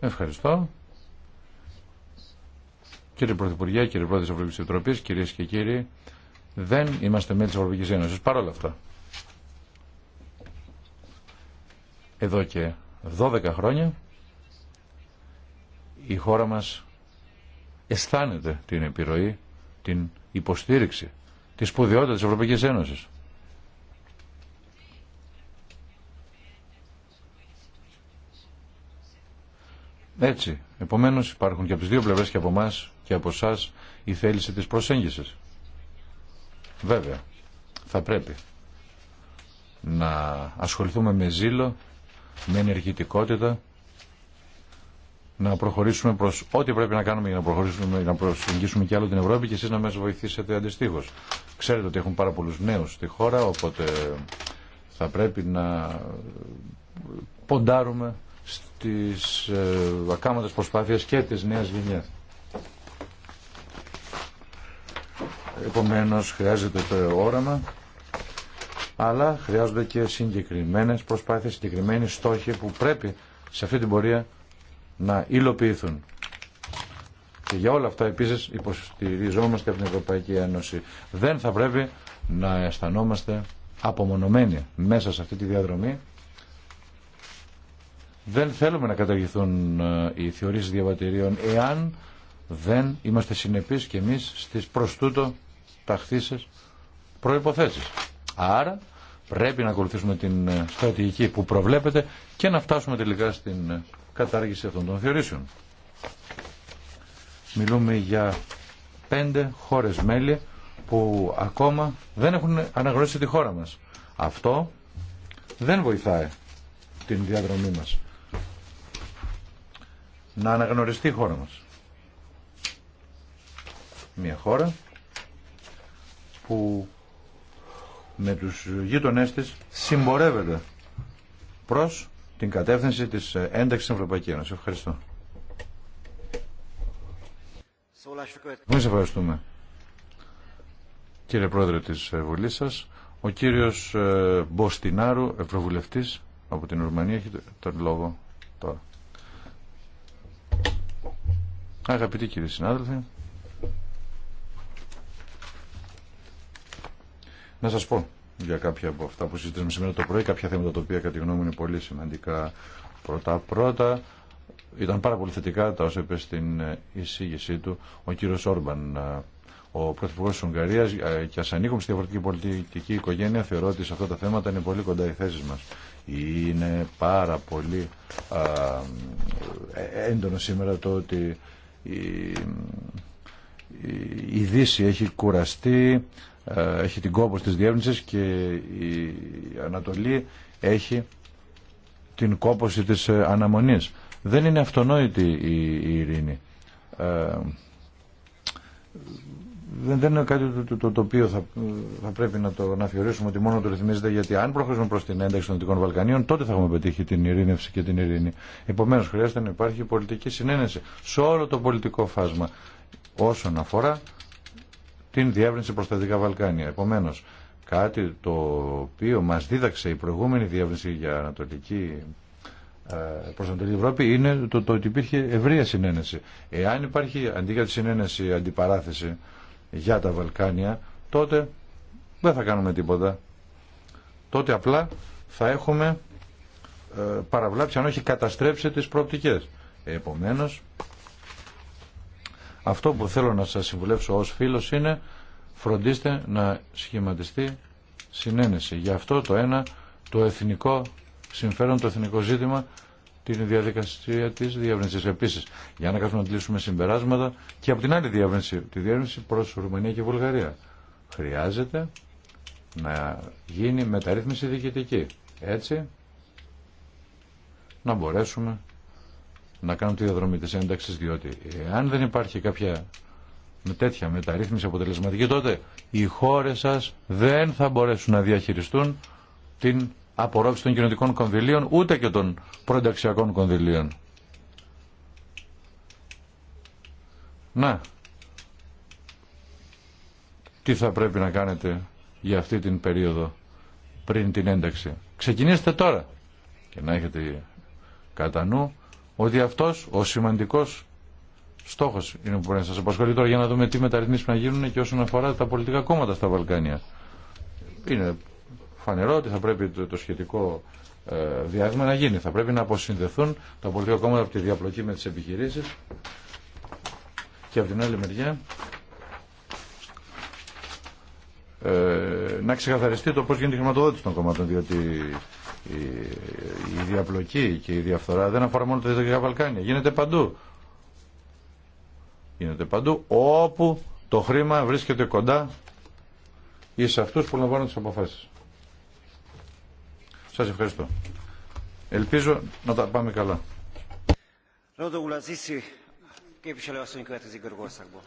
Ευχαριστώ. Κύριε Πρωθυπουργέ, κύριε Πρόεδρε τη Ευρωπαϊκή Επιτροπή, κυρίε και κύριοι, δεν είμαστε μέλη τη Ευρωπαϊκή Ένωση. Παρ' όλα αυτά, εδώ και 12 χρόνια η χώρα μας αισθάνεται την επιρροή, την υποστήριξη, τη σπουδαιότητα της Ευρωπαϊκής Ένωσης. Έτσι, επομένως υπάρχουν και από τις δύο πλευρές και από εμάς και από εσά η θέληση της προσέγγισης. Βέβαια, θα πρέπει να ασχοληθούμε με ζήλο, με ενεργητικότητα, να προχωρήσουμε προς ό,τι πρέπει να κάνουμε για να προχωρήσουμε, να προσεγγίσουμε και άλλο την Ευρώπη και εσείς να μας βοηθήσετε αντιστοίχω. Ξέρετε ότι έχουν πάρα πολλούς νέους στη χώρα, οπότε θα πρέπει να ποντάρουμε στις ε, ακάματες προσπάθειες και της νέας γενιάς. Επομένως χρειάζεται το όραμα, αλλά χρειάζονται και συγκεκριμένες προσπάθειες, συγκεκριμένοι στόχοι που πρέπει σε αυτή την πορεία να υλοποιηθούν. Και για όλα αυτά επίσης υποστηριζόμαστε από την Ευρωπαϊκή Ένωση. Δεν θα πρέπει να αισθανόμαστε απομονωμένοι μέσα σε αυτή τη διαδρομή. Δεν θέλουμε να καταργηθούν ε, οι θεωρήσεις διαβατηρίων εάν δεν είμαστε συνεπείς και εμείς στις προς ταχθήσεις προϋποθέσεις. Άρα πρέπει να ακολουθήσουμε την ε, στρατηγική που προβλέπεται και να φτάσουμε τελικά στην ε, κατάργηση αυτών των θεωρήσεων. Μιλούμε για πέντε χώρες μέλη που ακόμα δεν έχουν αναγνωρίσει τη χώρα μας. Αυτό δεν βοηθάει την διαδρομή μας. Να αναγνωριστεί η χώρα μας. Μια χώρα που με τους γείτονές της συμπορεύεται προς την κατεύθυνση της ένταξης στην Ευρωπαϊκή Ένωση. Ευχαριστώ. σε ευχαριστούμε κύριε Πρόεδρε της Βουλής σας. Ο κύριος ε, Μποστινάρου, Ευρωβουλευτής από την Ουρμανία, έχει τον λόγο τώρα. Αγαπητοί κύριοι συνάδελφοι, να σα πω για κάποια από αυτά που συζητήσαμε σήμερα το πρωί, κάποια θέματα τα οποία κατά τη γνώμη είναι πολύ σημαντικά. Πρώτα-πρώτα, ήταν πάρα πολύ θετικά τα όσα είπε στην ε, εισήγησή του ο κύριο Όρμπαν, ε, ο Πρωθυπουργό τη Ουγγαρία, ε, και α ανήκουμε στη διαφορετική πολιτική οικογένεια, θεωρώ ότι σε αυτά τα θέματα είναι πολύ κοντά οι θέσει μα. Είναι πάρα πολύ α, έντονο σήμερα το ότι η, η, η Δύση έχει κουραστεί ε, έχει την κόπο της διεύνησης και η Ανατολή έχει την κόποση της ε, αναμονής. Δεν είναι αυτονόητη η ειρήνη. Ε, δεν, δεν είναι κάτι το, το, οποίο θα, θα πρέπει να το να ότι μόνο το ρυθμίζεται γιατί αν προχωρήσουμε προς την ένταξη των Δυτικών Βαλκανίων τότε θα έχουμε πετύχει την ειρήνευση και την ειρήνη. Επομένως χρειάζεται να υπάρχει πολιτική συνένεση σε όλο το πολιτικό φάσμα όσον αφορά την διεύρυνση προ τα Δυτικά Βαλκάνια. Επομένως, κάτι το οποίο μας δίδαξε η προηγούμενη διεύρυνση για Ανατολική ε, προς Ανατολική Ευρώπη είναι το, το ότι υπήρχε ευρεία συνένεση. Εάν υπάρχει αντί για τη συνένεση αντιπαράθεση για τα Βαλκάνια, τότε δεν θα κάνουμε τίποτα. Τότε απλά θα έχουμε ε, παραβλάψει αν όχι καταστρέψει τις προοπτικές. Επομένως, αυτό που θέλω να σας συμβουλεύσω ως φίλος είναι φροντίστε να σχηματιστεί συνένεση. Γι' αυτό το ένα, το εθνικό συμφέρον, το εθνικό ζήτημα, την διαδικασία τη διεύρυνση. Επίση, για να κάνουμε να τλήσουμε συμπεράσματα και από την άλλη διεύρυνση, τη διεύρυνση προ Ρουμανία και Βουλγαρία. Χρειάζεται να γίνει μεταρρύθμιση διοικητική. Έτσι, να μπορέσουμε να κάνουν τη διαδρομή τη ένταξης διότι αν δεν υπάρχει κάποια με τέτοια μεταρρύθμιση αποτελεσματική τότε οι χώρε σας δεν θα μπορέσουν να διαχειριστούν την απορρόφηση των κοινωτικών κονδυλίων ούτε και των προενταξιακών κονδυλίων. Να, τι θα πρέπει να κάνετε για αυτή την περίοδο πριν την ένταξη. Ξεκινήστε τώρα και να έχετε κατά νου ότι αυτός ο σημαντικός στόχος είναι που μπορεί να σας απασχολεί τώρα για να δούμε τι μεταρρυθμίσεις να γίνουν και όσον αφορά τα πολιτικά κόμματα στα Βαλκάνια. Είναι φανερό ότι θα πρέπει το, σχετικό ε, διάστημα να γίνει. Θα πρέπει να αποσυνδεθούν τα πολιτικά κόμματα από τη διαπλοκή με τις επιχειρήσεις και από την άλλη μεριά ε, να ξεκαθαριστεί το πώς γίνεται η χρηματοδότηση των κομμάτων, διότι η, διαπλοκή και η διαφθορά δεν αφορά μόνο τα Δυτικά Βαλκάνια. Γίνεται παντού. Γίνεται παντού όπου το χρήμα βρίσκεται κοντά ή σε αυτούς που λαμβάνουν τις αποφάσεις. Σας ευχαριστώ. Ελπίζω να τα πάμε καλά.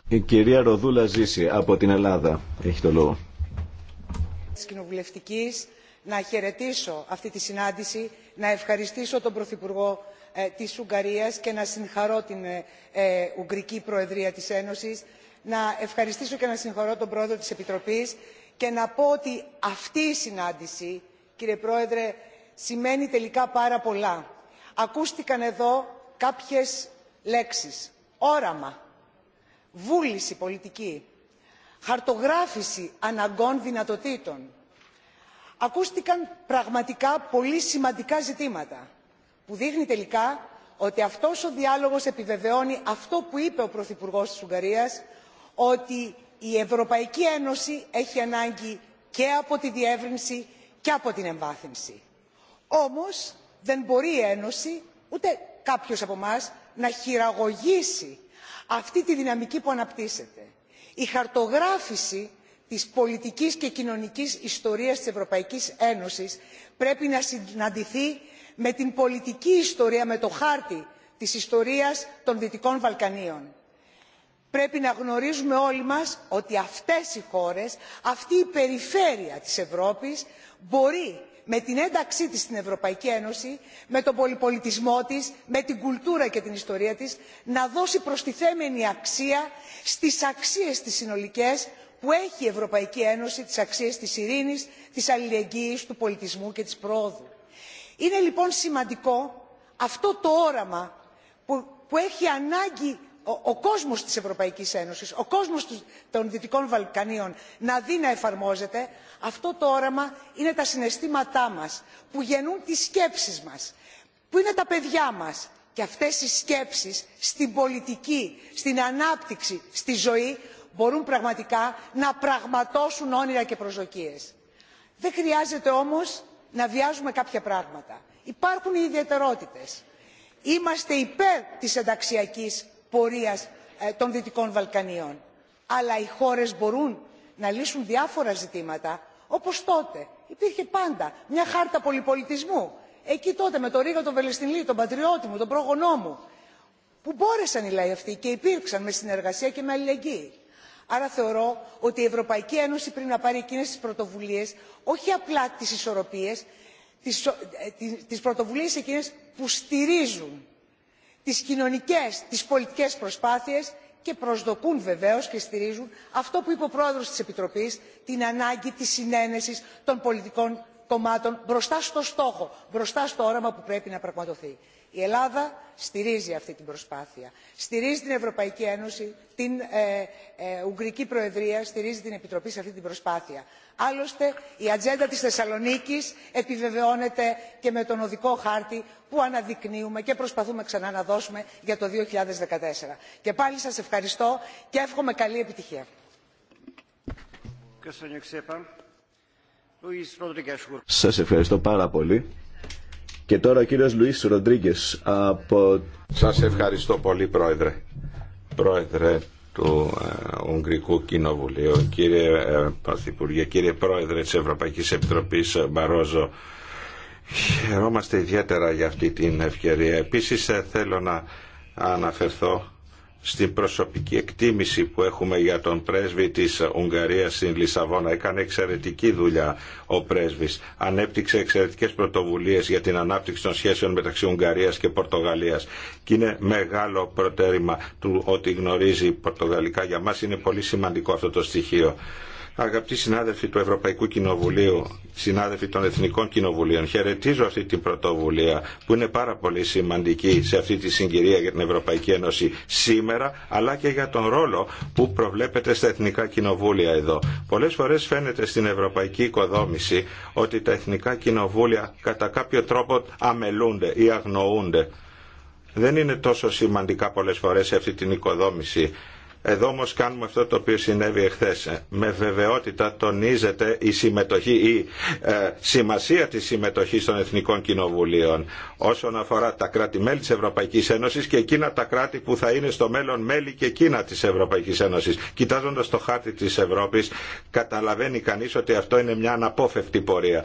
Η κυρία Ροδούλα Ζήση από την Ελλάδα έχει το λόγο να χαιρετήσω αυτή τη συνάντηση να ευχαριστήσω τον πρωθυπουργό ε, της ουγγαρίας και να συγχαρώ την ε, ε, ουγγρική προεδρία της ένωσης να ευχαριστήσω και να συγχαρώ τον πρόεδρο της επιτροπής και να πω ότι αυτή η συνάντηση κύριε πρόεδρε σημαίνει τελικά πάρα πολλά. ακούστηκαν εδώ κάποιες λέξεις όραμα βούληση πολιτική χαρτογράφηση αναγκών δυνατοτήτων ακούστηκαν πραγματικά πολύ σημαντικά ζητήματα που δείχνει τελικά ότι αυτός ο διάλογος επιβεβαιώνει αυτό που είπε ο πρωθυπουργός της ουγγαρίας ότι η ευρωπαϊκή ένωση έχει ανάγκη και από τη διεύρυνση και από την εμβάθυνση. όμως δεν μπορεί η ένωση ούτε κάποιος από εμά να χειραγωγήσει αυτή τη δυναμική που αναπτύσσεται. η χαρτογράφηση της πολιτικής και κοινωνικής ιστορίας της ευρωπαϊκής ένωσης πρέπει να συναντηθεί με την πολιτική ιστορία με το χάρτη της ιστορίας των δυτικών βαλκανίων. πρέπει να γνωρίζουμε όλοι μας ότι αυτές οι χώρες αυτή η περιφέρεια της ευρώπης μπορεί με την ένταξή της στην ευρωπαϊκή ένωση με τον πολυπολιτισμό της με την κουλτούρα και την ιστορία της να δώσει προστιθέμενη αξία στις αξίες της συνολικές που έχει η ευρωπαϊκή ένωση τις αξίες της ειρήνης της αλληλεγγύης του πολιτισμού και της προόδου. είναι λοιπόν σημαντικό αυτό το όραμα που, έχει ανάγκη ο, ο κόσμος της ευρωπαϊκής ένωσης ο κόσμος των δυτικών βαλκανίων να δει να εφαρμόζεται αυτό το όραμα είναι τα συναισθήματά μας που γεννούν τις σκέψεις μας που είναι τα παιδιά μας και αυτές οι σκέψεις στην πολιτική στην ανάπτυξη στη ζωή μπορούν πραγματικά να πραγματώσουν όνειρα και προσδοκίες. Δεν χρειάζεται όμως να βιάζουμε κάποια πράγματα. Υπάρχουν οι ιδιαιτερότητες. Είμαστε υπέρ της ενταξιακής πορείας ε, των Δυτικών Βαλκανίων. Αλλά οι χώρες μπορούν να λύσουν διάφορα ζητήματα, όπως τότε. Υπήρχε πάντα μια χάρτα πολυπολιτισμού. Εκεί τότε με τον Ρίγα, τον Βελεστινλή, τον πατριώτη μου, τον πρόγονό μου, που μπόρεσαν οι λαοί αυτοί και υπήρξαν με συνεργασία και με αλληλεγγύη άρα θεωρώ ότι η ευρωπαϊκή ένωση πρέπει να πάρει εκείνες τις πρωτοβουλίες όχι απλά τις ισορροπίες ε, τις πρωτοβουλίες εκείνες που στηρίζουν τις κοινωνικές τις πολιτικές προσπάθειες και προσδοκούν βεβαίως και στηρίζουν αυτό που είπε ο πρόεδρος της επιτροπής την ανάγκη της συνένεσης των πολιτικών κομμάτων μπροστά στο στόχο μπροστά στο όραμα που πρέπει να πραγματοθεί η ελλάδα στηρίζει αυτή την προσπάθεια στηρίζει την ευρωπαϊκή ένωση την ε, ε, ουγγρική προεδρία στηρίζει την επιτροπή σε αυτή την προσπάθεια. άλλωστε η ατζέντα της θεσσαλονίκης επιβεβαιώνεται και με τον οδικό χάρτη που αναδεικνύουμε και προσπαθούμε ξανά να δώσουμε για το. 2014. και πάλι σας ευχαριστώ και εύχομαι καλή επιτυχία. Σας ευχαριστώ πάρα πολύ. Και τώρα ο κύριος Λουίς Ροντρίγκες από... Σας ευχαριστώ πολύ πρόεδρε. Πρόεδρε του ε, Ουγγρικού Κοινοβουλίου, κύριε ε, Πρωθυπουργέ, κύριε Πρόεδρε της Ευρωπαϊκής Επιτροπής ε, Μπαρόζο, χαιρόμαστε ιδιαίτερα για αυτή την ευκαιρία. Επίσης θέλω να αναφερθώ στην προσωπική εκτίμηση που έχουμε για τον πρέσβη της Ουγγαρίας στην Λισαβόνα. Έκανε εξαιρετική δουλειά ο πρέσβης. Ανέπτυξε εξαιρετικές πρωτοβουλίες για την ανάπτυξη των σχέσεων μεταξύ Ουγγαρίας και Πορτογαλίας. Και είναι μεγάλο προτέρημα του ότι γνωρίζει η Πορτογαλικά. Για μας είναι πολύ σημαντικό αυτό το στοιχείο. Αγαπητοί συνάδελφοι του Ευρωπαϊκού Κοινοβουλίου, συνάδελφοι των Εθνικών Κοινοβουλίων, χαιρετίζω αυτή την πρωτοβουλία που είναι πάρα πολύ σημαντική σε αυτή τη συγκυρία για την Ευρωπαϊκή Ένωση σήμερα, αλλά και για τον ρόλο που προβλέπεται στα Εθνικά Κοινοβούλια εδώ. Πολλές φορές φαίνεται στην Ευρωπαϊκή Οικοδόμηση ότι τα Εθνικά Κοινοβούλια κατά κάποιο τρόπο αμελούνται ή αγνοούνται. Δεν είναι τόσο σημαντικά πολλές φορές σε αυτή την οικοδόμηση εδώ όμω κάνουμε αυτό το οποίο συνέβη εχθές. Ε, με βεβαιότητα τονίζεται η συμμετοχή, η ε, σημασία της συμμετοχής των Εθνικών Κοινοβουλίων όσον αφορά τα κράτη-μέλη της Ευρωπαϊκής Ένωσης και εκείνα τα κράτη που θα είναι στο μέλλον μέλη και εκείνα της Ευρωπαϊκής Ένωσης. Κοιτάζοντας το χάρτη της Ευρώπης καταλαβαίνει κανείς ότι αυτό είναι μια αναπόφευκτη πορεία.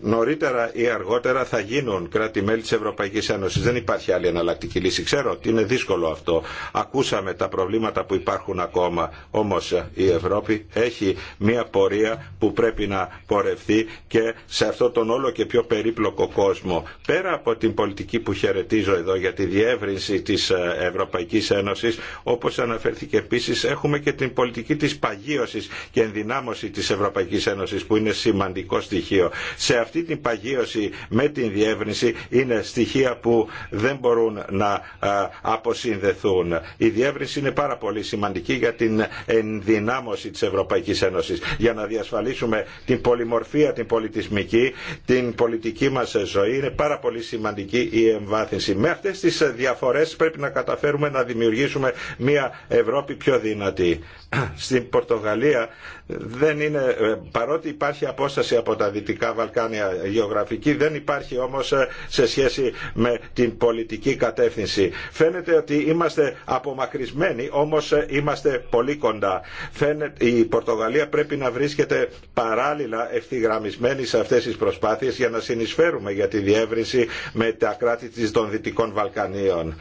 Νωρίτερα ή αργότερα θα γίνουν κράτη-μέλη της Ευρωπαϊκής Ένωσης. Δεν υπάρχει άλλη εναλλακτική λύση. Ξέρω ότι είναι δύσκολο αυτό. Ακούσαμε τα προβλήματα που υπάρχουν υπάρχουν ακόμα. Όμως η Ευρώπη έχει μια πορεία που πρέπει να πορευθεί και σε αυτόν τον όλο και πιο περίπλοκο κόσμο. Πέρα από την πολιτική που χαιρετίζω εδώ για τη διεύρυνση της ε, Ευρωπαϊκής Ένωσης, όπως αναφέρθηκε επίσης, έχουμε και την πολιτική της παγίωσης και ενδυνάμωση της Ευρωπαϊκής Ένωσης που είναι σημαντικό στοιχείο. Σε αυτή την παγίωση με την διεύρυνση είναι στοιχεία που δεν μπορούν να ε, αποσυνδεθούν. Η διεύρυνση είναι πάρα πολύ σημαντική σημαντική για την ενδυνάμωση της Ευρωπαϊκής Ένωσης για να διασφαλίσουμε την πολυμορφία την πολιτισμική, την πολιτική μας ζωή. Είναι πάρα πολύ σημαντική η εμβάθυνση. Με αυτές τις διαφορές πρέπει να καταφέρουμε να δημιουργήσουμε μια Ευρώπη πιο δυνατή. Στην Πορτογαλία δεν είναι, ε, παρότι υπάρχει απόσταση από τα Δυτικά Βαλκάνια γεωγραφική, δεν υπάρχει όμως ε, σε σχέση με την πολιτική κατεύθυνση. Φαίνεται ότι είμαστε απομακρυσμένοι, όμως ε, είμαστε πολύ κοντά. Φαίνεται, η Πορτογαλία πρέπει να βρίσκεται παράλληλα ευθυγραμμισμένη σε αυτές τις προσπάθειες για να συνεισφέρουμε για τη διεύρυνση με τα κράτη των Δυτικών Βαλκανίων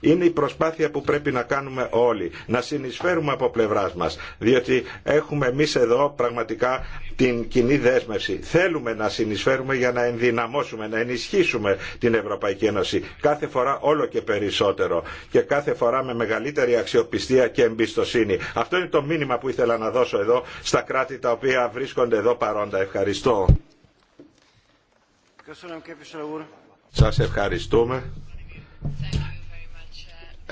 είναι η προσπάθεια που πρέπει να κάνουμε όλοι, να συνεισφέρουμε από πλευρά μα. Διότι έχουμε εμεί εδώ πραγματικά την κοινή δέσμευση. Θέλουμε να συνεισφέρουμε για να ενδυναμώσουμε, να ενισχύσουμε την Ευρωπαϊκή Ένωση. Κάθε φορά όλο και περισσότερο και κάθε φορά με μεγαλύτερη αξιοπιστία και εμπιστοσύνη. Αυτό είναι το μήνυμα που ήθελα να δώσω εδώ στα κράτη τα οποία βρίσκονται εδώ παρόντα. Ευχαριστώ. Σας ευχαριστούμε.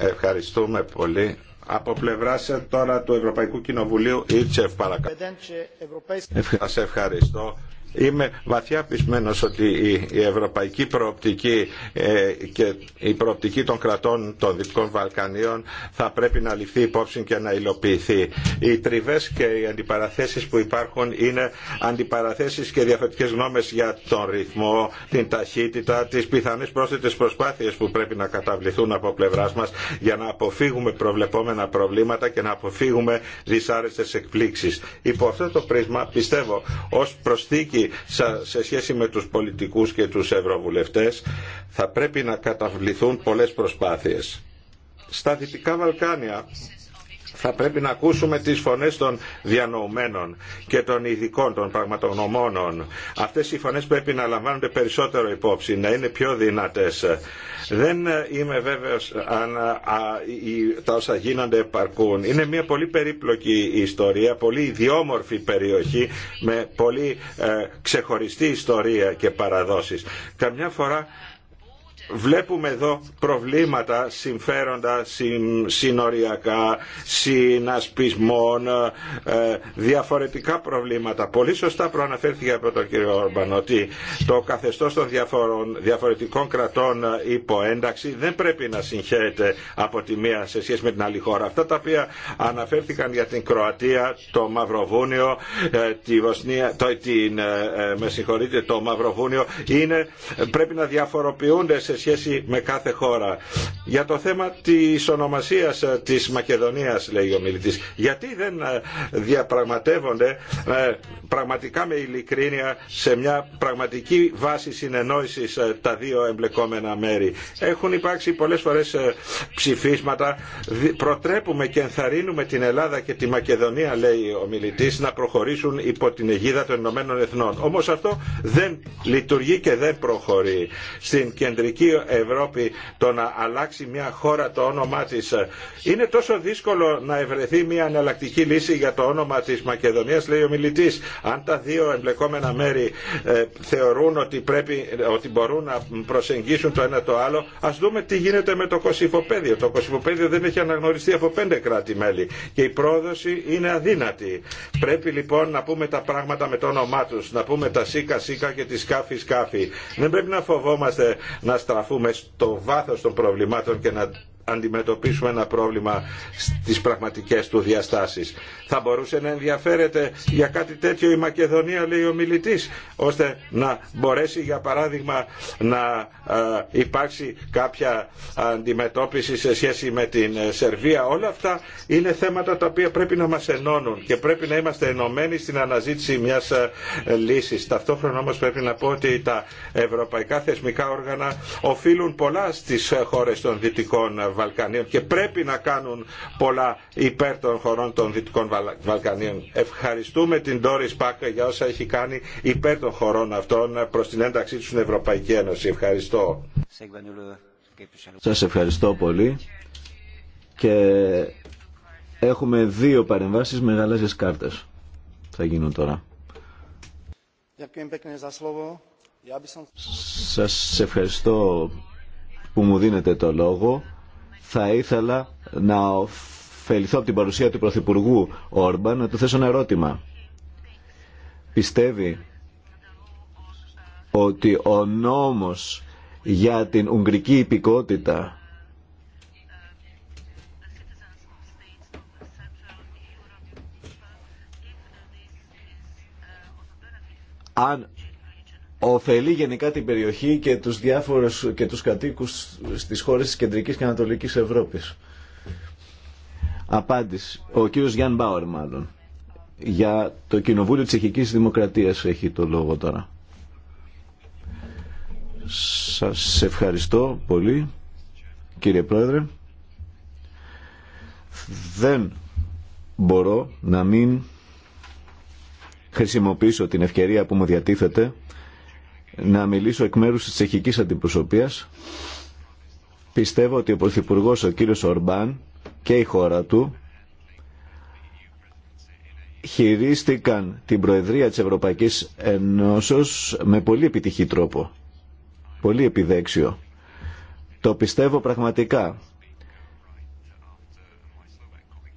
Ευχαριστούμε πολύ. Από πλευρά τώρα του Ευρωπαϊκού Κοινοβουλίου, Ιρτσεφ παρακαλώ. Σα ευχαριστώ. Είμαι βαθιά πεισμένος ότι η ευρωπαϊκή προοπτική ε, και η προοπτική των κρατών των Δυτικών Βαλκανίων θα πρέπει να ληφθεί υπόψη και να υλοποιηθεί. Οι τριβές και οι αντιπαραθέσεις που υπάρχουν είναι αντιπαραθέσεις και διαφορετικές γνώμες για τον ρυθμό, την ταχύτητα, τις πιθανές πρόσθετες προσπάθειες που πρέπει να καταβληθούν από πλευράς μας για να αποφύγουμε προβλεπόμενα προβλήματα και να αποφύγουμε δυσάρεστε εκπλήξεις. Υπό αυτό το πρίσμα πιστεύω ως προσθήκη σε σχέση με τους πολιτικούς και τους ευρωβουλευτές θα πρέπει να καταβληθούν πολλές προσπάθειες. Στα Δυτικά Βαλκάνια θα πρέπει να ακούσουμε τις φωνές των διανοουμένων και των ειδικών, των πραγματογνωμόνων. Αυτές οι φωνές πρέπει να λαμβάνονται περισσότερο υπόψη, να είναι πιο δυνατές. Δεν είμαι βέβαιος αν τα όσα γίνονται επαρκούν. Είναι μια πολύ περίπλοκη ιστορία, πολύ ιδιόμορφη περιοχή με πολύ ε, ξεχωριστή ιστορία και παραδόσεις. Καμιά φορά βλέπουμε εδώ προβλήματα συμφέροντα συνοριακά, συνασπισμών, ε, διαφορετικά προβλήματα. Πολύ σωστά προαναφέρθηκε από τον κύριο Όρμπαν ότι το καθεστώς των διαφορετικών κρατών ε, υπό ένταξη δεν πρέπει να συγχαίρεται από τη μία σε σχέση με την άλλη χώρα. Αυτά τα οποία αναφέρθηκαν για την Κροατία, το Μαυροβούνιο, ε, τη Βοσνία, το, την, με συγχωρείτε, το Μαυροβούνιο είναι, πρέπει να διαφοροποιούνται σε σχέση με κάθε χώρα. Για το θέμα της ονομασίας ε, της Μακεδονίας, λέει ο μιλητής, γιατί δεν ε, διαπραγματεύονται ε, πραγματικά με ειλικρίνεια σε μια πραγματική βάση συνεννόησης τα δύο εμπλεκόμενα μέρη. Έχουν υπάρξει πολλές φορές ψηφίσματα, προτρέπουμε και ενθαρρύνουμε την Ελλάδα και τη Μακεδονία, λέει ο μιλητής, να προχωρήσουν υπό την αιγίδα των Ηνωμένων Εθνών. Όμως αυτό δεν λειτουργεί και δεν προχωρεί. Στην κεντρική Ευρώπη το να αλλάξει μια χώρα το όνομά της. Είναι τόσο δύσκολο να ευρεθεί μια εναλλακτική λύση για το όνομα της Μακεδονίας, λέει ο μιλητής. Αν τα δύο εμπλεκόμενα μέρη ε, θεωρούν ότι, πρέπει, ότι μπορούν να προσεγγίσουν το ένα το άλλο, ας δούμε τι γίνεται με το Κωσυφοπέδιο. Το Κωσυφοπέδιο δεν έχει αναγνωριστεί από πέντε κράτη-μέλη και η πρόοδοση είναι αδύνατη. Πρέπει λοιπόν να πούμε τα πράγματα με το όνομά τους, να πούμε τα σίκα σίκα και τη σκάφη σκάφη. Δεν πρέπει να φοβόμαστε να στα στραφούμε στο βάθος των προβλημάτων και να αντιμετωπίσουμε ένα πρόβλημα στις πραγματικές του διαστάσεις. Θα μπορούσε να ενδιαφέρεται για κάτι τέτοιο η Μακεδονία, λέει ο μιλητής, ώστε να μπορέσει για παράδειγμα να ε, υπάρξει κάποια αντιμετώπιση σε σχέση με την ε, Σερβία. Όλα αυτά είναι θέματα τα οποία πρέπει να μας ενώνουν και πρέπει να είμαστε ενωμένοι στην αναζήτηση μιας ε, λύσης. Ταυτόχρονα όμως πρέπει να πω ότι τα ευρωπαϊκά θεσμικά όργανα οφείλουν πολλά στις χώρες των Δυτικών Βαλκανίων και πρέπει να κάνουν πολλά υπέρ των χωρών των Δυτικών Βαλκανίων. Ευχαριστούμε την Doris Πάκα για όσα έχει κάνει υπέρ των χωρών αυτών προς την ένταξή τους στην Ευρωπαϊκή Ένωση. Ευχαριστώ. Σας ευχαριστώ πολύ και έχουμε δύο παρεμβάσεις με γαλάζιες κάρτες. Θα γίνουν τώρα. Σας ευχαριστώ που μου δίνετε το λόγο. Θα ήθελα να ωφεληθώ από την παρουσία του Πρωθυπουργού Όρμπαν να του θέσω ένα ερώτημα. Πιστεύει ότι ο νόμος για την Ουγγρική υπηκότητα αν ωφελεί γενικά την περιοχή και τους διάφορους και τους κατοίκους στις χώρες της Κεντρικής και Ανατολικής Ευρώπης. Απάντηση. Ο κύριος Γιάν Μπάουερ μάλλον. Για το Κοινοβούλιο Τσεχικής Δημοκρατίας έχει το λόγο τώρα. Σας ευχαριστώ πολύ κύριε Πρόεδρε. Δεν μπορώ να μην χρησιμοποιήσω την ευκαιρία που μου διατίθεται να μιλήσω εκ μέρους της τσεχικής αντιπροσωπείας. Πιστεύω ότι ο Πρωθυπουργό ο κύριος Ορμπάν και η χώρα του χειρίστηκαν την Προεδρία της Ευρωπαϊκής Ενώσεως με πολύ επιτυχή τρόπο, πολύ επιδέξιο. Το πιστεύω πραγματικά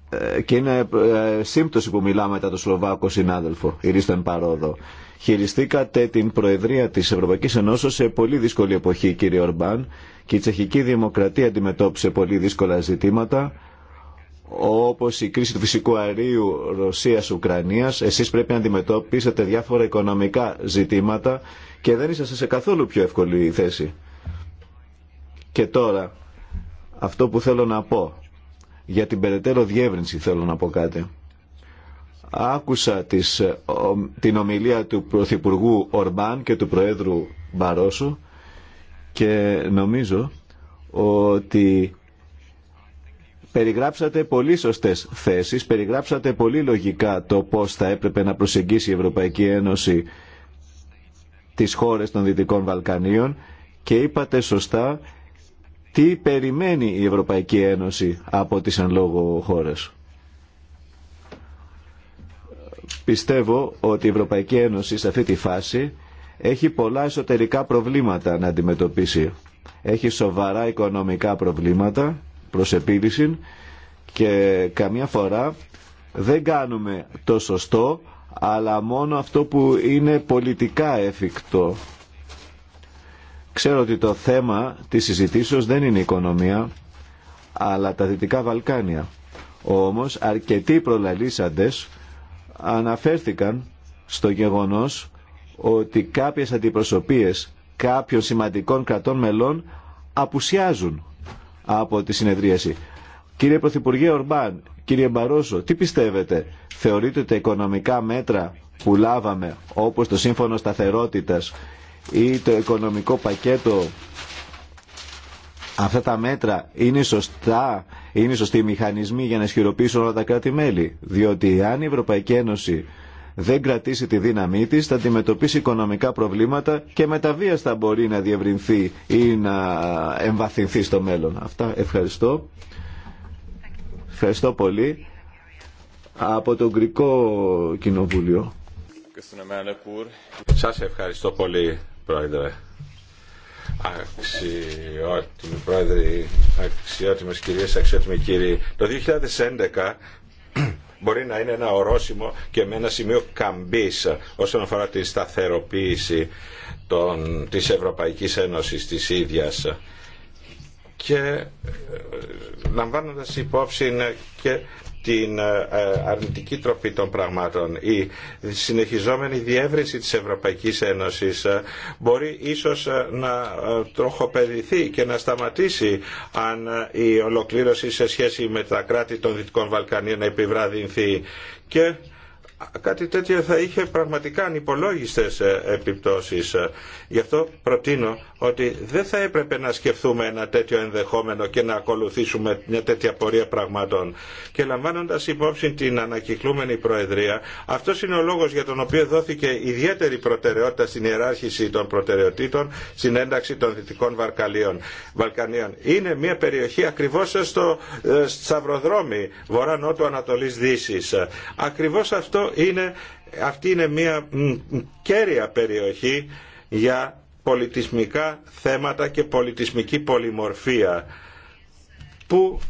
ε, και είναι ε, σύμπτωση που μιλάμε μετά το Σλοβάκο συνάδελφο, η Ρίστον Παρόδο. Χειριστήκατε την Προεδρία της Ευρωπαϊκής Ενώσεως σε πολύ δύσκολη εποχή, κύριε Ορμπάν, και η Τσεχική Δημοκρατία αντιμετώπισε πολύ δύσκολα ζητήματα, όπως η κρίση του φυσικού αερίου Ρωσίας-Ουκρανίας. Εσείς πρέπει να αντιμετώπισετε διάφορα οικονομικά ζητήματα και δεν είσαστε σε καθόλου πιο εύκολη θέση. Και τώρα, αυτό που θέλω να πω, για την περαιτέρω διεύρυνση θέλω να πω κάτι. Άκουσα τις, την ομιλία του Πρωθυπουργού Ορμπάν και του Προέδρου Μπαρόσο και νομίζω ότι περιγράψατε πολύ σωστές θέσεις, περιγράψατε πολύ λογικά το πώς θα έπρεπε να προσεγγίσει η Ευρωπαϊκή Ένωση τις χώρες των Δυτικών Βαλκανίων και είπατε σωστά τι περιμένει η Ευρωπαϊκή Ένωση από τις εν λόγω χώρες. Πιστεύω ότι η Ευρωπαϊκή Ένωση σε αυτή τη φάση έχει πολλά εσωτερικά προβλήματα να αντιμετωπίσει. Έχει σοβαρά οικονομικά προβλήματα προς επίλυση και καμιά φορά δεν κάνουμε το σωστό αλλά μόνο αυτό που είναι πολιτικά εφικτό. Ξέρω ότι το θέμα της συζητήσεως δεν είναι η οικονομία αλλά τα Δυτικά Βαλκάνια. Όμως αρκετοί προλαλήσαντες αναφέρθηκαν στο γεγονός ότι κάποιες αντιπροσωπείες κάποιων σημαντικών κρατών μελών απουσιάζουν από τη συνεδρίαση. Κύριε Πρωθυπουργέ Ορμπάν, κύριε Μπαρόσο, τι πιστεύετε, θεωρείτε τα οικονομικά μέτρα που λάβαμε όπως το Σύμφωνο Σταθερότητας ή το οικονομικό πακέτο αυτά τα μέτρα είναι σωστά είναι σωστοί οι μηχανισμοί για να ισχυροποιήσουν όλα τα κράτη-μέλη. Διότι αν η Ευρωπαϊκή Ένωση δεν κρατήσει τη δύναμή της, θα αντιμετωπίσει οικονομικά προβλήματα και μεταβίαστα θα μπορεί να διευρυνθεί ή να εμβαθυνθεί στο μέλλον. Αυτά ευχαριστώ. Ευχαριστώ πολύ. Από το Γκρικό Κοινοβούλιο. Σας ευχαριστώ πολύ, Πρόεδρε. Αξιότιμοι πρόεδροι, αξιότιμες κυρίες, αξιότιμοι κύριοι. Το 2011 μπορεί να είναι ένα ορόσημο και με ένα σημείο καμπής όσον αφορά τη σταθεροποίηση των, της Ευρωπαϊκής Ένωσης της ίδιας και ε, λαμβάνοντα υπόψη και την ε, ε, αρνητική τροπή των πραγμάτων. Η συνεχιζόμενη διεύρυνση της Ευρωπαϊκής Ένωσης ε, μπορεί ίσως να τροχοπεδηθεί και να σταματήσει αν η ολοκλήρωση σε σχέση με τα κράτη των Δυτικών Βαλκανίων επιβραδυνθεί και κάτι τέτοιο θα είχε πραγματικά ανυπολόγιστες ε, επιπτώσεις. Γι' αυτό προτείνω ότι δεν θα έπρεπε να σκεφτούμε ένα τέτοιο ενδεχόμενο και να ακολουθήσουμε μια τέτοια πορεία πραγμάτων. Και λαμβάνοντας υπόψη την ανακυκλούμενη Προεδρία, αυτό είναι ο λόγος για τον οποίο δόθηκε ιδιαίτερη προτεραιότητα στην ιεράρχηση των προτεραιοτήτων στην ένταξη των Δυτικών Βαρκαλίων. Βαλκανίων. Είναι μια περιοχή ακριβώς στο ε, σταυροδρόμι βορρά-νότου Ανατολής Δύσης. Ακριβώς αυτό είναι, αυτή είναι μια κέρια περιοχή για πολιτισμικά θέματα και πολιτισμική πολυμορφία που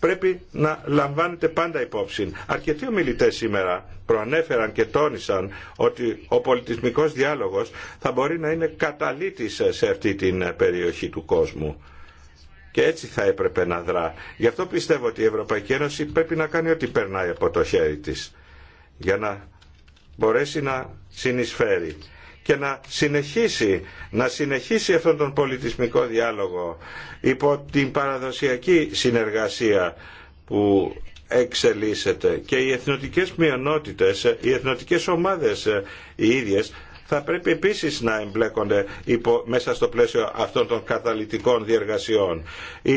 πρέπει να λαμβάνεται πάντα υπόψη. Αρκετοί ομιλητές σήμερα προανέφεραν και τόνισαν ότι ο πολιτισμικός διάλογος θα μπορεί να είναι καταλήτης σε αυτή την περιοχή του κόσμου. Και έτσι θα έπρεπε να δρά. Γι' αυτό πιστεύω ότι η Ευρωπαϊκή Ένωση πρέπει να κάνει ό,τι περνάει από το χέρι της για να μπορέσει να συνεισφέρει και να συνεχίσει, να συνεχίσει αυτόν τον πολιτισμικό διάλογο υπό την παραδοσιακή συνεργασία που εξελίσσεται και οι εθνοτικές μειονότητες, οι εθνοτικές ομάδες ε, οι ίδιες θα πρέπει επίσης να εμπλέκονται μέσα στο πλαίσιο αυτών των καταλυτικών διεργασιών. Η,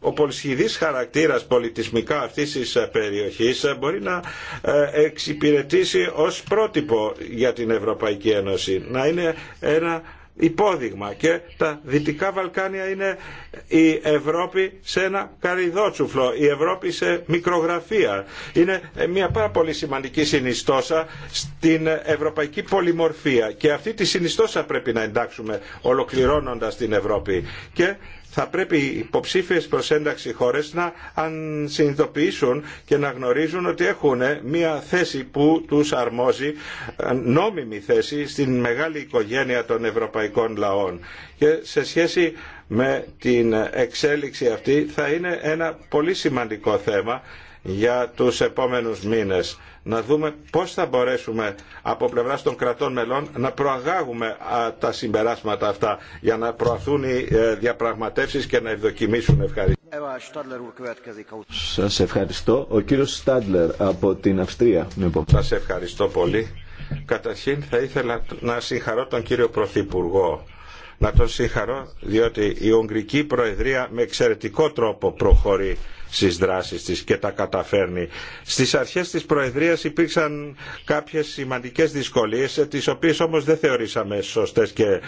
ο πολυσχηδής χαρακτήρας πολιτισμικά αυτής της ε, περιοχής ε, μπορεί να ε, εξυπηρετήσει ως πρότυπο για την Ευρωπαϊκή Ένωση. Να είναι ένα υπόδειγμα και τα Δυτικά Βαλκάνια είναι η Ευρώπη σε ένα καριδότσουφλο, η Ευρώπη σε μικρογραφία. Είναι μια πάρα πολύ σημαντική συνιστόσα στην ευρωπαϊκή πολυμορφία και αυτή τη συνιστόσα πρέπει να εντάξουμε ολοκληρώνοντας την Ευρώπη. Και θα πρέπει οι υποψήφιες προς ένταξη χώρες να συνειδητοποιήσουν και να γνωρίζουν ότι έχουν μια θέση που τους αρμόζει, νόμιμη θέση στην μεγάλη οικογένεια των ευρωπαϊκών λαών. Και σε σχέση με την εξέλιξη αυτή θα είναι ένα πολύ σημαντικό θέμα για τους επόμενους μήνες. Να δούμε πώς θα μπορέσουμε από πλευράς των κρατών μελών να προαγάγουμε τα συμπεράσματα αυτά για να προαθούν οι ε, διαπραγματεύσεις και να ευδοκιμήσουν. Ευχαριστώ. Σας ευχαριστώ. Ο κύριος Στάντλερ από την Αυστρία. Σας ευχαριστώ πολύ. Καταρχήν θα ήθελα να συγχαρώ τον κύριο Πρωθυπουργό να τον συγχαρώ διότι η Ουγγρική Προεδρία με εξαιρετικό τρόπο προχωρεί στις δράσεις της και τα καταφέρνει. Στις αρχές της Προεδρίας υπήρξαν κάποιες σημαντικές δυσκολίες, τις οποίες όμως δεν θεωρήσαμε σωστές και ε,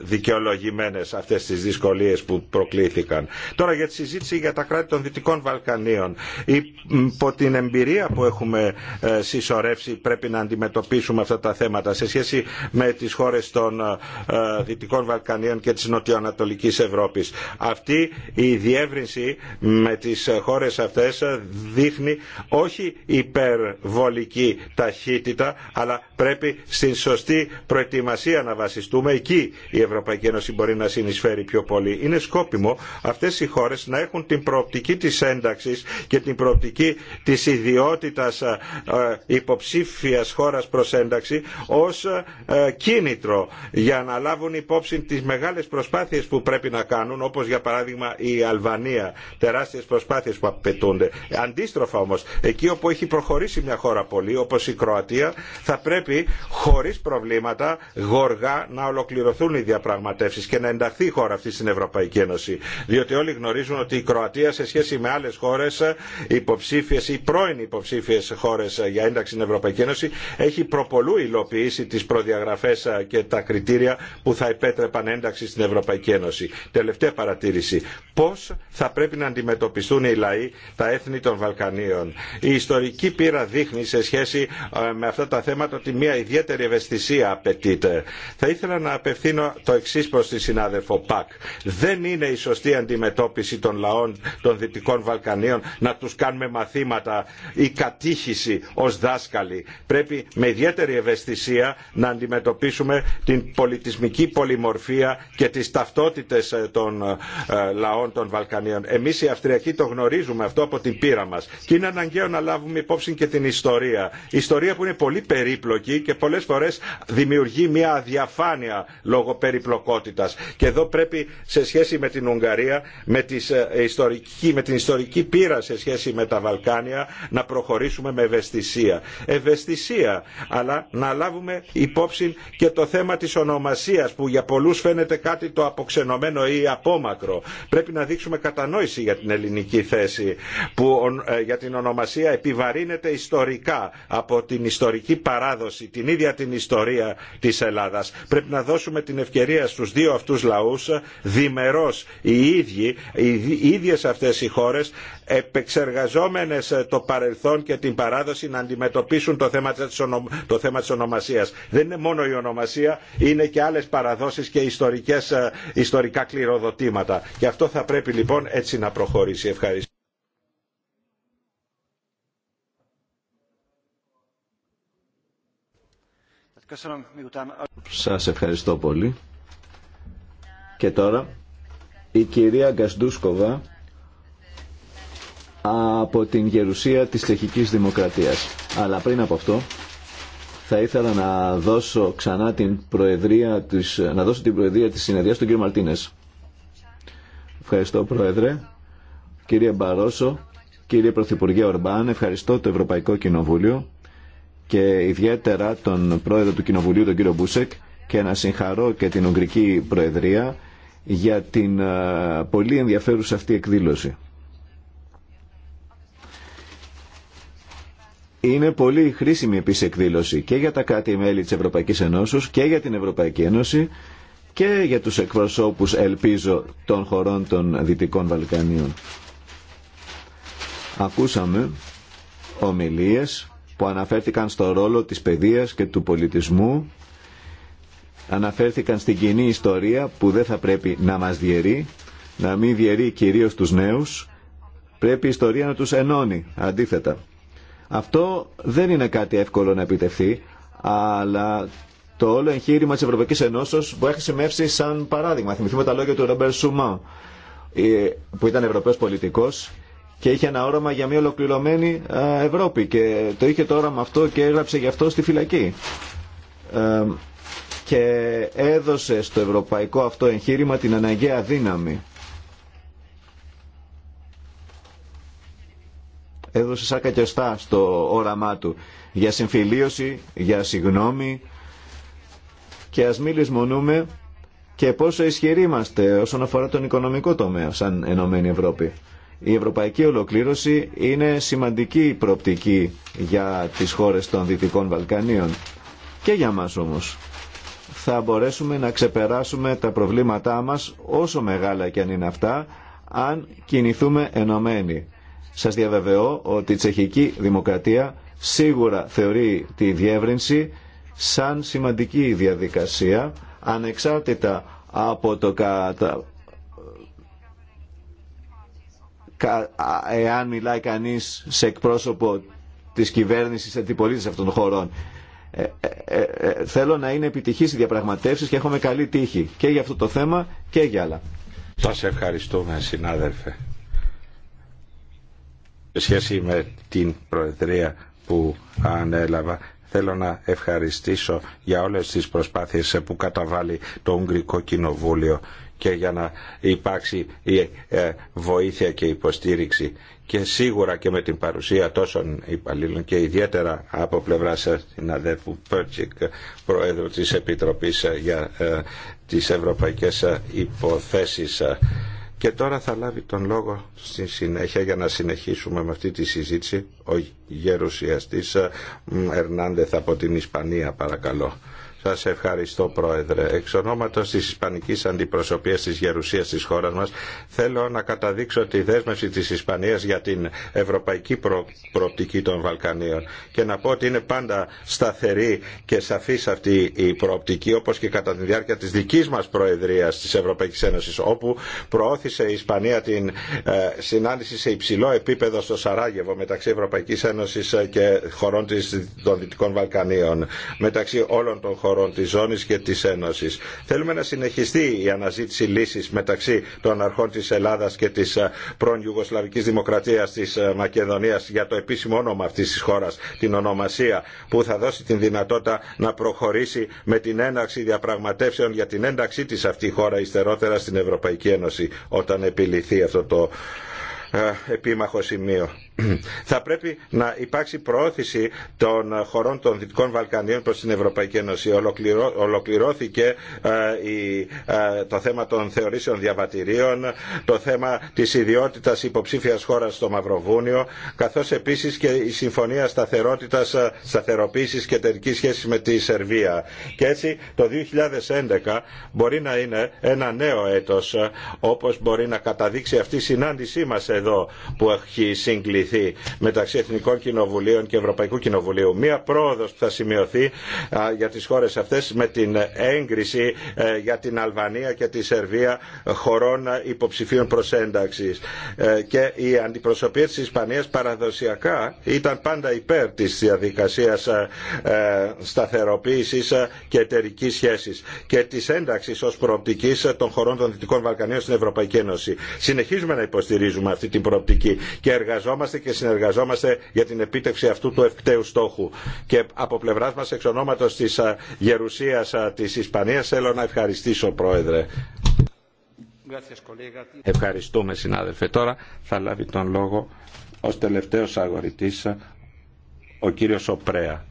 δικαιολογημένες αυτές τις δυσκολίες που προκλήθηκαν. Τώρα για τη συζήτηση για τα κράτη των Δυτικών Βαλκανίων. Υπό την εμπειρία που έχουμε ε, συσσωρεύσει πρέπει να αντιμετωπίσουμε αυτά τα θέματα σε σχέση με τις χώρες των ε, Δυτικών Βαλκανίων και της Νοτιοανατολικής Ευρώπης. Αυτή η διεύρυνση με τις χώρες αυτές δείχνει όχι υπερβολική ταχύτητα αλλά πρέπει στην σωστή προετοιμασία να βασιστούμε. Εκεί η Ευρωπαϊκή Ένωση μπορεί να συνεισφέρει πιο πολύ. Είναι σκόπιμο αυτές οι χώρες να έχουν την προοπτική της ένταξης και την προοπτική της ιδιότητας ε, υποψήφιας χώρας προς ένταξη ως ε, κίνητρο για να λάβουν υπόψη τις μεγάλες προσπάθειες που πρέπει να κάνουν όπως για παράδειγμα η Αλβανία τεράστιες προσπάθειες προσπάθειες που απαιτούνται. Αντίστροφα όμως, εκεί όπου έχει προχωρήσει μια χώρα πολύ, όπως η Κροατία, θα πρέπει χωρίς προβλήματα γοργά να ολοκληρωθούν οι διαπραγματεύσεις και να ενταχθεί η χώρα αυτή στην Ευρωπαϊκή Ένωση. Διότι όλοι γνωρίζουν ότι η Κροατία σε σχέση με άλλες χώρες υποψήφιες ή πρώην υποψήφιες χώρες για ένταξη στην Ευρωπαϊκή Ένωση έχει προπολού υλοποιήσει τις προδιαγραφές και τα κριτήρια που θα επέτρεπαν ένταξη στην Ευρωπαϊκή Ένωση. Τελευταία παρατήρηση. Πώς θα πρέπει να αντιμετωπιστούν οι λαοί, τα έθνη των Βαλκανίων. Η ιστορική πείρα δείχνει σε σχέση ε, με αυτά τα θέματα ότι μια ιδιαίτερη ευαισθησία απαιτείται. Θα ήθελα να απευθύνω το εξή προ τη συνάδελφο Πακ. Δεν είναι η σωστή αντιμετώπιση των λαών των Δυτικών Βαλκανίων να του κάνουμε μαθήματα ή κατήχηση ω δάσκαλοι. Πρέπει με ιδιαίτερη ευαισθησία να αντιμετωπίσουμε την πολιτισμική πολυμορφία και τι ταυτότητε ε, των ε, λαών των Βαλκανίων το γνωρίζουμε αυτό από την πείρα μα Και είναι αναγκαίο να λάβουμε υπόψη και την ιστορία. ιστορία που είναι πολύ περίπλοκη και πολλέ φορέ δημιουργεί μια αδιαφάνεια λόγω περιπλοκότητα. Και εδώ πρέπει σε σχέση με την Ουγγαρία, με, τις, ε, ιστορική, με την ιστορική πείρα σε σχέση με τα Βαλκάνια, να προχωρήσουμε με ευαισθησία. Ευαισθησία, αλλά να λάβουμε υπόψη και το θέμα τη ονομασία, που για πολλού φαίνεται κάτι το αποξενωμένο ή απόμακρο. Πρέπει να δείξουμε κατανόηση για την ελληνική κοινωνική που ε, για την ονομασία επιβαρύνεται ιστορικά από την ιστορική παράδοση, την ίδια την ιστορία της Ελλάδας. Πρέπει να δώσουμε την ευκαιρία στους δύο αυτούς λαούς ε, διμερώς οι ίδιοι, οι ίδιες αυτές οι χώρες επεξεργαζόμενες ε, το παρελθόν και την παράδοση να αντιμετωπίσουν το θέμα της, ονομασίας. Δεν είναι μόνο η ονομασία, είναι και άλλες παραδόσεις και ιστορικές, ε, ιστορικά κληροδοτήματα. Και αυτό θα πρέπει λοιπόν έτσι να προχωρήσει. Ευχαριστώ. Σας ευχαριστώ πολύ. Και τώρα η κυρία Γκαστούσκοβα από την γερουσία της τσεχικής δημοκρατίας. Αλλά πριν από αυτό θα ήθελα να δώσω ξανά την προεδρία της, να δώσω την προεδρία της συνεδρίας στον κύριο Μαρτίνες. Ευχαριστώ Πρόεδρε, κύριε Μπαρόσο, κύριε Πρωθυπουργέ Ορμπάν, ευχαριστώ το Ευρωπαϊκό Κοινοβούλιο και ιδιαίτερα τον Πρόεδρο του Κοινοβουλίου, τον κύριο Μπούσεκ, και να συγχαρώ και την Ουγγρική Προεδρία για την ε, πολύ ενδιαφέρουσα αυτή εκδήλωση. Είναι πολύ χρήσιμη επίση εκδήλωση και για τα κάτι μελη της Ευρωπαϊκής Ενώσης και για την Ευρωπαϊκή Ένωση και για τους εκπροσώπους, ελπίζω, των χωρών των Δυτικών Βαλκανίων. Ακούσαμε ομιλίες που αναφέρθηκαν στο ρόλο της παιδείας και του πολιτισμού, αναφέρθηκαν στην κοινή ιστορία που δεν θα πρέπει να μας διαιρεί, να μην διαιρεί κυρίως τους νέους, πρέπει η ιστορία να τους ενώνει, αντίθετα. Αυτό δεν είναι κάτι εύκολο να επιτευχθεί, αλλά το όλο εγχείρημα τη Ευρωπαϊκή Ενώσεω που έχει σημεύσει σαν παράδειγμα. Θυμηθούμε τα λόγια του Ρομπέρ Σουμά, που ήταν Ευρωπαίο πολιτικό και είχε ένα όραμα για μια ολοκληρωμένη Ευρώπη και το είχε το όραμα αυτό και έγραψε γι' αυτό στη φυλακή και έδωσε στο ευρωπαϊκό αυτό εγχείρημα την αναγκαία δύναμη έδωσε σαν και στο όραμά του για συμφιλίωση, για συγνώμη και ας μην και πόσο ισχυροί είμαστε όσον αφορά τον οικονομικό τομέα σαν Ενωμένη Ευρώπη. Η ευρωπαϊκή ολοκλήρωση είναι σημαντική προοπτική για τις χώρες των Δυτικών Βαλκανίων και για μας όμως. Θα μπορέσουμε να ξεπεράσουμε τα προβλήματά μας όσο μεγάλα και αν είναι αυτά αν κινηθούμε ενωμένοι. Σας διαβεβαιώ ότι η τσεχική δημοκρατία σίγουρα θεωρεί τη διεύρυνση σαν σημαντική διαδικασία ανεξάρτητα από το κατά εάν μιλάει κανείς σε εκπρόσωπο της κυβέρνησης της αντιπολίτευσης αυτών των χωρών. Ε, ε, ε, θέλω να είναι επιτυχής οι διαπραγματεύσεις και έχουμε καλή τύχη και για αυτό το θέμα και για άλλα. Σας ευχαριστούμε συνάδελφε σε σχέση με την Προεδρία που ανέλαβα θέλω να ευχαριστήσω για όλες τις προσπάθειες που καταβάλει το Ουγγρικό Κοινοβούλιο και για να υπάρξει η ε, βοήθεια και υποστήριξη και σίγουρα και με την παρουσία τόσων υπαλλήλων και ιδιαίτερα από πλευρά σας την αδέρφου Πέρτσικ, Πρόεδρο της Επιτροπής ε, για ε, τις Ευρωπαϊκές Υποθέσεις και τώρα θα λάβει τον λόγο στη συνέχεια για να συνεχίσουμε με αυτή τη συζήτηση ο γερουσιαστής Ερνάντεθ από την Ισπανία παρακαλώ σε ευχαριστώ Πρόεδρε. Εξ ονόματο τη Ισπανικής Αντιπροσωπείας τη Γερουσία της χώρας μας θέλω να καταδείξω τη δέσμευση τη Ισπανία για την ευρωπαϊκή προ... προοπτική των Βαλκανίων και να πω ότι είναι πάντα σταθερή και σαφή αυτή η προοπτική όπω και κατά τη διάρκεια τη δική μα προεδρία τη Ευρωπαϊκή Ένωση, όπου προώθησε η Ισπανία την ε, συνάντηση σε υψηλό επίπεδο στο Σαράγεβο μεταξύ Ευρωπαϊκή Ένωση και χωρών των Δυτικών Βαλκανίων μεταξύ όλων των χωρών χωρών της Ζώνης και της Ένωσης. Θέλουμε να συνεχιστεί η αναζήτηση λύσης μεταξύ των αρχών της Ελλάδας και της ε, πρώην Ιουγκοσλαβικής Δημοκρατίας της ε, Μακεδονίας για το επίσημο όνομα αυτής της χώρας, την ονομασία που θα δώσει την δυνατότητα να προχωρήσει με την έναρξη διαπραγματεύσεων για την ένταξή της αυτή η χώρα υστερότερα στην Ευρωπαϊκή Ένωση όταν επιληθεί αυτό το ε, επίμαχο σημείο. θα πρέπει να υπάρξει προώθηση των χωρών των Δυτικών Βαλκανίων προς την Ευρωπαϊκή Ένωση. ολοκληρώθηκε ε, η, ε, το θέμα των θεωρήσεων διαβατηρίων, το θέμα της ιδιότητας υποψήφιας χώρας στο Μαυροβούνιο, καθώς επίσης και η Συμφωνία Σταθερότητας, ε, Σταθεροποίησης και εταιρική σχέση με τη Σερβία. Και έτσι το 2011 μπορεί να είναι ένα νέο έτος, όπως μπορεί να καταδείξει αυτή η συνάντησή μας εδώ που έχει συγκληθεί μεταξύ Εθνικών Κοινοβουλίων και Ευρωπαϊκού Κοινοβουλίου. Μία πρόοδος που θα σημειωθεί για τις χώρες αυτές με την έγκριση ε, για την Αλβανία και τη Σερβία χωρών υποψηφίων προς ένταξης. Ε, και η αντιπροσωπεία της Ισπανίας παραδοσιακά ήταν πάντα υπέρ της διαδικασίας ε, σταθεροποίησης και εταιρική σχέσης και της ένταξης ως προοπτικής των χωρών των Δυτικών Βαλκανίων στην Ευρωπαϊκή Ένωση. Συνεχίζουμε να υποστηρίζουμε αυτή την προοπτική και εργαζόμαστε και συνεργαζόμαστε για την επίτευξη αυτού του ευκταίου στόχου. Και από πλευρά μα, εξ ονόματο τη Γερουσία τη Ισπανία, θέλω να ευχαριστήσω, Πρόεδρε. Ευχαριστούμε, συνάδελφε. Τώρα θα λάβει τον λόγο ω τελευταίος αγορητη ο κύριος Οπρέα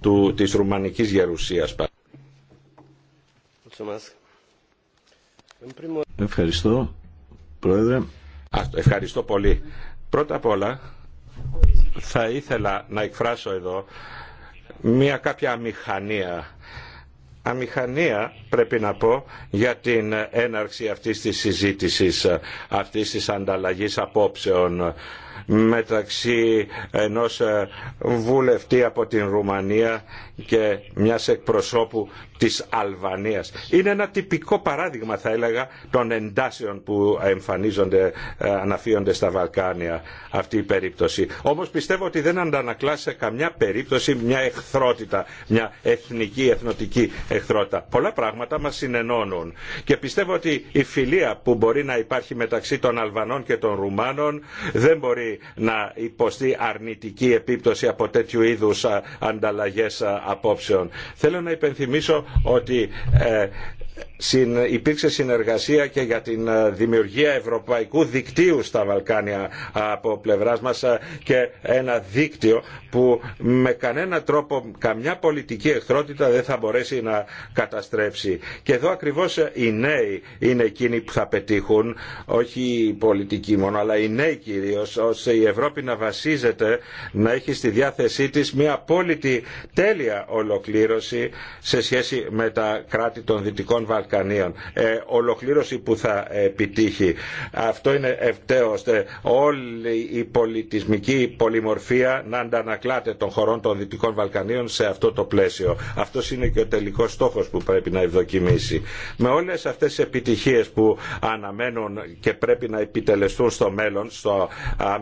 τη της Ρουμανικής Ευχαριστώ, Πρόεδρε. Ευχαριστώ πολύ. Πρώτα απ' όλα θα ήθελα να εκφράσω εδώ μια κάποια αμηχανία. Αμηχανία πρέπει να πω για την έναρξη αυτής της συζήτησης, αυτής της ανταλλαγής απόψεων μεταξύ ενός ε, βουλευτή από την Ρουμανία και μιας εκπροσώπου της Αλβανίας. Είναι ένα τυπικό παράδειγμα θα έλεγα των εντάσεων που εμφανίζονται, ε, αναφύονται στα Βαλκάνια αυτή η περίπτωση. Όμως πιστεύω ότι δεν αντανακλά σε καμιά περίπτωση μια εχθρότητα, μια εθνική, εθνοτική εχθρότητα. Πολλά πράγματα μας συνενώνουν και πιστεύω ότι η φιλία που μπορεί να υπάρχει μεταξύ των Αλβανών και των Ρουμάνων δεν μπορεί να υποστεί αρνητική επίπτωση από τέτοιου είδους ανταλλαγές απόψεων. Θέλω να υπενθυμίσω ότι ε, υπήρξε συνεργασία και για την ε, δημιουργία ευρωπαϊκού δικτύου στα Βαλκάνια από πλευράς μας και ένα δίκτυο που με κανένα τρόπο, καμιά πολιτική εχθρότητα δεν θα μπορέσει να καταστρέψει. Και εδώ ακριβώς ε, οι νέοι είναι εκείνοι που θα πετύχουν, όχι οι πολιτικοί μόνο, αλλά οι νέοι κυρίως ώστε η Ευρώπη να βασίζεται, να έχει στη διάθεσή της μια απόλυτη τέλεια ολοκλήρωση σε σχέση με τα κράτη των Δυτικών Βαλκανίων. Ε, ολοκλήρωση που θα επιτύχει. Αυτό είναι ευταίο ώστε όλη η πολιτισμική πολυμορφία να αντανακλάται των χωρών των Δυτικών Βαλκανίων σε αυτό το πλαίσιο. Αυτό είναι και ο τελικό στόχο που πρέπει να ευδοκιμήσει. Με όλε αυτέ τι επιτυχίε που αναμένουν και πρέπει να επιτελεστούν στο μέλλον, στο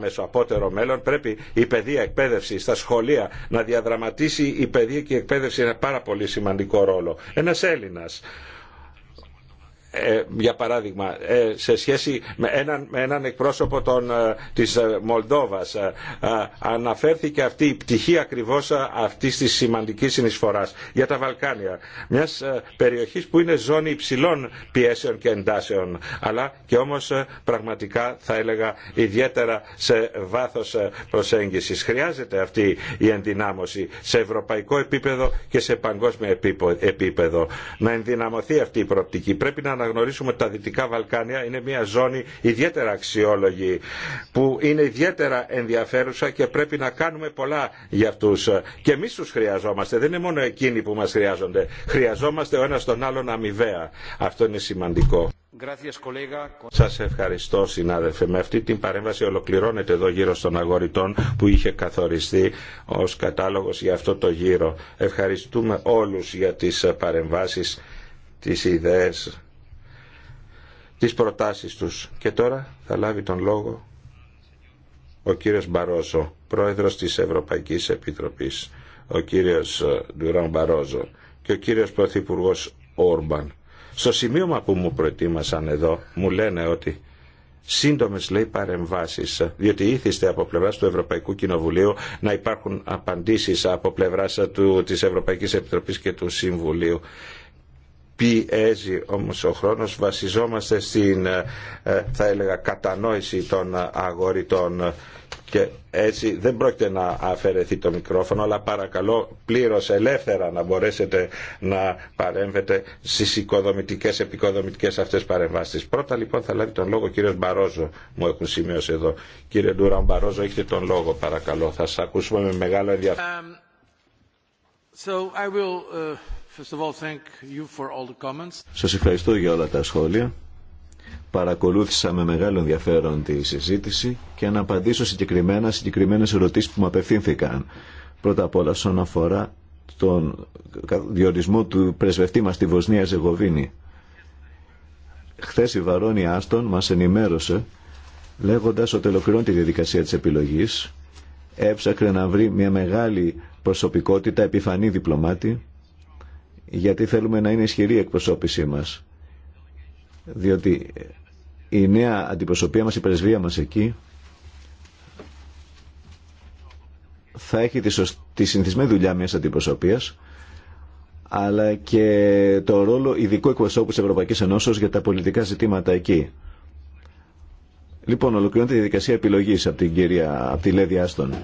άμεσο απότερο μέλλον πρέπει η παιδεία εκπαίδευση στα σχολεία να διαδραματίσει η παιδεία και η εκπαίδευση ένα πάρα πολύ σημαντικό ρόλο. Ένας Έλληνας ε, για παράδειγμα ε, σε σχέση με έναν, με έναν εκπρόσωπο των, ε, της Μολδόβας αναφέρθηκε αυτή η πτυχή ακριβώς αυτής της σημαντικής συνεισφοράς για τα Βαλκάνια μιας περιοχής που είναι ζώνη υψηλών πιέσεων και εντάσεων αλλά και όμως πραγματικά θα έλεγα ιδιαίτερα σε βάθος προσέγγισης χρειάζεται αυτή η ενδυνάμωση σε ευρωπαϊκό επίπεδο και σε παγκόσμιο επίπεδο να ενδυναμωθεί αυτή η προοπτική πρέπει να αναγνωρίσουμε ότι τα Δυτικά Βαλκάνια είναι μια ζώνη ιδιαίτερα αξιόλογη, που είναι ιδιαίτερα ενδιαφέρουσα και πρέπει να κάνουμε πολλά για αυτού. Και εμεί του χρειαζόμαστε, δεν είναι μόνο εκείνοι που μα χρειάζονται. Χρειαζόμαστε ο ένα τον άλλον αμοιβαία. Αυτό είναι σημαντικό. Σας ευχαριστώ συνάδελφε. Με αυτή την παρέμβαση ολοκληρώνεται εδώ γύρω στον αγοριτών που είχε καθοριστεί ως κατάλογος για αυτό το γύρο. Ευχαριστούμε όλους για τις παρεμβάσεις, τις ιδέες τις προτάσεις τους. Και τώρα θα λάβει τον λόγο ο κύριος Μπαρόζο, πρόεδρος της Ευρωπαϊκής Επιτροπής, ο κύριος ε, Ντουράν Μπαρόζο και ο κύριος Πρωθυπουργό Όρμπαν. Στο σημείωμα που μου προετοίμασαν εδώ μου λένε ότι σύντομε λέει παρεμβάσει, διότι ήθιστε από πλευρά του Ευρωπαϊκού Κοινοβουλίου να υπάρχουν απαντήσει από πλευρά τη Ευρωπαϊκή Επιτροπή και του Συμβουλίου πιέζει όμως ο χρόνος βασιζόμαστε στην ε, ε, θα έλεγα κατανόηση των αγορητών και έτσι δεν πρόκειται να αφαιρεθεί το μικρόφωνο αλλά παρακαλώ πλήρως ελεύθερα να μπορέσετε να παρέμβετε στις οικοδομητικές, επικοδομητικές αυτές παρεμβάσεις. Πρώτα λοιπόν θα λάβει τον λόγο ο κύριος Μπαρόζο μου έχουν σημειώσει εδώ. Κύριε Ντούρα Μπαρόζο έχετε τον λόγο παρακαλώ θα σας ακούσουμε με μεγάλο ενδιαφέρον. Um, so uh, σας ευχαριστώ για όλα τα σχόλια. Παρακολούθησα με μεγάλο ενδιαφέρον τη συζήτηση και να απαντήσω συγκεκριμένα συγκεκριμένες ερωτήσεις που μου απευθύνθηκαν. Πρώτα απ' όλα, όσον αφορά τον διορισμό του πρεσβευτή μας στη Βοσνία Ζεγοβίνη. Χθες η Βαρόνη Άστον μας ενημέρωσε λέγοντας ότι ολοκληρώνει τη διαδικασία της επιλογής έψαχνε να βρει μια μεγάλη προσωπικότητα επιφανή διπλωμάτη γιατί θέλουμε να είναι ισχυρή η εκπροσώπησή μας. Διότι η νέα αντιπροσωπεία μας, η πρεσβεία μας εκεί, θα έχει τη, σωσ... συνηθισμένη δουλειά μιας αντιπροσωπείας, αλλά και το ρόλο ειδικού εκπροσώπου της Ευρωπαϊκής Ενώσεως για τα πολιτικά ζητήματα εκεί. Λοιπόν, ολοκληρώνεται η διαδικασία επιλογής από την κυρία, από τη Λέδη Άστον.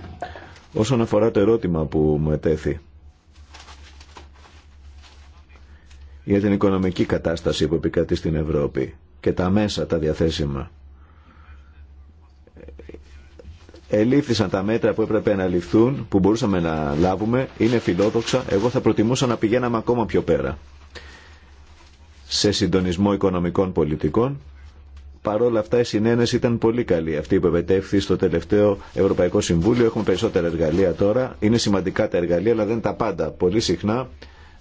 Όσον αφορά το ερώτημα που μου ετέθη, για την οικονομική κατάσταση που επικρατεί στην Ευρώπη και τα μέσα τα διαθέσιμα. Ελήφθησαν τα μέτρα που έπρεπε να ληφθούν, που μπορούσαμε να λάβουμε, είναι φιλόδοξα, εγώ θα προτιμούσα να πηγαίναμε ακόμα πιο πέρα. Σε συντονισμό οικονομικών πολιτικών, όλα αυτά η συνένεση ήταν πολύ καλή αυτή που επετεύχθη στο τελευταίο Ευρωπαϊκό Συμβούλιο. Έχουμε περισσότερα εργαλεία τώρα, είναι σημαντικά τα εργαλεία, αλλά δεν τα πάντα. Πολύ συχνά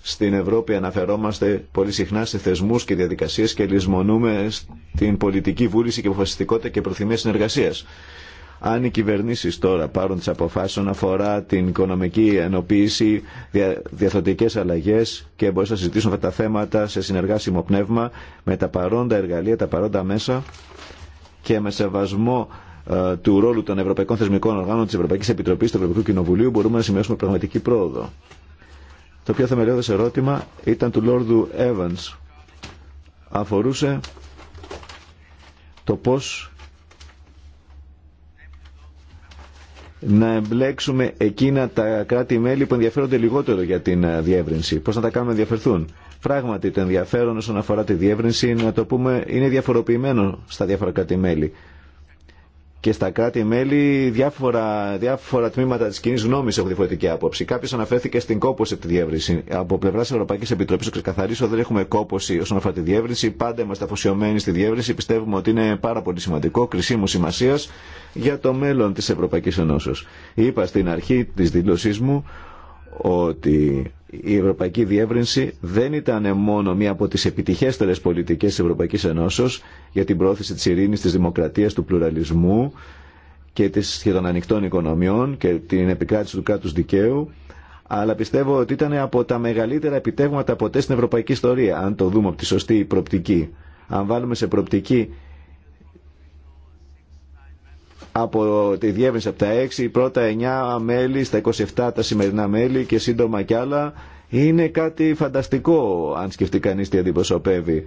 στην Ευρώπη αναφερόμαστε πολύ συχνά σε θεσμού και διαδικασίε και λησμονούμε στην πολιτική βούληση και αποφασιστικότητα και προθυμία συνεργασία. Αν οι κυβερνήσει τώρα πάρουν τι αποφάσει όσον αφορά την οικονομική ενοποίηση, δια, διαθωτικέ αλλαγέ και μπορέσουν να συζητήσουν αυτά τα θέματα σε συνεργάσιμο πνεύμα με τα παρόντα εργαλεία, τα παρόντα μέσα και με σεβασμό ε, του ρόλου των Ευρωπαϊκών Θεσμικών Οργάνων τη Ευρωπαϊκή Επιτροπή, του Ευρωπαϊκού Κοινοβουλίου, μπορούμε να σημειώσουμε πραγματική πρόοδο. Το πιο σε ερώτημα ήταν του Λόρδου Evans. Αφορούσε το πώς να εμπλέξουμε εκείνα τα κράτη-μέλη που ενδιαφέρονται λιγότερο για την ε, διεύρυνση. Πώς να τα κάνουμε ενδιαφερθούν. Πράγματι το ενδιαφέρον όσον αφορά τη διεύρυνση, να το πούμε, είναι διαφοροποιημένο στα διάφορα κράτη-μέλη και στα κράτη-μέλη διάφορα, διάφορα τμήματα τη κοινή γνώμη έχουν διαφορετική άποψη. Κάποιο αναφέρθηκε στην κόποση από τη διεύρυνση. Από πλευρά τη Ευρωπαϊκή Επιτροπή, το ξεκαθαρίσω, δεν έχουμε κόποση όσον αφορά τη διεύρυνση. Πάντα είμαστε αφοσιωμένοι στη διεύρυνση. Πιστεύουμε ότι είναι πάρα πολύ σημαντικό, κρισίμου σημασία για το μέλλον τη Ευρωπαϊκή Ενώσεω. Είπα στην αρχή τη δήλωσή μου ότι η ευρωπαϊκή διεύρυνση δεν ήταν μόνο μία από τις επιτυχέστερες πολιτικές της Ευρωπαϊκής Ενώσεως για την πρόθεση της ειρήνης, της δημοκρατίας, του πλουραλισμού και της σχεδόν ανοιχτών οικονομιών και την επικράτηση του κράτους δικαίου αλλά πιστεύω ότι ήταν από τα μεγαλύτερα επιτεύγματα ποτέ στην ευρωπαϊκή ιστορία αν το δούμε από τη σωστή προπτική. Αν βάλουμε σε προπτική από τη διεύρυνση από τα 6, πρώτα 9 μέλη, στα 27 τα σημερινά μέλη και σύντομα κι άλλα, είναι κάτι φανταστικό αν σκεφτεί κανείς τι αντιπροσωπεύει.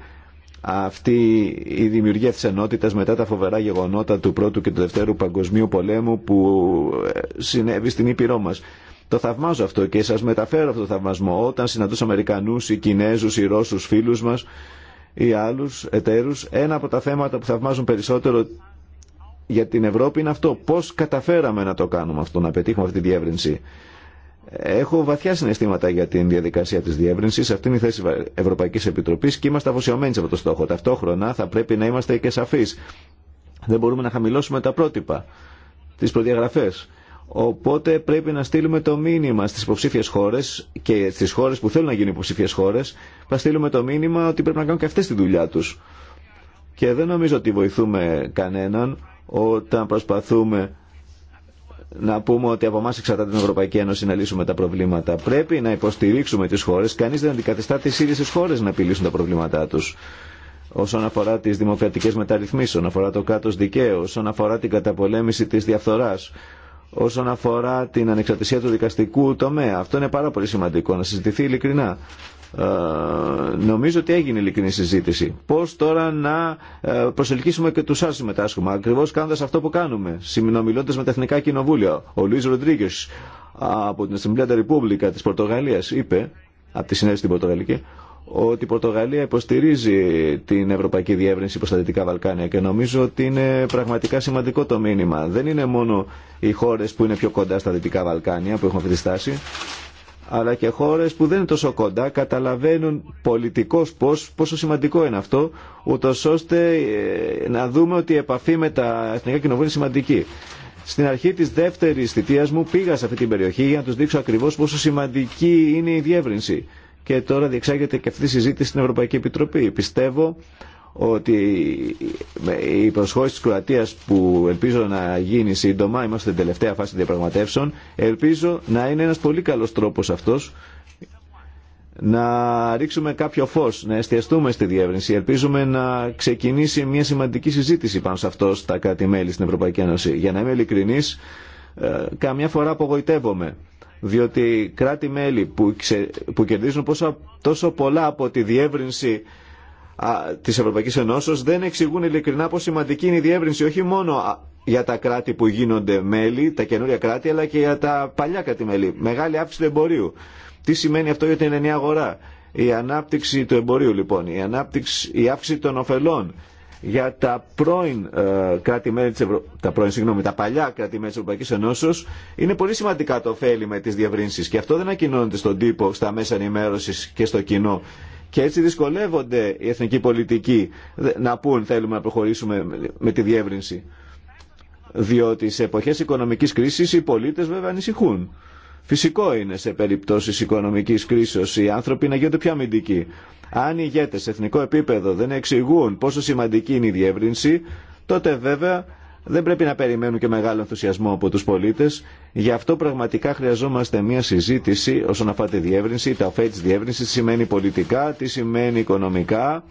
Αυτή η δημιουργία της ενότητας μετά τα φοβερά γεγονότα του πρώτου και του δευτέρου παγκοσμίου πολέμου που ε, συνέβη στην Ήπειρό μας. Το θαυμάζω αυτό και σας μεταφέρω αυτό το θαυμασμό. Όταν συναντούσα Αμερικανούς, οι Κινέζους, οι Ρώσους φίλους μας ή άλλους εταίρους, ένα από τα θέματα που θαυμάζουν περισσότερο για την Ευρώπη είναι αυτό. Πώς καταφέραμε να το κάνουμε αυτό, να πετύχουμε αυτή τη διεύρυνση. Έχω βαθιά συναισθήματα για την διαδικασία τη διεύρυνση. Αυτή είναι η θέση Ευρωπαϊκή Επιτροπή και είμαστε αφοσιωμένοι σε αυτό το στόχο. Ταυτόχρονα θα πρέπει να είμαστε και σαφεί. Δεν μπορούμε να χαμηλώσουμε τα πρότυπα, τι προδιαγραφέ. Οπότε πρέπει να στείλουμε το μήνυμα στι υποψήφιε χώρε και στι χώρε που θέλουν να γίνουν υποψήφιε χώρε. να στείλουμε το μήνυμα ότι πρέπει να κάνουν και αυτέ τη δουλειά του. Και δεν νομίζω ότι βοηθούμε κανέναν όταν προσπαθούμε να πούμε ότι από εμά εξαρτάται την Ευρωπαϊκή Ένωση να λύσουμε τα προβλήματα. Πρέπει να υποστηρίξουμε τι χώρε. Κανεί δεν αντικαθιστά τι ίδιε τι χώρε να επιλύσουν τα προβλήματά του. Όσον αφορά τι δημοκρατικέ μεταρρυθμίσει, όσον αφορά το κράτο δικαίου, όσον αφορά την καταπολέμηση τη διαφθορά, όσον αφορά την ανεξαρτησία του δικαστικού τομέα. Αυτό είναι πάρα πολύ σημαντικό να συζητηθεί ειλικρινά. Ε, νομίζω ότι έγινε ειλικρινή συζήτηση. Πώ τώρα να ε, προσελκύσουμε και του άλλους συμμετάσχουμε, ακριβώς αυτό που κάνουμε, συμμινομιλώντας με τα Εθνικά Κοινοβούλια. Ο Λουί Ροντρίγκο, από την Assembleia de República τη Πορτογαλία, είπε, από τη συνέντευξη στην Πορτογαλική, ότι η Πορτογαλία υποστηρίζει την ευρωπαϊκή διεύρυνση προ τα Δυτικά Βαλκάνια και νομίζω ότι είναι πραγματικά σημαντικό το μήνυμα. Δεν είναι μόνο οι χώρε που είναι πιο κοντά στα Δυτικά Βαλκάνια που έχουν αυτή τη στάση, αλλά και χώρες που δεν είναι τόσο κοντά καταλαβαίνουν πολιτικώς πώς, πόσο σημαντικό είναι αυτό, ούτω ώστε ε, να δούμε ότι η επαφή με τα εθνικά κοινοβούλια είναι σημαντική. Στην αρχή της δεύτερης θητείας μου πήγα σε αυτή την περιοχή για να τους δείξω ακριβώς πόσο σημαντική είναι η διεύρυνση. Και τώρα διεξάγεται και αυτή η συζήτηση στην Ευρωπαϊκή Επιτροπή. Πιστεύω ότι η προσχώρηση της Κροατίας που ελπίζω να γίνει σύντομα, είμαστε στην τελευταία φάση διαπραγματεύσεων, ελπίζω να είναι ένας πολύ καλός τρόπος αυτός να ρίξουμε κάποιο φως, να εστιαστούμε στη διεύρυνση. Ελπίζουμε να ξεκινήσει μια σημαντική συζήτηση πάνω σε αυτό στα κράτη-μέλη στην Ευρωπαϊκή Ένωση. Για να είμαι ειλικρινής, ε, καμιά φορά απογοητεύομαι διότι κράτη-μέλη που, που κερδίζουν τόσο πολλά από τη διεύρυνση Τη Ευρωπαϊκή Ενώσεω δεν εξηγούν ειλικρινά πόσο σημαντική είναι η διεύρυνση όχι μόνο για τα κράτη που γίνονται μέλη, τα καινούρια κράτη, αλλά και για τα παλιά κράτη-μέλη. Μεγάλη αύξηση του εμπορίου. Τι σημαίνει αυτό για την ενιαία αγορά. Η ανάπτυξη του εμπορίου λοιπόν, η, ανάπτυξη, η αύξηση των ωφελών για τα πρώην ε, κράτη-μέλη της παλιά κράτη-μέλη της Ευρωπαϊκής Ενώσεως είναι πολύ σημαντικά το ωφέλη με τι και αυτό δεν ακοινώνεται στον τύπο, στα μέσα ενημέρωση και στο κοινό. Και έτσι δυσκολεύονται οι εθνικοί πολιτικοί να πούν θέλουμε να προχωρήσουμε με τη διεύρυνση. Διότι σε εποχές οικονομικής κρίσης οι πολίτες βέβαια ανησυχούν. Φυσικό είναι σε περιπτώσεις οικονομικής κρίσης οι άνθρωποι να γίνονται πιο αμυντικοί. Αν οι ηγέτες σε εθνικό επίπεδο δεν εξηγούν πόσο σημαντική είναι η διεύρυνση, τότε βέβαια δεν πρέπει να περιμένουν και μεγάλο ενθουσιασμό από τους πολίτες. Γι' αυτό πραγματικά χρειαζόμαστε μια συζήτηση όσον αφορά τη διεύρυνση, τα ωφέλη της διεύρυνσης, τι σημαίνει πολιτικά, τι σημαίνει οικονομικά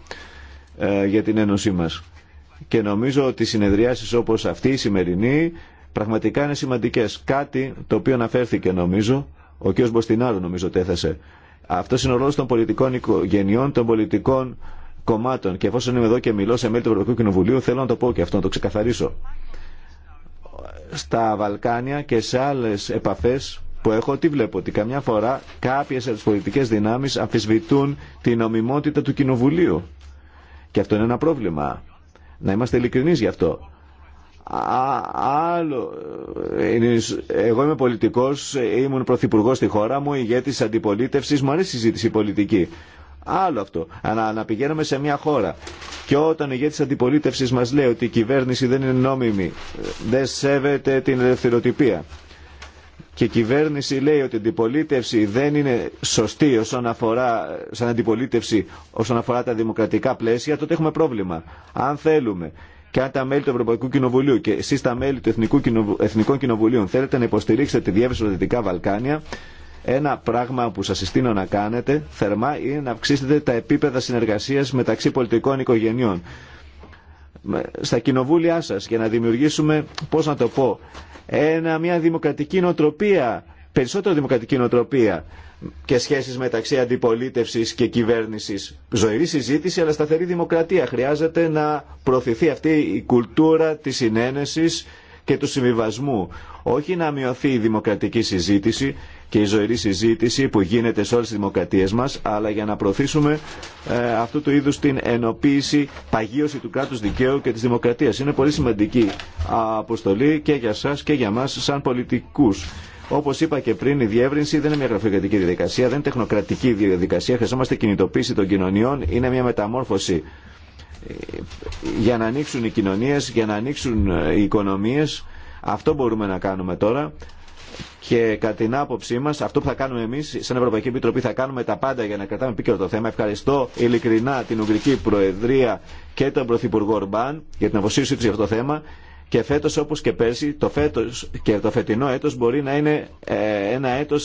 ε, για την Ένωσή μας. Και νομίζω ότι οι συνεδριάσεις όπως αυτή η σημερινή πραγματικά είναι σημαντικές. Κάτι το οποίο αναφέρθηκε νομίζω, ο κ. Μποστινάρου νομίζω τέθεσε. Αυτό είναι ο ρόλος των πολιτικών οικογενειών, των πολιτικών κομμάτων. Και εφόσον είμαι εδώ και μιλώ σε μέλη του Ευρωπαϊκού Κοινοβουλίου, θέλω να το πω και αυτό, να το ξεκαθαρίσω. Στα Βαλκάνια και σε άλλε επαφέ που έχω, τι βλέπω, ότι καμιά φορά κάποιε από τι πολιτικέ δυνάμει αμφισβητούν την νομιμότητα του Κοινοβουλίου. Και αυτό είναι ένα πρόβλημα. Να είμαστε ειλικρινεί γι' αυτό. άλλο, εγώ είμαι πολιτικός, ήμουν πρωθυπουργό στη χώρα μου, ηγέτης αντιπολίτευσης, μου αρέσει η συζήτηση πολιτική. Άλλο αυτό. Να, να πηγαίνουμε σε μια χώρα. Και όταν η ηγέτης αντιπολίτευσης μας λέει ότι η κυβέρνηση δεν είναι νόμιμη, δεν σέβεται την ελευθεροτυπία και η κυβέρνηση λέει ότι η αντιπολίτευση δεν είναι σωστή όσον αφορά, σαν αντιπολίτευση όσον αφορά τα δημοκρατικά πλαίσια, τότε έχουμε πρόβλημα. Αν θέλουμε και αν τα μέλη του Ευρωπαϊκού Κοινοβουλίου και εσεί τα μέλη του Εθνικού Εθνικών Κοινοβουλίων θέλετε να υποστηρίξετε τη διεύρυνση στα Δυτικά Βαλκάνια, ένα πράγμα που σας συστήνω να κάνετε θερμά είναι να αυξήσετε τα επίπεδα συνεργασίας μεταξύ πολιτικών οικογενειών στα κοινοβούλια σας για να δημιουργήσουμε, πώς να το πω, ένα, μια δημοκρατική νοοτροπία, περισσότερο δημοκρατική νοοτροπία και σχέσεις μεταξύ αντιπολίτευσης και κυβέρνησης. Ζωηρή συζήτηση αλλά σταθερή δημοκρατία. Χρειάζεται να προωθηθεί αυτή η κουλτούρα της συνένεσης και του συμβιβασμού. Όχι να μειωθεί η δημοκρατική συζήτηση και η ζωηρή συζήτηση που γίνεται σε όλες τις δημοκρατίες μας, αλλά για να προωθήσουμε ε, αυτού του είδους την ενοποίηση, παγίωση του κράτους δικαίου και της δημοκρατίας. Είναι πολύ σημαντική αποστολή και για σας και για μας σαν πολιτικούς. Όπω είπα και πριν, η διεύρυνση δεν είναι μια γραφειοκρατική διαδικασία, δεν είναι τεχνοκρατική διαδικασία. Χρειαζόμαστε κινητοποίηση των κοινωνιών, είναι μια μεταμόρφωση ε, για να ανοίξουν οι κοινωνίε, για να ανοίξουν ε, οι οικονομίε. Αυτό μπορούμε να κάνουμε τώρα. Και κατά την άποψή μα, αυτό που θα κάνουμε εμεί, σαν Ευρωπαϊκή Επιτροπή, θα κάνουμε τα πάντα για να κρατάμε επίκαιρο το θέμα. Ευχαριστώ ειλικρινά την Ουγγρική Προεδρία και τον Πρωθυπουργό Ορμπάν για την αποσύρωσή του για αυτό το θέμα. Και φέτο, όπω και πέρσι, το φέτος και το φετινό έτο μπορεί να είναι ε, ένα έτο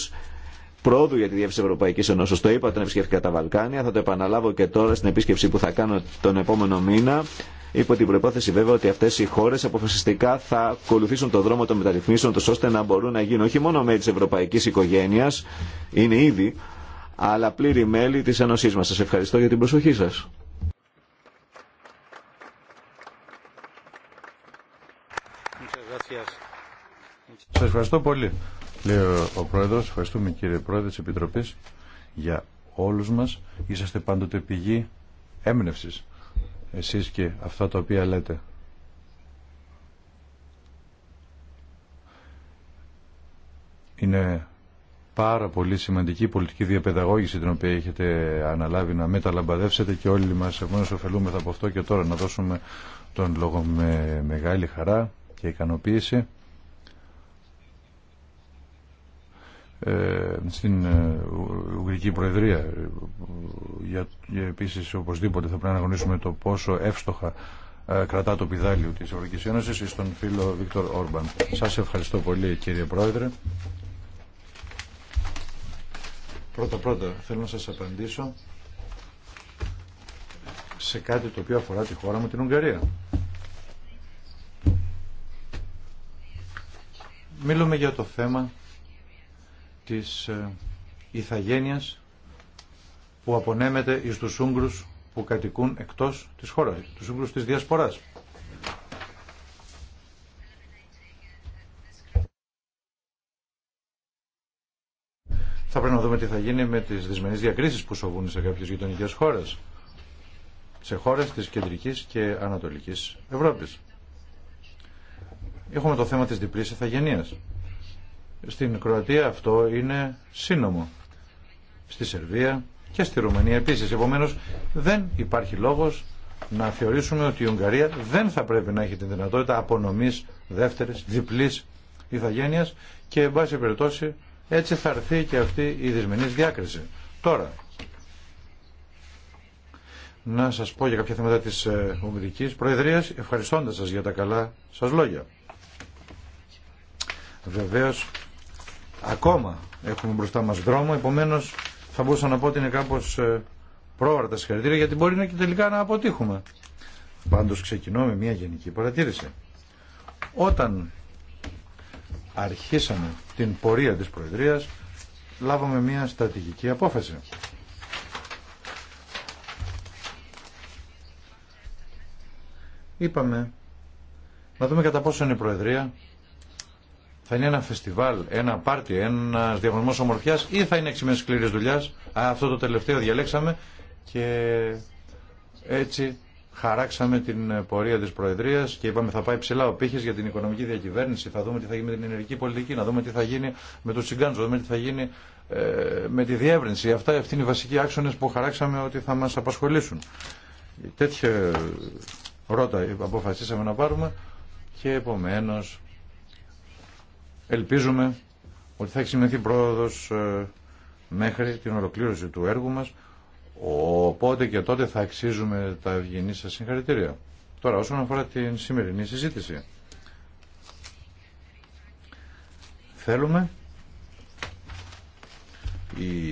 πρόοδου για τη διεύθυνση Ευρωπαϊκή Ενώσεω. Το είπα όταν επισκέφθηκα τα Βαλκάνια, θα το επαναλάβω και τώρα στην επίσκεψη που θα κάνω τον επόμενο μήνα. Υπό την προπόθεση βέβαια ότι αυτέ οι χώρε αποφασιστικά θα ακολουθήσουν το δρόμο των μεταρρυθμίσεων του ώστε να μπορούν να γίνουν όχι μόνο μέλη τη ευρωπαϊκή οικογένεια, είναι ήδη, αλλά πλήρη μέλη τη Ένωσή μα. Σα ευχαριστώ για την προσοχή σα. Σα ευχαριστώ πολύ, λέει ο Πρόεδρος. Ευχαριστούμε κύριε Πρόεδρε τη Επιτροπή, για όλου μα. Είσαστε πάντοτε πηγή έμπνευση εσείς και αυτά τα οποία λέτε. Είναι πάρα πολύ σημαντική πολιτική διαπαιδαγώγηση την οποία έχετε αναλάβει να μεταλαμπαδεύσετε και όλοι μας επομένως ωφελούμεθα από αυτό και τώρα να δώσουμε τον λόγο με μεγάλη χαρά και ικανοποίηση Ε, στην ε, Ουγγρική Προεδρία ε, για, για επίσης οπωσδήποτε θα πρέπει να αναγνωρίσουμε το πόσο εύστοχα κρατά το πιδάλιο της Ευρωπαϊκής Ένωσης στον φίλο Βίκτορ Όρμπαν. Σας ευχαριστώ πολύ κύριε Πρόεδρε. Πρώτα πρώτα θέλω να σας απαντήσω σε κάτι το οποίο αφορά τη χώρα μου την Ουγγαρία. Μίλουμε για το θέμα της ε, ηθαγένειας που απονέμεται εις τους Ούγγρους που κατοικούν εκτός της χώρας, τους Ούγγρους της Διασποράς. Θα πρέπει να δούμε τι θα γίνει με τις δυσμενείς διακρίσεις που σοβούν σε κάποιες γειτονικές χώρες, σε χώρες της κεντρικής και ανατολικής Ευρώπης. Έχουμε το θέμα της διπλής ηθαγενείας. Στην Κροατία αυτό είναι σύνομο. Στη Σερβία και στη Ρουμανία επίσης. Επομένως δεν υπάρχει λόγος να θεωρήσουμε ότι η Ουγγαρία δεν θα πρέπει να έχει την δυνατότητα απονομής δεύτερης, διπλής ηθαγένεια και εν πάση περιπτώσει έτσι θα έρθει και αυτή η δυσμενή διάκριση. Τώρα, να σας πω για κάποια θέματα της ε, Ουγγρική προεδρία, ευχαριστώντα σα για τα καλά σα λόγια. Βεβαίω, ακόμα έχουμε μπροστά μας δρόμο, επομένως θα μπορούσα να πω ότι είναι κάπως ε, πρόωρα τα συγχαρητήρια γιατί μπορεί να και τελικά να αποτύχουμε. Πάντως ξεκινώ με μια γενική παρατήρηση. Όταν αρχίσαμε την πορεία της Προεδρίας λάβαμε μια στρατηγική απόφαση. Είπαμε να δούμε κατά πόσο είναι η Προεδρία θα είναι ένα φεστιβάλ, ένα πάρτι, ένα διαγωνισμό ομορφιά ή θα είναι 6 μέρε σκληρή δουλειά. Αυτό το τελευταίο διαλέξαμε και έτσι χαράξαμε την πορεία τη Προεδρία και είπαμε θα πάει ψηλά ο πύχη για την οικονομική διακυβέρνηση. Θα δούμε τι θα γίνει με την ενεργική πολιτική, να δούμε τι θα γίνει με του συγκάντου, να δούμε τι θα γίνει ε, με τη διεύρυνση. Αυτά αυτοί είναι οι βασικοί άξονε που χαράξαμε ότι θα μα απασχολήσουν. Τέτοια ρότα αποφασίσαμε να πάρουμε και επομένω Ελπίζουμε ότι θα έχει σημειωθεί πρόοδος ε, μέχρι την ολοκλήρωση του έργου μας, οπότε και τότε θα αξίζουμε τα ευγενή σας συγχαρητήρια. Τώρα, όσον αφορά την σημερινή συζήτηση, θέλουμε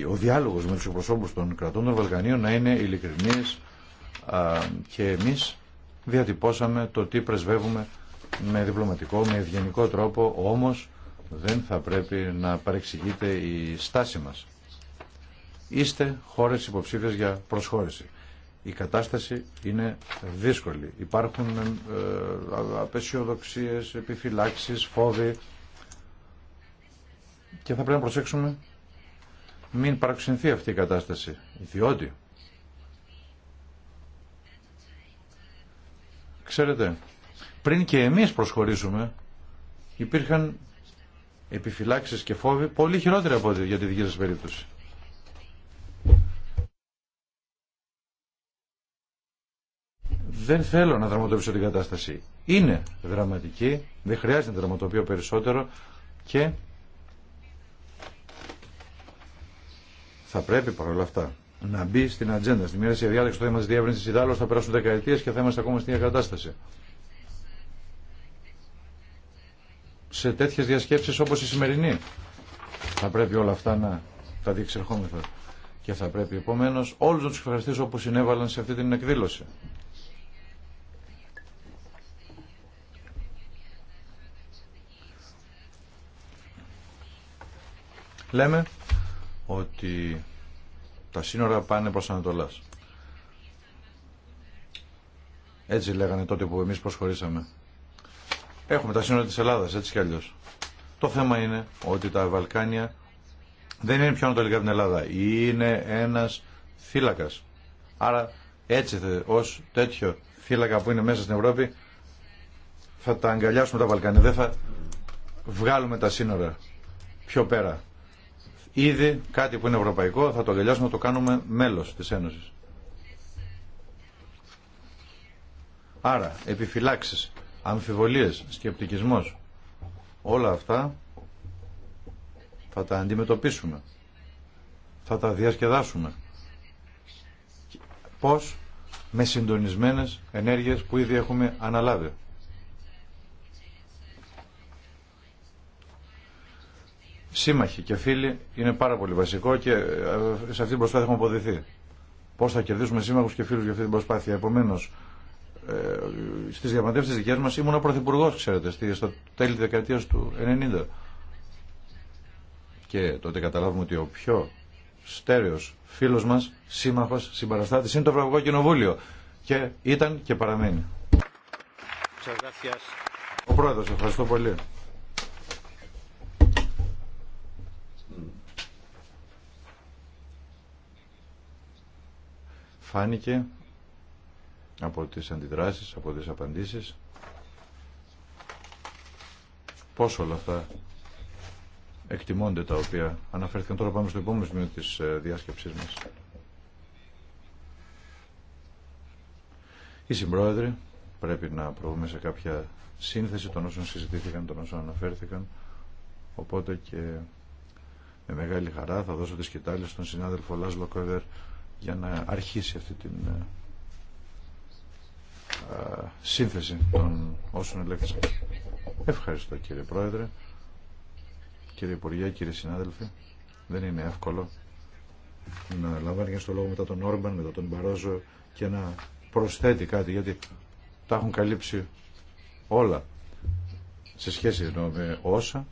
ο διάλογος με τους εκπροσώπους των κρατών των Βαλκανίων να είναι ειλικρινής και εμείς διατυπώσαμε το τι πρεσβεύουμε με διπλωματικό, με ευγενικό τρόπο, όμως δεν θα πρέπει να παρεξηγείται η στάση μας. Είστε χώρες υποψήφιες για προσχώρηση. Η κατάσταση είναι δύσκολη. Υπάρχουν ε, απεσιοδοξίες, επιφυλάξεις, φόβοι και θα πρέπει να προσέξουμε μην παραξενθεί αυτή η κατάσταση. Διότι ξέρετε πριν και εμείς προσχωρήσουμε υπήρχαν επιφυλάξεις και φόβοι πολύ χειρότερα από ό,τι για τη δική σας περίπτωση. Δεν θέλω να δραματοποιήσω την κατάσταση. Είναι δραματική, δεν χρειάζεται να δραματοποιώ περισσότερο και θα πρέπει παρόλα αυτά να μπει στην ατζέντα, στην μοίρα σε διάλεξη το θέμα τη διεύρυνση. Ιδάλω θα περάσουν δεκαετίες και θα είμαστε ακόμα στην κατάσταση. σε τέτοιες διασκέψεις όπως η σημερινή. Θα πρέπει όλα αυτά να τα διεξερχόμεθα. Και θα πρέπει επομένω όλους να τους ευχαριστήσω που συνέβαλαν σε αυτή την εκδήλωση. Λέμε ότι τα σύνορα πάνε προς Ανατολάς. Έτσι λέγανε τότε που εμείς προσχωρήσαμε. Έχουμε τα σύνορα της Ελλάδας, έτσι κι αλλιώς. Το θέμα είναι ότι τα Βαλκάνια δεν είναι πιο ανατολικά από την Ελλάδα. Είναι ένας θύλακας. Άρα έτσι ω τέτοιο θύλακα που είναι μέσα στην Ευρώπη θα τα αγκαλιάσουμε τα Βαλκάνια. Δεν θα βγάλουμε τα σύνορα πιο πέρα. Ήδη κάτι που είναι ευρωπαϊκό θα το αγκαλιάσουμε, να το κάνουμε μέλος της Ένωσης. Άρα, επιφυλάξεις αμφιβολίες, σκεπτικισμός. Όλα αυτά θα τα αντιμετωπίσουμε. Θα τα διασκεδάσουμε. Πώς με συντονισμένες ενέργειες που ήδη έχουμε αναλάβει. Σύμμαχοι και φίλοι είναι πάρα πολύ βασικό και ε, σε αυτή την προσπάθεια έχουμε αποδειθεί. Πώς θα κερδίσουμε σύμμαχους και φίλους για αυτή την προσπάθεια. Επομένω, ε, στις διαπραγματεύσεις δικές μας ήμουν πρωθυπουργός, ξέρετε, στο τέλη της δεκαετίας του 90. Και τότε καταλάβουμε ότι ο πιο στέρεος φίλος μας, σύμμαχος, συμπαραστάτης, είναι το Ευρωπαϊκό Κοινοβούλιο. Και ήταν και παραμένει. Ο Πρόεδρος, ευχαριστώ πολύ. Φάνηκε από τις αντιδράσεις, από τις απαντήσεις πώς όλα αυτά εκτιμώνται τα οποία αναφέρθηκαν τώρα πάμε στο επόμενο σημείο της ε, διάσκεψής μας Οι συμπρόεδροι πρέπει να προβούμε σε κάποια σύνθεση των όσων συζητήθηκαν, των όσων αναφέρθηκαν οπότε και με μεγάλη χαρά θα δώσω τις σκητάλη στον συνάδελφο Λάσλο Κόβερ για να αρχίσει αυτή την ε, ε, σύνθεση των όσων ελέγχθησαν. Ευχαριστώ κύριε Πρόεδρε, κύριε Υπουργέ, κύριε συνάδελφοι. Δεν είναι εύκολο να λαμβάνει στο λόγο μετά τον Όρμπαν, μετά τον Μπαρόζο και να προσθέτει κάτι γιατί τα έχουν καλύψει όλα σε σχέση με όσα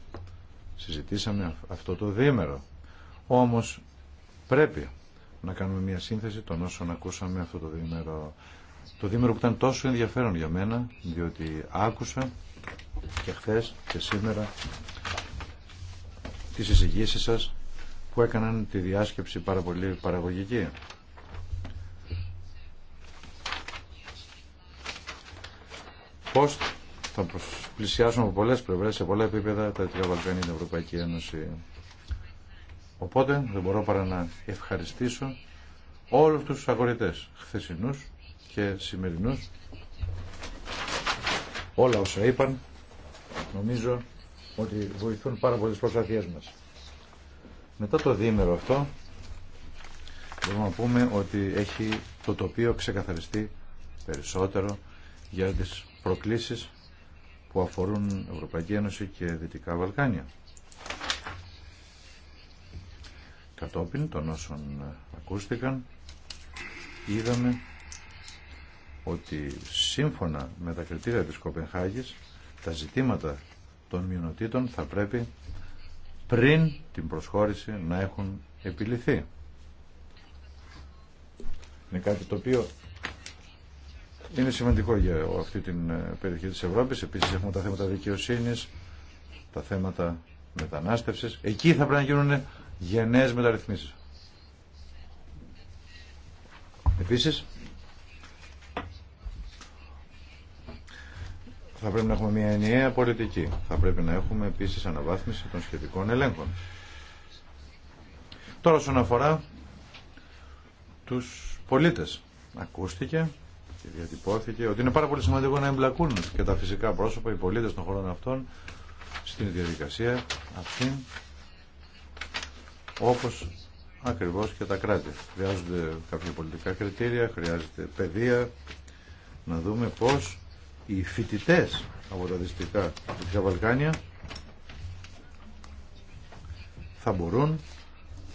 συζητήσαμε αυτό το δήμερο. Όμως πρέπει να κάνουμε μια σύνθεση των όσων ακούσαμε αυτό το δήμερο το δήμερο που ήταν τόσο ενδιαφέρον για μένα, διότι άκουσα και χθε και σήμερα τι εισηγήσεις σας που έκαναν τη διάσκεψη πάρα πολύ παραγωγική. Πώς θα πλησιάσουν από πολλές πλευρέ, σε πολλά επίπεδα, τα τρία Βαλκάνια την Ευρωπαϊκή Ένωση. Οπότε δεν μπορώ παρά να ευχαριστήσω όλους τους αγορητές χθεσινούς και σημερινούς. Όλα όσα είπαν νομίζω ότι βοηθούν πάρα πολλές προσπαθίες μας. Μετά το διήμερο αυτό μπορούμε να πούμε ότι έχει το τοπίο ξεκαθαριστεί περισσότερο για τις προκλήσεις που αφορούν Ευρωπαϊκή Ένωση και Δυτικά Βαλκάνια. Κατόπιν των όσων ακούστηκαν είδαμε ότι σύμφωνα με τα κριτήρια της Κοπενχάγης τα ζητήματα των μειονοτήτων θα πρέπει πριν την προσχώρηση να έχουν επιληθεί. Είναι κάτι το οποίο είναι σημαντικό για αυτή την ε, περιοχή της Ευρώπης. Επίσης έχουμε τα θέματα δικαιοσύνης, τα θέματα μετανάστευσης. Εκεί θα πρέπει να γίνουν γενναίες μεταρρυθμίσεις. Επίσης, θα πρέπει να έχουμε μια ενιαία πολιτική. Θα πρέπει να έχουμε επίσης αναβάθμιση των σχετικών ελέγχων. Τώρα όσον αφορά τους πολίτες. Ακούστηκε και διατυπώθηκε ότι είναι πάρα πολύ σημαντικό να εμπλακούν και τα φυσικά πρόσωπα, οι πολίτες των χωρών αυτών στην διαδικασία αυτή όπως ακριβώς και τα κράτη. Χρειάζονται κάποια πολιτικά κριτήρια, χρειάζεται παιδεία, να δούμε πώς οι φοιτητέ από τα δυστικά Βαλκάνια θα μπορούν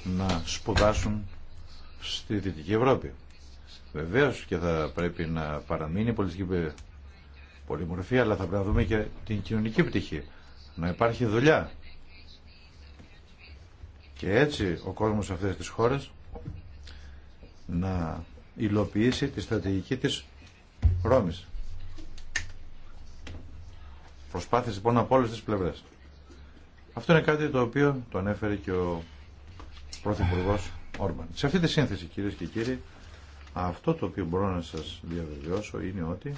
να σπουδάσουν στη Δυτική Ευρώπη. Βεβαίως και θα πρέπει να παραμείνει η πολιτική πολυμορφία, αλλά θα πρέπει να δούμε και την κοινωνική πτυχή. Να υπάρχει δουλειά. Και έτσι ο κόσμος αυτές τις χώρες να υλοποιήσει τη στρατηγική της Ρώμης. Προσπάθειες λοιπόν από όλες τις πλευρές. Αυτό είναι κάτι το οποίο το ανέφερε και ο Πρωθυπουργό Όρμπαν. Σε αυτή τη σύνθεση κυρίες και κύριοι, αυτό το οποίο μπορώ να σας διαβεβαιώσω είναι ότι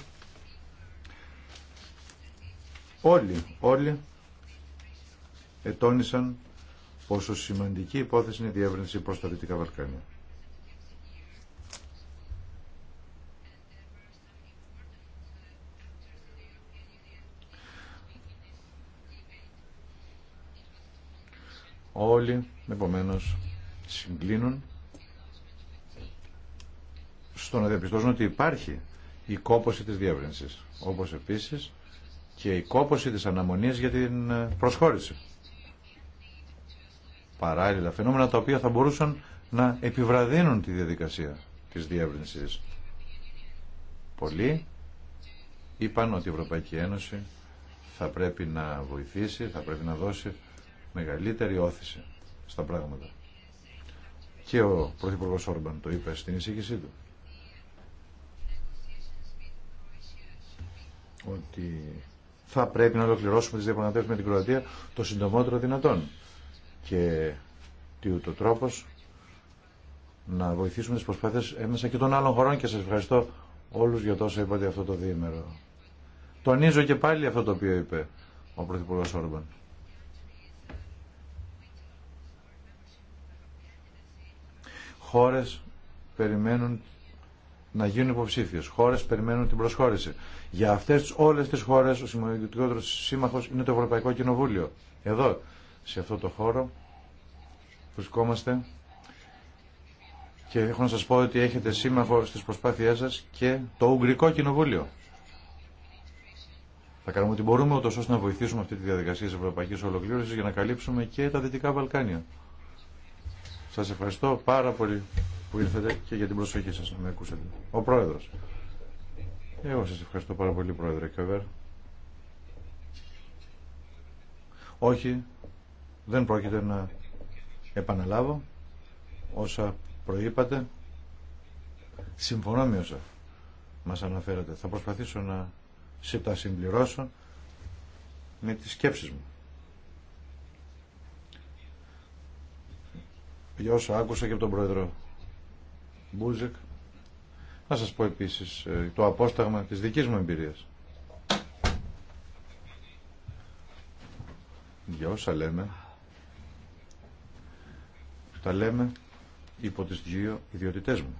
όλοι, όλοι ετώνησαν πόσο σημαντική υπόθεση είναι η διεύρυνση προς τα Δυτικά Βαλκάνια. Όλοι επομένως συγκλίνουν στο να διαπιστώσουν ότι υπάρχει η κόποση της διεύρυνσης, όπως επίσης και η κόποση της αναμονής για την προσχώρηση. Παράλληλα φαινόμενα τα οποία θα μπορούσαν να επιβραδύνουν τη διαδικασία της διεύρυνσης. Πολλοί είπαν ότι η Ευρωπαϊκή Ένωση θα πρέπει να βοηθήσει, θα πρέπει να δώσει μεγαλύτερη όθηση στα πράγματα. Και ο Πρωθυπουργό Όρμπαν το είπε στην εισήγησή του. Ότι θα πρέπει να ολοκληρώσουμε τις διαπραγματεύσεις με την Κροατία το συντομότερο δυνατόν. Και τι ούτω τρόπος να βοηθήσουμε τις προσπάθειες έμεσα και των άλλων χωρών και σας ευχαριστώ όλους για τόσο είπατε αυτό το διήμερο. Τονίζω και πάλι αυτό το οποίο είπε ο Πρωθυπουργός Όρμπαν. χώρες περιμένουν να γίνουν υποψήφιες, χώρες περιμένουν την προσχώρηση. Για αυτέ όλες τις χώρες ο σημαντικότερο σύμμαχος είναι το Ευρωπαϊκό Κοινοβούλιο. Εδώ, σε αυτό το χώρο, βρισκόμαστε και έχω να σα πω ότι έχετε σύμμαχο στις προσπάθειές σας και το Ουγγρικό Κοινοβούλιο. Θα κάνουμε ό,τι μπορούμε, ούτω ώστε να βοηθήσουμε αυτή τη διαδικασία τη Ευρωπαϊκή Ολοκλήρωση για να καλύψουμε και τα Δυτικά Βαλκάνια. Σας ευχαριστώ πάρα πολύ που ήρθατε και για την προσοχή σας να με ακούσατε. Ο Πρόεδρος. Εγώ σας ευχαριστώ πάρα πολύ Πρόεδρε Κεβέρ. Όχι, δεν πρόκειται να επαναλάβω όσα προείπατε. Συμφωνώ με όσα μας αναφέρατε. Θα προσπαθήσω να σε τα συμπληρώσω με τις σκέψεις μου. για όσα άκουσα και από τον πρόεδρο Μπούζεκ να σας πω επίσης ε, το απόσταγμα της δικής μου εμπειρίας για όσα λέμε τα λέμε υπό τις δύο ιδιωτητές μου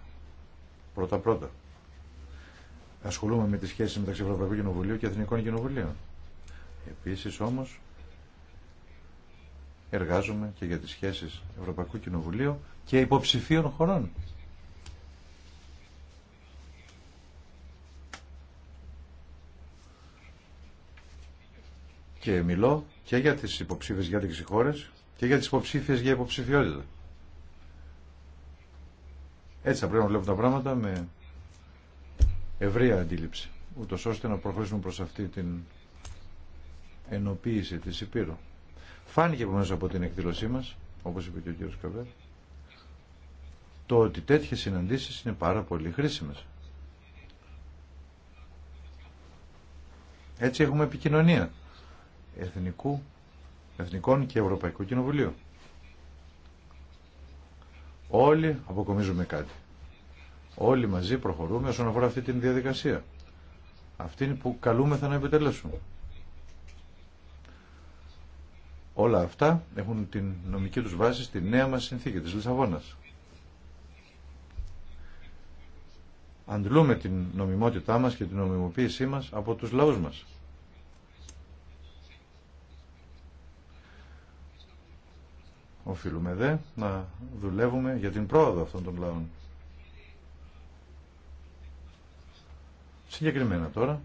πρώτα πρώτα ασχολούμαι με τη σχέση μεταξύ Ευρωπαϊκού Κοινοβουλίου και Εθνικών Κοινοβουλίων επίσης όμως εργάζομαι και για τις σχέσεις Ευρωπαϊκού Κοινοβουλίου και υποψηφίων χωρών. Και μιλώ και για τις υποψήφιες για τις χώρε και για τις υποψήφιες για υποψηφιότητα. Έτσι θα πρέπει να βλέπουμε τα πράγματα με ευρεία αντίληψη, ούτως ώστε να προχωρήσουμε προς αυτή την ενοποίηση της Υπήρου. Φάνηκε μέσα από την εκδήλωσή μας, όπως είπε και ο κύριος Καβέρ, το ότι τέτοιες συναντήσεις είναι πάρα πολύ χρήσιμες. Έτσι έχουμε επικοινωνία εθνικού, εθνικών και ευρωπαϊκού κοινοβουλίου. Όλοι αποκομίζουμε κάτι. Όλοι μαζί προχωρούμε όσον αφορά αυτή την διαδικασία. Αυτή είναι που καλούμεθα να επιτελέσουμε. Όλα αυτά έχουν την νομική τους βάση στη νέα μας συνθήκη της Λισαβόνας. Αντλούμε την νομιμότητά μας και την νομιμοποίησή μας από τους λαούς μας. Οφείλουμε δε να δουλεύουμε για την πρόοδο αυτών των λαών. Συγκεκριμένα τώρα,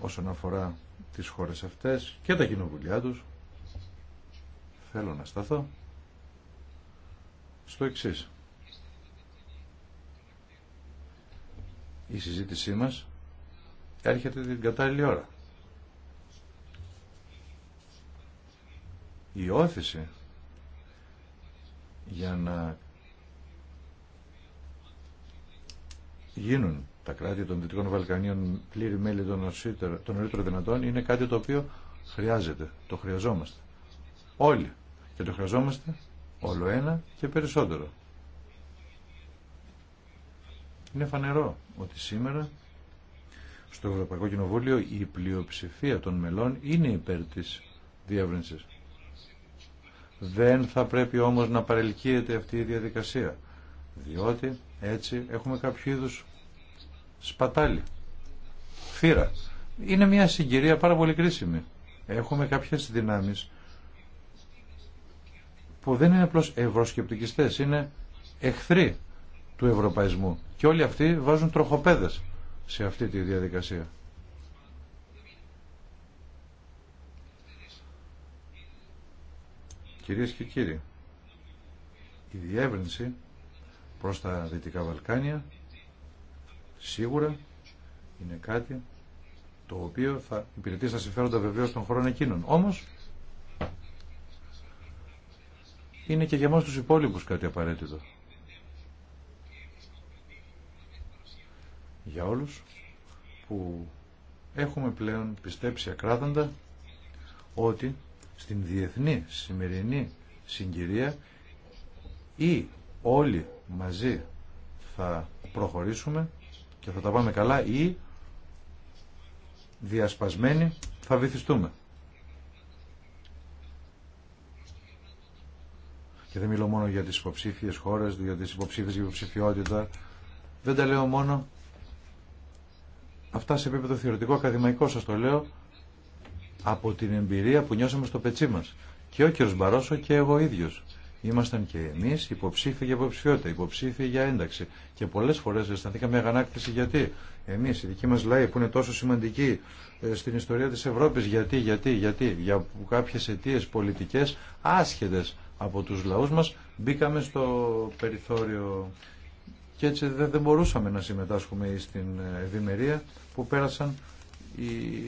όσον αφορά τις χώρες αυτές και τα κοινοβουλιά τους θέλω να σταθώ στο εξής. Η συζήτησή μας έρχεται την κατάλληλη ώρα. Η όθηση για να γίνουν τα κράτη των Δυτικών Βαλκανίων πλήρη μέλη των, των δυνατών είναι κάτι το οποίο χρειάζεται, το χρειαζόμαστε. Όλοι. Και το χρειαζόμαστε όλο ένα και περισσότερο. Είναι φανερό ότι σήμερα στο Ευρωπαϊκό Κοινοβούλιο η πλειοψηφία των μελών είναι υπέρ της διεύρυνσης. Δεν θα πρέπει όμως να παρελκύεται αυτή η διαδικασία, διότι έτσι έχουμε κάποιο είδους σπατάλι, φύρα. Είναι μια συγκυρία πάρα πολύ κρίσιμη. Έχουμε κάποιες δυνάμεις που δεν είναι απλώς ευρωσκεπτικιστές, είναι εχθροί του ευρωπαϊσμού. Και όλοι αυτοί βάζουν τροχοπέδες σε αυτή τη διαδικασία. Κυρίες και κύριοι, η διεύρυνση προς τα Δυτικά Βαλκάνια σίγουρα είναι κάτι το οποίο θα υπηρετεί στα συμφέροντα βεβαίως των χωρών εκείνων. Όμως, είναι και για μας τους υπόλοιπους κάτι απαραίτητο. Για όλους που έχουμε πλέον πιστέψει ακράδαντα ότι στην διεθνή σημερινή συγκυρία ή όλοι μαζί θα προχωρήσουμε και θα τα πάμε καλά ή διασπασμένοι θα βυθιστούμε. Και δεν μιλώ μόνο για τις υποψήφιες χώρες, για τις υποψήφιες υποψηφιότητα. Δεν τα λέω μόνο. Αυτά σε επίπεδο θεωρητικό ακαδημαϊκό σας το λέω από την εμπειρία που νιώσαμε στο πετσί μας. Και ο κ. Μπαρόσο και εγώ ίδιος. Ήμασταν και εμεί υποψήφοι για υποψηφιότητα, υποψήφοι για ένταξη. Και πολλέ φορέ αισθανθήκαμε αγανάκτηση γιατί εμεί, οι δικοί μα λαοί που είναι τόσο σημαντικοί ε, στην ιστορία τη Ευρώπη, γιατί, γιατί, γιατί, για κάποιε αιτίε πολιτικέ άσχετε από του λαού μα, μπήκαμε στο περιθώριο. Και έτσι δεν μπορούσαμε να συμμετάσχουμε στην ευημερία που πέρασαν οι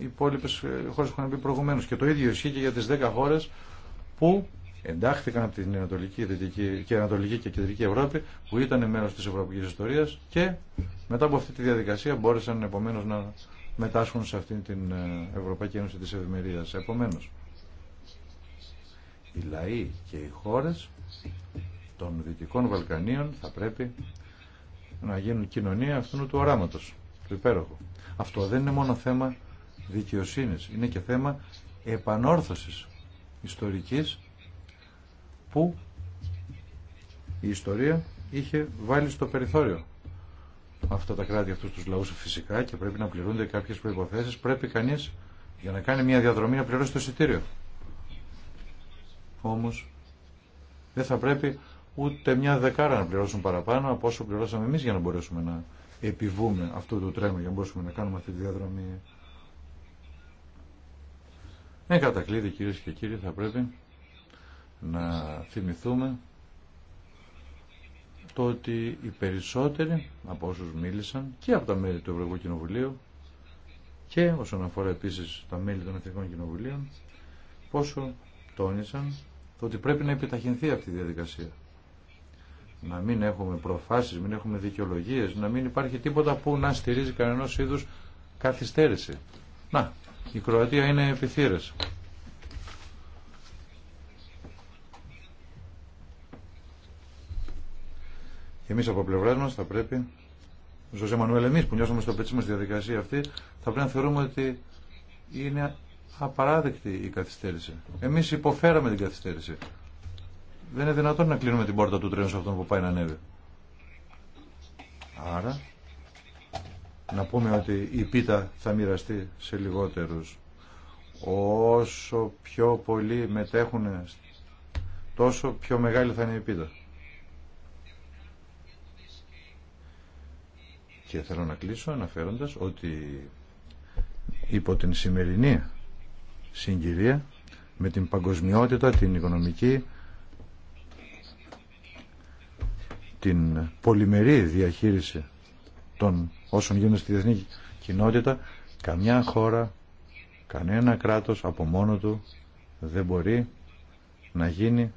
υπόλοιπε ε, χώρε που είχαν μπει προηγουμένω. Και το ίδιο ισχύει και για τι 10 χώρε που εντάχθηκαν από την Ανατολική, Δυτική, και Ανατολική και Κεντρική Ευρώπη που ήταν μέρος της ευρωπαϊκής ιστορίας και μετά από αυτή τη διαδικασία μπόρεσαν επομένως να μετάσχουν σε αυτήν την ε, Ευρωπαϊκή Ένωση της Ευημερίας. Επομένως, οι λαοί και οι χώρες των Δυτικών Βαλκανίων θα πρέπει να γίνουν κοινωνία αυτού του οράματος, του υπέροχου. Αυτό δεν είναι μόνο θέμα δικαιοσύνης, είναι και θέμα επανόρθωσης ιστορικής που η ιστορία είχε βάλει στο περιθώριο αυτά τα κράτη, αυτούς τους λαούς φυσικά και πρέπει να πληρούνται κάποιες προϋποθέσεις. Πρέπει κανείς για να κάνει μια διαδρομή να πληρώσει το εισιτήριο. Όμως δεν θα πρέπει ούτε μια δεκάρα να πληρώσουν παραπάνω από όσο πληρώσαμε εμείς για να μπορέσουμε να επιβούμε αυτό το τρένο, για να μπορέσουμε να κάνουμε αυτή τη διαδρομή. Ε, κατακλείδη κυρίες και κύριοι, θα πρέπει να θυμηθούμε το ότι οι περισσότεροι από όσους μίλησαν και από τα μέλη του Ευρωπαϊκού Κοινοβουλίου και όσον αφορά επίσης τα μέλη των Εθνικών Κοινοβουλίων πόσο τόνισαν το ότι πρέπει να επιταχυνθεί αυτή η διαδικασία. Να μην έχουμε προφάσεις, μην έχουμε δικαιολογίες, να μην υπάρχει τίποτα που να στηρίζει κανένας είδους καθυστέρηση. Να, η Κροατία είναι επιθύρες. Εμείς εμεί από πλευρά μα θα πρέπει, Ζωζέ Μανουέλ, εμεί που νιώσαμε στο πετσί μα τη διαδικασία αυτή, θα πρέπει να θεωρούμε ότι είναι απαράδεκτη η καθυστέρηση. Εμεί υποφέραμε την καθυστέρηση. Δεν είναι δυνατόν να κλείνουμε την πόρτα του τρένου σε αυτόν που πάει να ανέβει. Άρα, να πούμε ότι η πίτα θα μοιραστεί σε λιγότερους. Όσο πιο πολλοί μετέχουν, τόσο πιο μεγάλη θα είναι η πίτα. Και θέλω να κλείσω αναφέροντας ότι υπό την σημερινή συγκυρία με την παγκοσμιότητα, την οικονομική, την πολυμερή διαχείριση των όσων γίνονται στη διεθνή κοινότητα, καμιά χώρα, κανένα κράτος από μόνο του δεν μπορεί να γίνει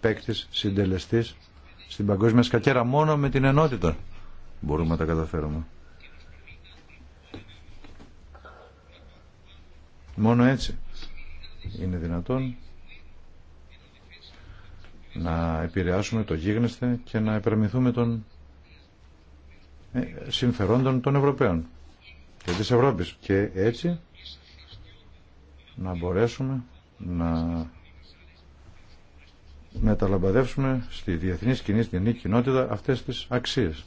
παίκτης, συντελεστής στην παγκόσμια σκακέρα μόνο με την ενότητα μπορούμε να τα καταφέρουμε. Μόνο έτσι είναι δυνατόν να επηρεάσουμε το γίγνεσθε και να επερμηθούμε των ε, συμφερόντων των Ευρωπαίων και της Ευρώπης και έτσι να μπορέσουμε να μεταλαμπαδεύσουμε στη διεθνή σκηνή, στην κοινότητα αυτές τις αξίες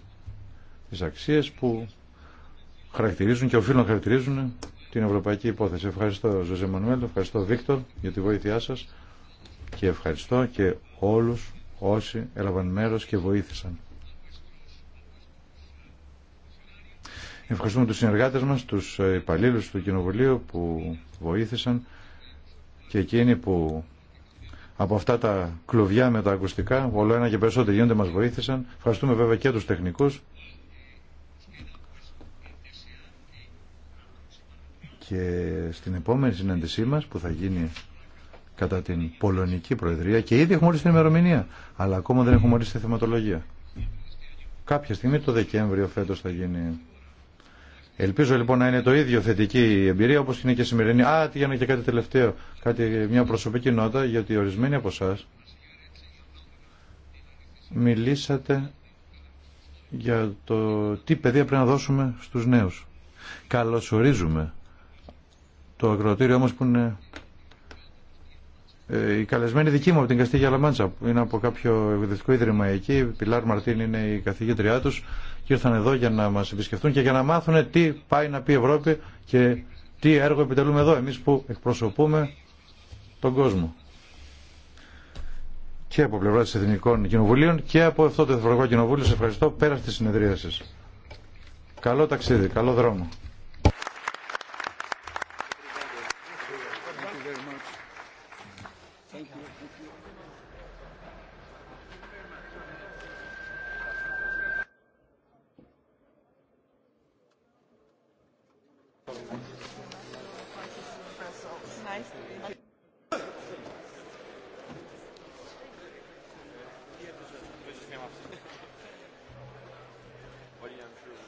τις αξίες που χαρακτηρίζουν και οφείλουν να χαρακτηρίζουν την ευρωπαϊκή υπόθεση. Ευχαριστώ Ζωζέ Μανουέλ, ευχαριστώ Βίκτορ για τη βοήθειά σας και ευχαριστώ και όλους όσοι έλαβαν μέρος και βοήθησαν. Ευχαριστούμε τους συνεργάτες μας, τους υπαλλήλους του Κοινοβουλίου που βοήθησαν και εκείνοι που από αυτά τα κλουβιά με τα ακουστικά, όλο ένα και περισσότερο γίνονται, μας βοήθησαν. Ευχαριστούμε βέβαια και τους τεχνικούς. και στην επόμενη συνάντησή μας που θα γίνει κατά την Πολωνική Προεδρία και ήδη έχουμε ορίσει την ημερομηνία αλλά ακόμα δεν έχουμε ορίσει τη θεματολογία. Κάποια στιγμή το Δεκέμβριο φέτος θα γίνει. Ελπίζω λοιπόν να είναι το ίδιο θετική η εμπειρία όπως είναι και σημερινή. Α, τι για και κάτι τελευταίο, κάτι, μια προσωπική νότα γιατί ορισμένοι από εσά μιλήσατε για το τι παιδεία πρέπει να δώσουμε στους νέους. Καλωσορίζουμε το ακροατήριο όμως που είναι ε, η καλεσμένη δική μου από την Καστίγια Λαμάντσα που είναι από κάποιο εκδοτικό ίδρυμα εκεί, η Πιλάρ Μαρτίν είναι η καθηγήτριά τους και ήρθαν εδώ για να μας επισκεφτούν και για να μάθουν τι πάει να πει η Ευρώπη και τι έργο επιτελούμε εδώ εμείς που εκπροσωπούμε τον κόσμο και από πλευρά τη Εθνικών Κοινοβουλίων και από αυτό το Ευρωπαϊκό Κοινοβούλιο. Σε ευχαριστώ. Πέρα τη συνεδρία Καλό ταξίδι, καλό δρόμο.